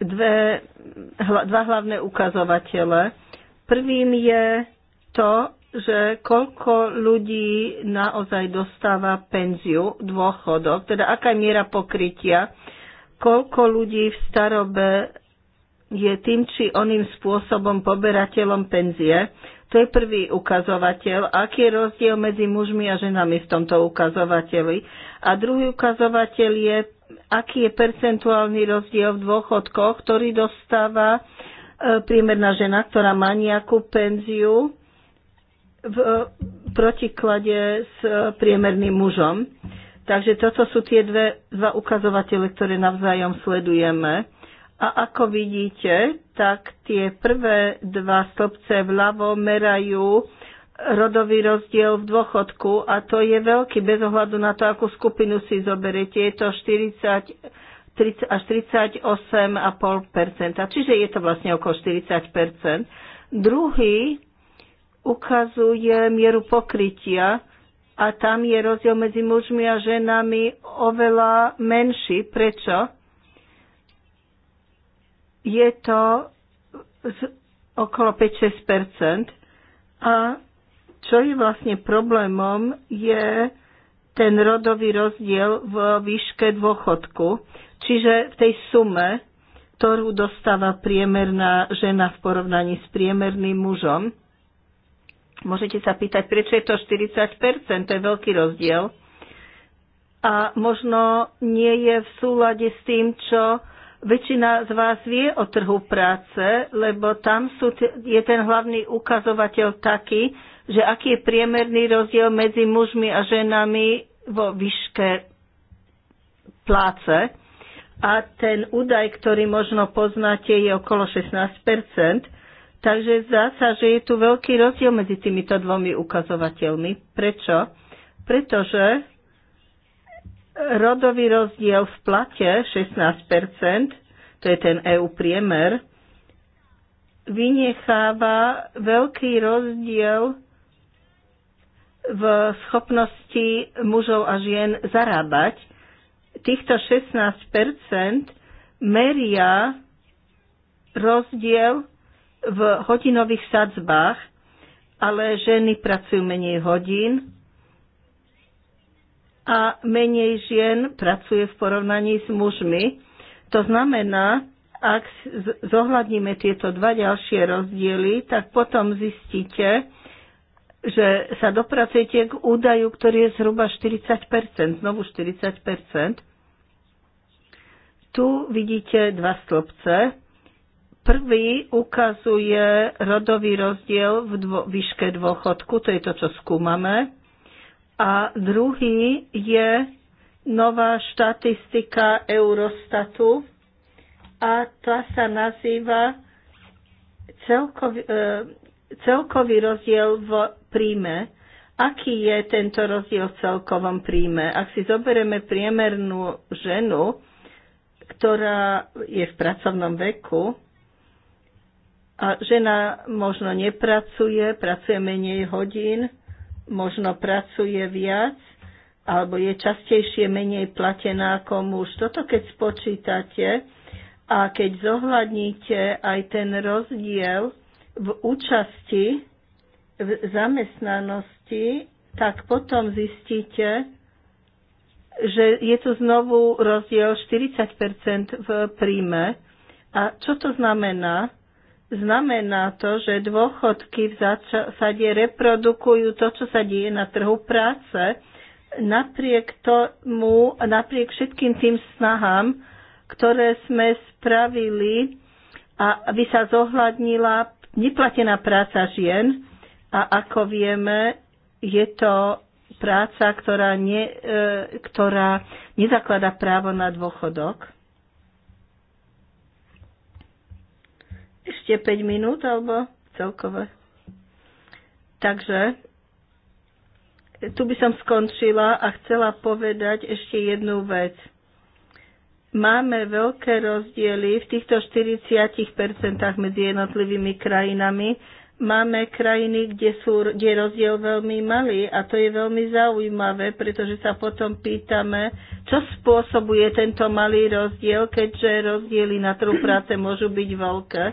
dve, hla, dva hlavné ukazovatele. Prvým je to, že koľko ľudí naozaj dostáva penziu, dôchodok, teda aká je miera pokrytia, koľko ľudí v starobe je tým či oným spôsobom poberateľom penzie. To je prvý ukazovateľ, aký je rozdiel medzi mužmi a ženami v tomto ukazovateli. A druhý ukazovateľ je, aký je percentuálny rozdiel v dôchodkoch, ktorý dostáva e, priemerná žena, ktorá má nejakú penziu v e, protiklade s e, priemerným mužom. Takže toto sú tie dve, dva ukazovatele, ktoré navzájom sledujeme. A ako vidíte, tak tie prvé dva stĺpce vľavo merajú rodový rozdiel v dôchodku a to je veľký bez ohľadu na to, akú skupinu si zoberete. Je to 40 30 až 38,5 čiže je to vlastne okolo 40 Druhý ukazuje mieru pokrytia a tam je rozdiel medzi mužmi a ženami oveľa menší. Prečo? je to okolo 5-6 A čo je vlastne problémom, je ten rodový rozdiel v výške dôchodku, čiže v tej sume, ktorú dostáva priemerná žena v porovnaní s priemerným mužom. Môžete sa pýtať, prečo je to 40%, to je veľký rozdiel. A možno nie je v súlade s tým, čo Väčšina z vás vie o trhu práce, lebo tam sú, je ten hlavný ukazovateľ taký, že aký je priemerný rozdiel medzi mužmi a ženami vo výške pláce. A ten údaj, ktorý možno poznáte, je okolo 16 Takže zdá sa, že je tu veľký rozdiel medzi týmito dvomi ukazovateľmi. Prečo? Pretože Rodový rozdiel v plate 16%, to je ten EU priemer, vynecháva veľký rozdiel v schopnosti mužov a žien zarábať. Týchto 16% meria rozdiel v hodinových sadzbách, ale ženy pracujú menej hodín a menej žien pracuje v porovnaní s mužmi. To znamená, ak zohľadníme tieto dva ďalšie rozdiely, tak potom zistíte, že sa dopracujete k údaju, ktorý je zhruba 40%, znovu 40%. Tu vidíte dva stĺpce. Prvý ukazuje rodový rozdiel v dvo- výške dôchodku, to je to, čo skúmame. A druhý je nová štatistika Eurostatu a tá sa nazýva celkový, e, celkový rozdiel v príjme. Aký je tento rozdiel v celkovom príjme? Ak si zoberieme priemernú ženu, ktorá je v pracovnom veku a žena možno nepracuje, pracuje menej hodín, možno pracuje viac alebo je častejšie menej platená muž. Toto keď spočítate a keď zohľadníte aj ten rozdiel v účasti v zamestnanosti, tak potom zistíte, že je tu znovu rozdiel 40 v príjme. A čo to znamená? Znamená to, že dôchodky v zásade reprodukujú to, čo sa deje na trhu práce. Napriek tomu, napriek všetkým tým snahám, ktoré sme spravili, a aby sa zohľadnila neplatená práca žien, a ako vieme, je to práca, ktorá, ne, e, ktorá nezakladá právo na dôchodok. Ešte 5 minút alebo celkové. Takže tu by som skončila a chcela povedať ešte jednu vec. Máme veľké rozdiely v týchto 40% medzi jednotlivými krajinami máme krajiny, kde, sú, kde je rozdiel veľmi malý a to je veľmi zaujímavé, pretože sa potom pýtame, čo spôsobuje tento malý rozdiel, keďže rozdiely na trhu práce môžu byť veľké.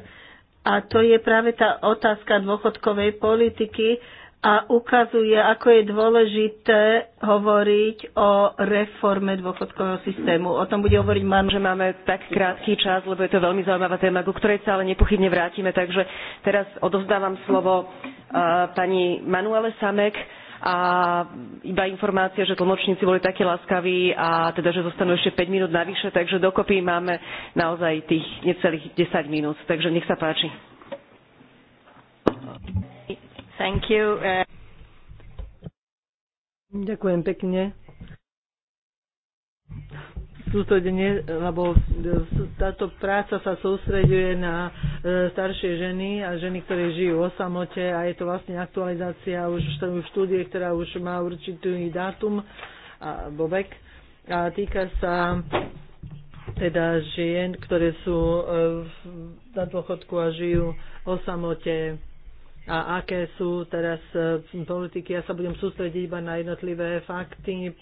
A to je práve tá otázka dôchodkovej politiky a ukazuje, ako je dôležité hovoriť o reforme dôchodkového systému. O tom bude hovoriť Marno. Že máme tak krátky čas, lebo je to veľmi zaujímavá téma, ku ktorej sa ale nepochybne vrátime. Takže teraz odovzdávam slovo uh, pani Manuele Samek a iba informácia, že tlmočníci boli také laskaví a teda, že zostanú ešte 5 minút navyše, takže dokopy máme naozaj tých necelých 10 minút. Takže nech sa páči. Thank you. Eh. Ďakujem pekne. Sústredenie, lebo eh, táto práca sa sústreďuje na eh, staršie ženy a ženy, ktoré žijú o samote a je to vlastne aktualizácia už štúdie, ktorá už má určitý dátum a bobek a týka sa teda žien, ktoré sú na dôchodku a žijú o samote a aké sú teraz e, politiky. Ja sa budem sústrediť iba na jednotlivé fakty,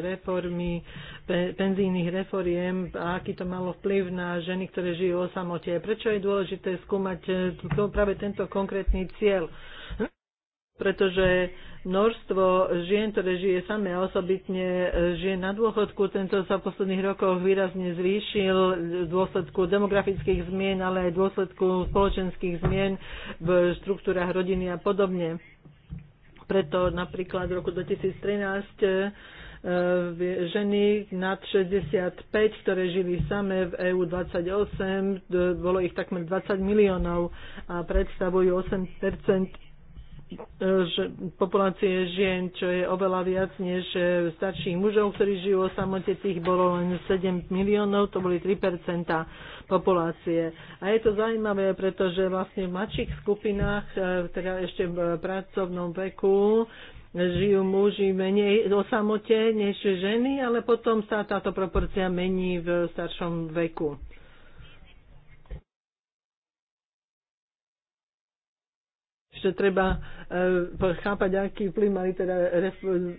reformy, penzijných reforiem a aký to malo vplyv na ženy, ktoré žijú o samote. Prečo je dôležité skúmať e, práve tento konkrétny cieľ? pretože množstvo žien, ktoré žije samé, osobitne e, žien na dôchodku, tento sa v posledných rokoch výrazne zvýšil v dôsledku demografických zmien, ale aj v dôsledku spoločenských zmien v štruktúrach rodiny a podobne. Preto napríklad v roku 2013 e, ženy nad 65, ktoré žili same v EU28, bolo ich takmer 20 miliónov a predstavujú 8 že populácie žien, čo je oveľa viac než e, starších mužov, ktorí žijú o samote, tých bolo len 7 miliónov, to boli 3 populácie. A je to zaujímavé, pretože vlastne v mladších skupinách, e, teda ešte v pracovnom veku, žijú muži menej o samote než ženy, ale potom sa táto proporcia mení v staršom veku. Ešte treba E, chápať, aký vplyv mali teda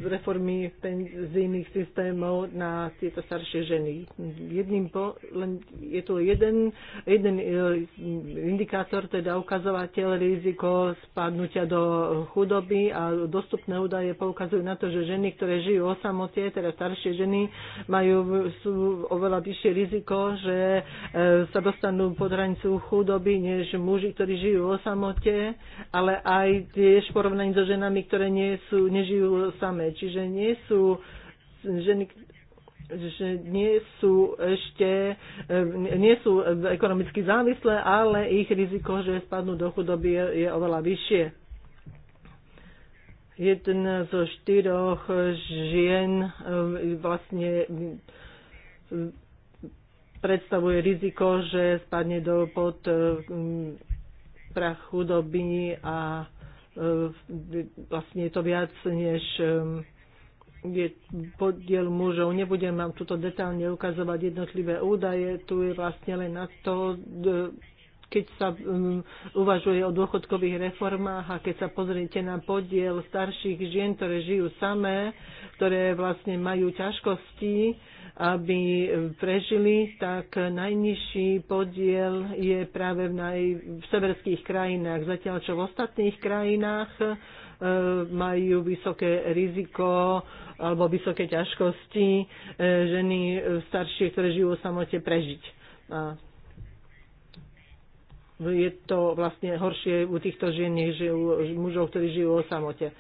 reformy penzijných systémov na tieto staršie ženy. Jedným po, len je tu jeden, jeden e, indikátor, teda ukazovateľ riziko spadnutia do chudoby a dostupné údaje poukazujú na to, že ženy, ktoré žijú o samote, teda staršie ženy, majú, sú oveľa vyššie riziko, že e, sa dostanú pod hranicu chudoby než muži, ktorí žijú o samote, ale aj tie tiež v porovnaní so ženami, ktoré nie sú, nežijú samé. Čiže nie sú ženy, že nie sú ešte, e, nie sú ekonomicky závislé, ale ich riziko, že spadnú do chudoby je, je oveľa vyššie. Jedna zo štyroch žien e, vlastne predstavuje riziko, že spadne do pod e, prach chudoby a E, vlastne je to viac než e, je podiel mužov. Nebudem vám tuto detálne ukazovať jednotlivé údaje. Tu je vlastne len na to, e, keď sa uvažuje o dôchodkových reformách a keď sa pozriete na podiel starších žien, ktoré žijú samé, ktoré vlastne majú ťažkosti, aby prežili, tak najnižší podiel je práve v, naj, v severských krajinách. Zatiaľ, čo v ostatných krajinách e, majú vysoké riziko alebo vysoké ťažkosti e, ženy e, staršie, ktoré žijú v samote, prežiť. A je to vlastne horšie u týchto žien, než u mužov, ktorí žijú o samote. E,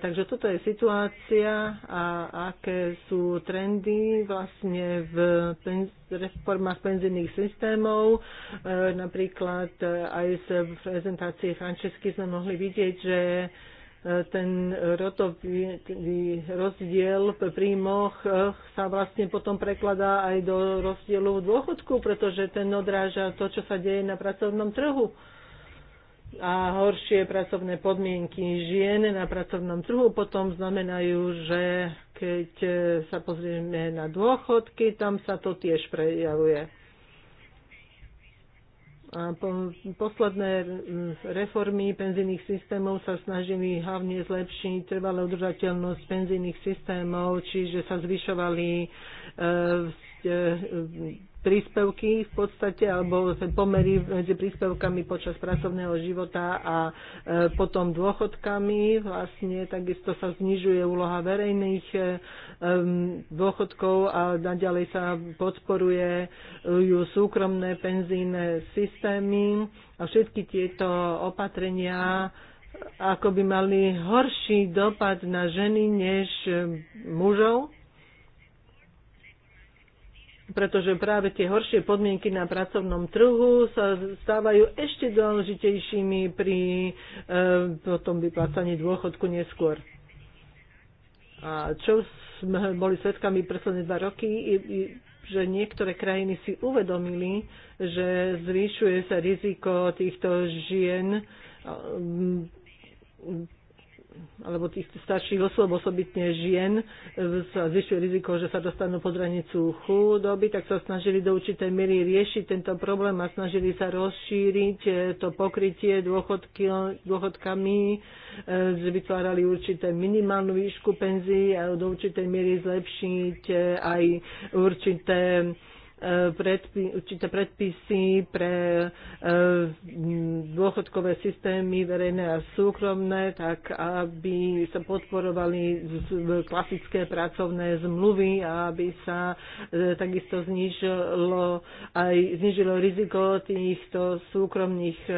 takže toto je situácia a aké sú trendy vlastne v reformách penzijných systémov. E, napríklad e, aj z prezentácie Francesky sme mohli vidieť, že E, ten rotový rozdiel v príjmoch e, sa vlastne potom prekladá aj do rozdielu v dôchodku, pretože ten odráža to, čo sa deje na pracovnom trhu a horšie pracovné podmienky žien na pracovnom trhu potom znamenajú, že keď e, sa pozrieme na dôchodky, tam sa to tiež prejavuje. A po, posledné mm, reformy penzijných systémov sa snažili hlavne zlepšiť trvalú udržateľnosť penzijných systémov, čiže sa zvyšovali e, e príspevky v podstate, alebo pomery medzi príspevkami počas pracovného života a e, potom dôchodkami. Vlastne takisto sa znižuje úloha verejných e, dôchodkov a naďalej sa podporuje súkromné penzíne systémy a všetky tieto opatrenia e, ako by mali horší dopad na ženy než mužov pretože práve tie horšie podmienky na pracovnom trhu sa stávajú ešte dôležitejšími pri e, potom vyplácaní dôchodku neskôr. A čo sme boli svetkami posledné dva roky, i, i, že niektoré krajiny si uvedomili, že zvyšuje sa riziko týchto žien alebo tých starších osôb, osobitne žien, e, sa zvyšuje riziko, že sa dostanú pod hranicu chudoby, tak sa snažili do určitej miery riešiť tento problém a snažili sa rozšíriť e, to pokrytie dôchodky, dôchodkami, e, vytvárali určité minimálnu výšku penzí a do určitej miery zlepšiť aj určité predpí, určité predpisy pre e, dôchodkové systémy verejné a súkromné, tak aby sa podporovali klasické pracovné zmluvy a aby sa e, takisto znižilo aj znižilo riziko týchto súkromných e,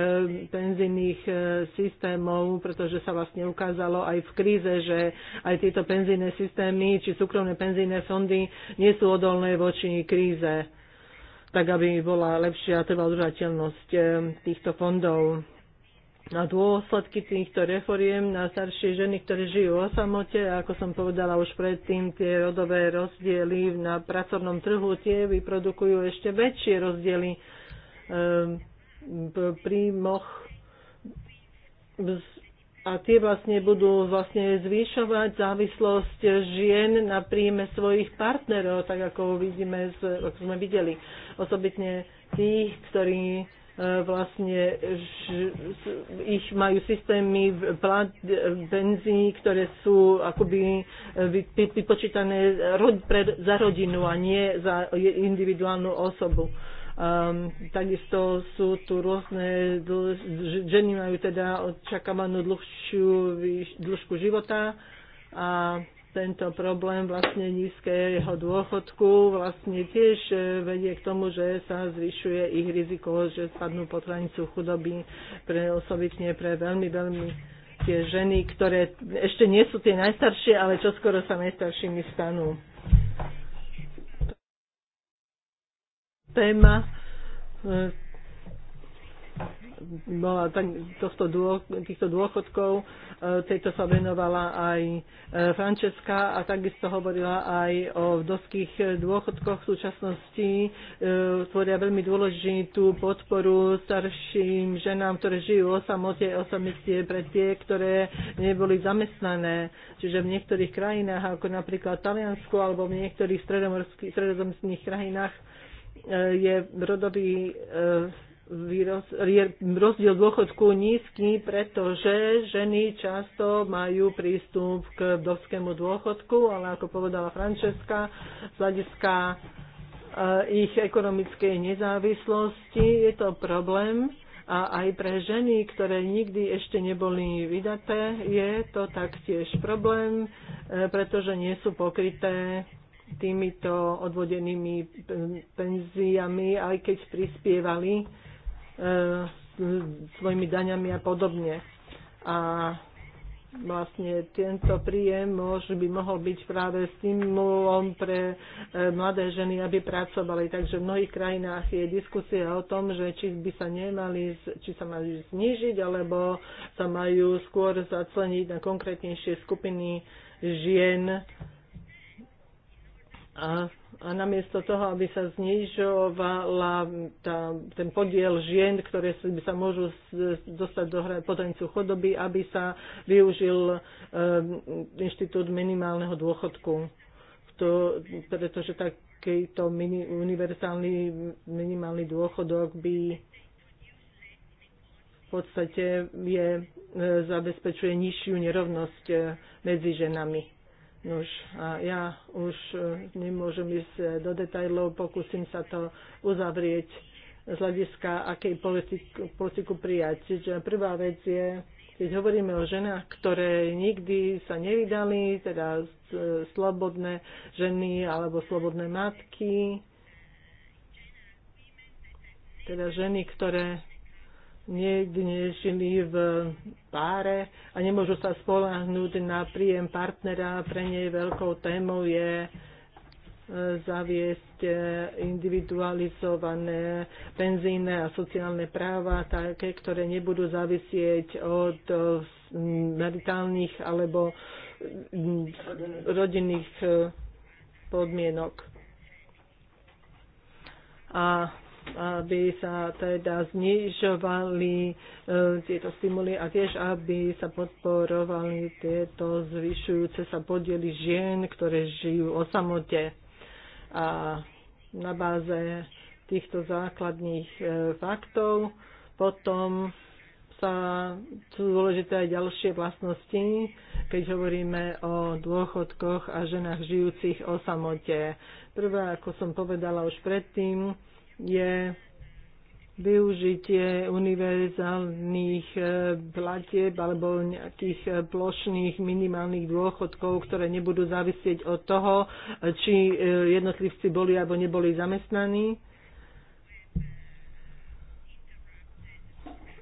penzijných systémov, pretože sa vlastne ukázalo aj v kríze, že aj tieto penzijné systémy či súkromné penzijné fondy nie sú odolné voči kríze tak aby bola lepšia trvá udržateľnosť eh, týchto fondov. Na dôsledky týchto reforiem na staršie ženy, ktoré žijú o samote, ako som povedala už predtým, tie rodové rozdiely na pracovnom trhu, tie vyprodukujú ešte väčšie rozdiely eh, v príjmoch a tie vlastne budú vlastne zvýšovať závislosť žien na príjme svojich partnerov, tak ako vidíme, ako sme videli. Osobitne tých, ktorí e, vlastne ich majú systémy plat, benzí, ktoré sú akoby e, vypočítané za rodinu a nie za individuálnu osobu. Um, takisto sú tu rôzne, ženy majú teda očakávanú dlhšiu dĺžku života a tento problém vlastne nízkeho dôchodku vlastne tiež e, vedie k tomu, že sa zvyšuje ich riziko, že spadnú pod hranicu chudoby pre osobitne pre veľmi, veľmi tie ženy, ktoré ešte nie sú tie najstaršie, ale čoskoro sa najstaršími stanú. téma e, bola tak, tohto dô, týchto dôchodkov, e, tejto sa venovala aj e, Frančeska a takisto hovorila aj o vdovských dôchodkoch v súčasnosti. Tvoria veľmi dôležitú podporu starším ženám, ktoré žijú o samote, o samistie pre tie, ktoré neboli zamestnané. Čiže v niektorých krajinách, ako napríklad Taliansku alebo v niektorých stredomorských, stredozemských krajinách, je rodový e, rozdiel dôchodku nízky, pretože ženy často majú prístup k dovskému dôchodku, ale ako povedala Frančeska, z hľadiska e, ich ekonomickej nezávislosti je to problém a aj pre ženy, ktoré nikdy ešte neboli vydaté, je to taktiež problém, e, pretože nie sú pokryté týmito odvodenými penziami, aj keď prispievali e, svojimi daňami a podobne. A vlastne tento príjem môže, by mohol byť práve stimulom pre e, mladé ženy, aby pracovali. Takže v mnohých krajinách je diskusia o tom, že či by sa nemali, či sa majú znížiť, alebo sa majú skôr zacleniť na konkrétnejšie skupiny žien, a, a namiesto toho, aby sa znižovala tá, ten podiel žien, ktoré by sa môžu dostať do hra, potenciu chodoby, aby sa využil e, inštitút minimálneho dôchodku. To, pretože takýto mini, univerzálny minimálny dôchodok by v podstate je, e, zabezpečuje nižšiu nerovnosť e, medzi ženami. Nož, a ja už e, nemôžem ísť e, do detajlov, pokúsim sa to uzavrieť z hľadiska, akej politiku, politiku prijať. Čiže prvá vec je, keď hovoríme o ženách, ktoré nikdy sa nevydali, teda e, slobodné ženy alebo slobodné matky, teda ženy, ktoré niekde žili v páre a nemôžu sa spolahnúť na príjem partnera. Pre nej veľkou témou je e, zaviesť e, individualizované penzíne a sociálne práva, také, ktoré nebudú závisieť od e, maritálnych alebo mm, rodinných podmienok. A aby sa teda znižovali e, tieto stimuly a tiež, aby sa podporovali tieto zvyšujúce sa podiely žien, ktoré žijú o samote. A na báze týchto základných e, faktov potom sa, sú dôležité aj ďalšie vlastnosti, keď hovoríme o dôchodkoch a ženách žijúcich o samote. Prvá, ako som povedala už predtým, je využitie univerzálnych e, platieb alebo nejakých e, plošných minimálnych dôchodkov, ktoré nebudú závisieť od toho, či e, jednotlivci boli alebo neboli zamestnaní,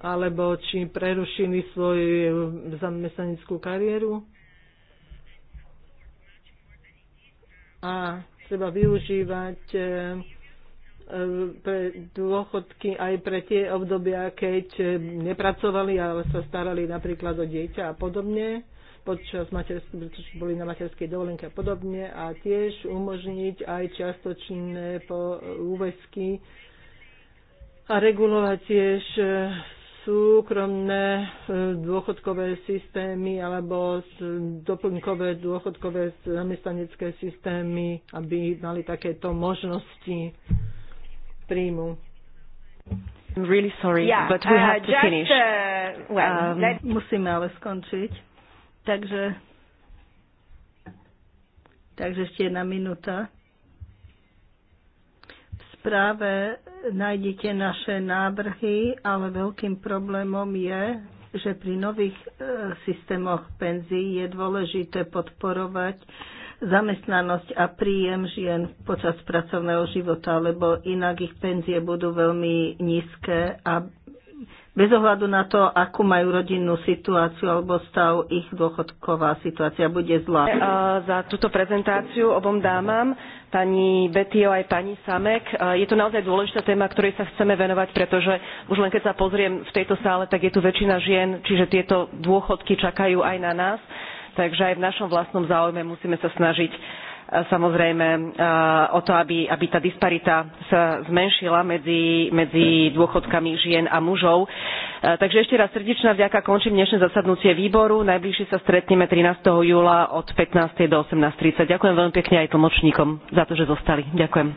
alebo či prerušili svoju zamestnaneckú kariéru. A treba využívať pre dôchodky aj pre tie obdobia, keď eh, nepracovali, ale sa starali napríklad o dieťa a podobne počas materskej, pretože boli na materskej dovolenke a podobne a tiež umožniť aj čiastočné po úvesky a regulovať tiež eh, súkromné eh, dôchodkové systémy alebo doplnkové dôchodkové zamestnanecké systémy, aby mali takéto možnosti príjmu. I'm really sorry, yeah, but we uh, have eh, to just, finish. Uh, well, um, let... musíme ale skončiť. Takže, takže ešte jedna minúta. V správe nájdete naše návrhy, ale veľkým problémom je, že pri nových e, systémoch penzí je dôležité podporovať e, zamestnanosť a príjem žien počas pracovného života, lebo inak ich penzie budú veľmi nízke a bez ohľadu na to, akú majú rodinnú situáciu alebo stav, ich dôchodková situácia bude zlá. Za túto prezentáciu obom dámam, pani Betio aj pani Samek. Je to naozaj dôležitá téma, ktorej sa chceme venovať, pretože už len keď sa pozriem v tejto sále, tak je tu väčšina žien, čiže tieto dôchodky čakajú aj na nás Takže aj v našom vlastnom záujme musíme sa snažiť e, samozrejme e, o to, aby, aby tá disparita sa zmenšila medzi, medzi dôchodkami žien a mužov. E, takže ešte raz srdečná vďaka, končím dnešné zasadnutie výboru. Najbližšie sa stretneme 13. júla od 15. do 18.30. Ďakujem veľmi pekne aj tlmočníkom za to, že zostali. Ďakujem.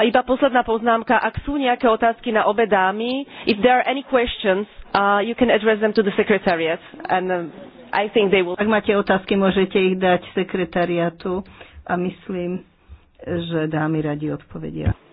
iba posledná poznámka, ak sú nejaké otázky na obe dámy, if there are any questions, uh, you can address them to the secretariat. And uh, I think they will... Ak máte otázky, môžete ich dať sekretariatu a myslím, že dámy radi odpovedia.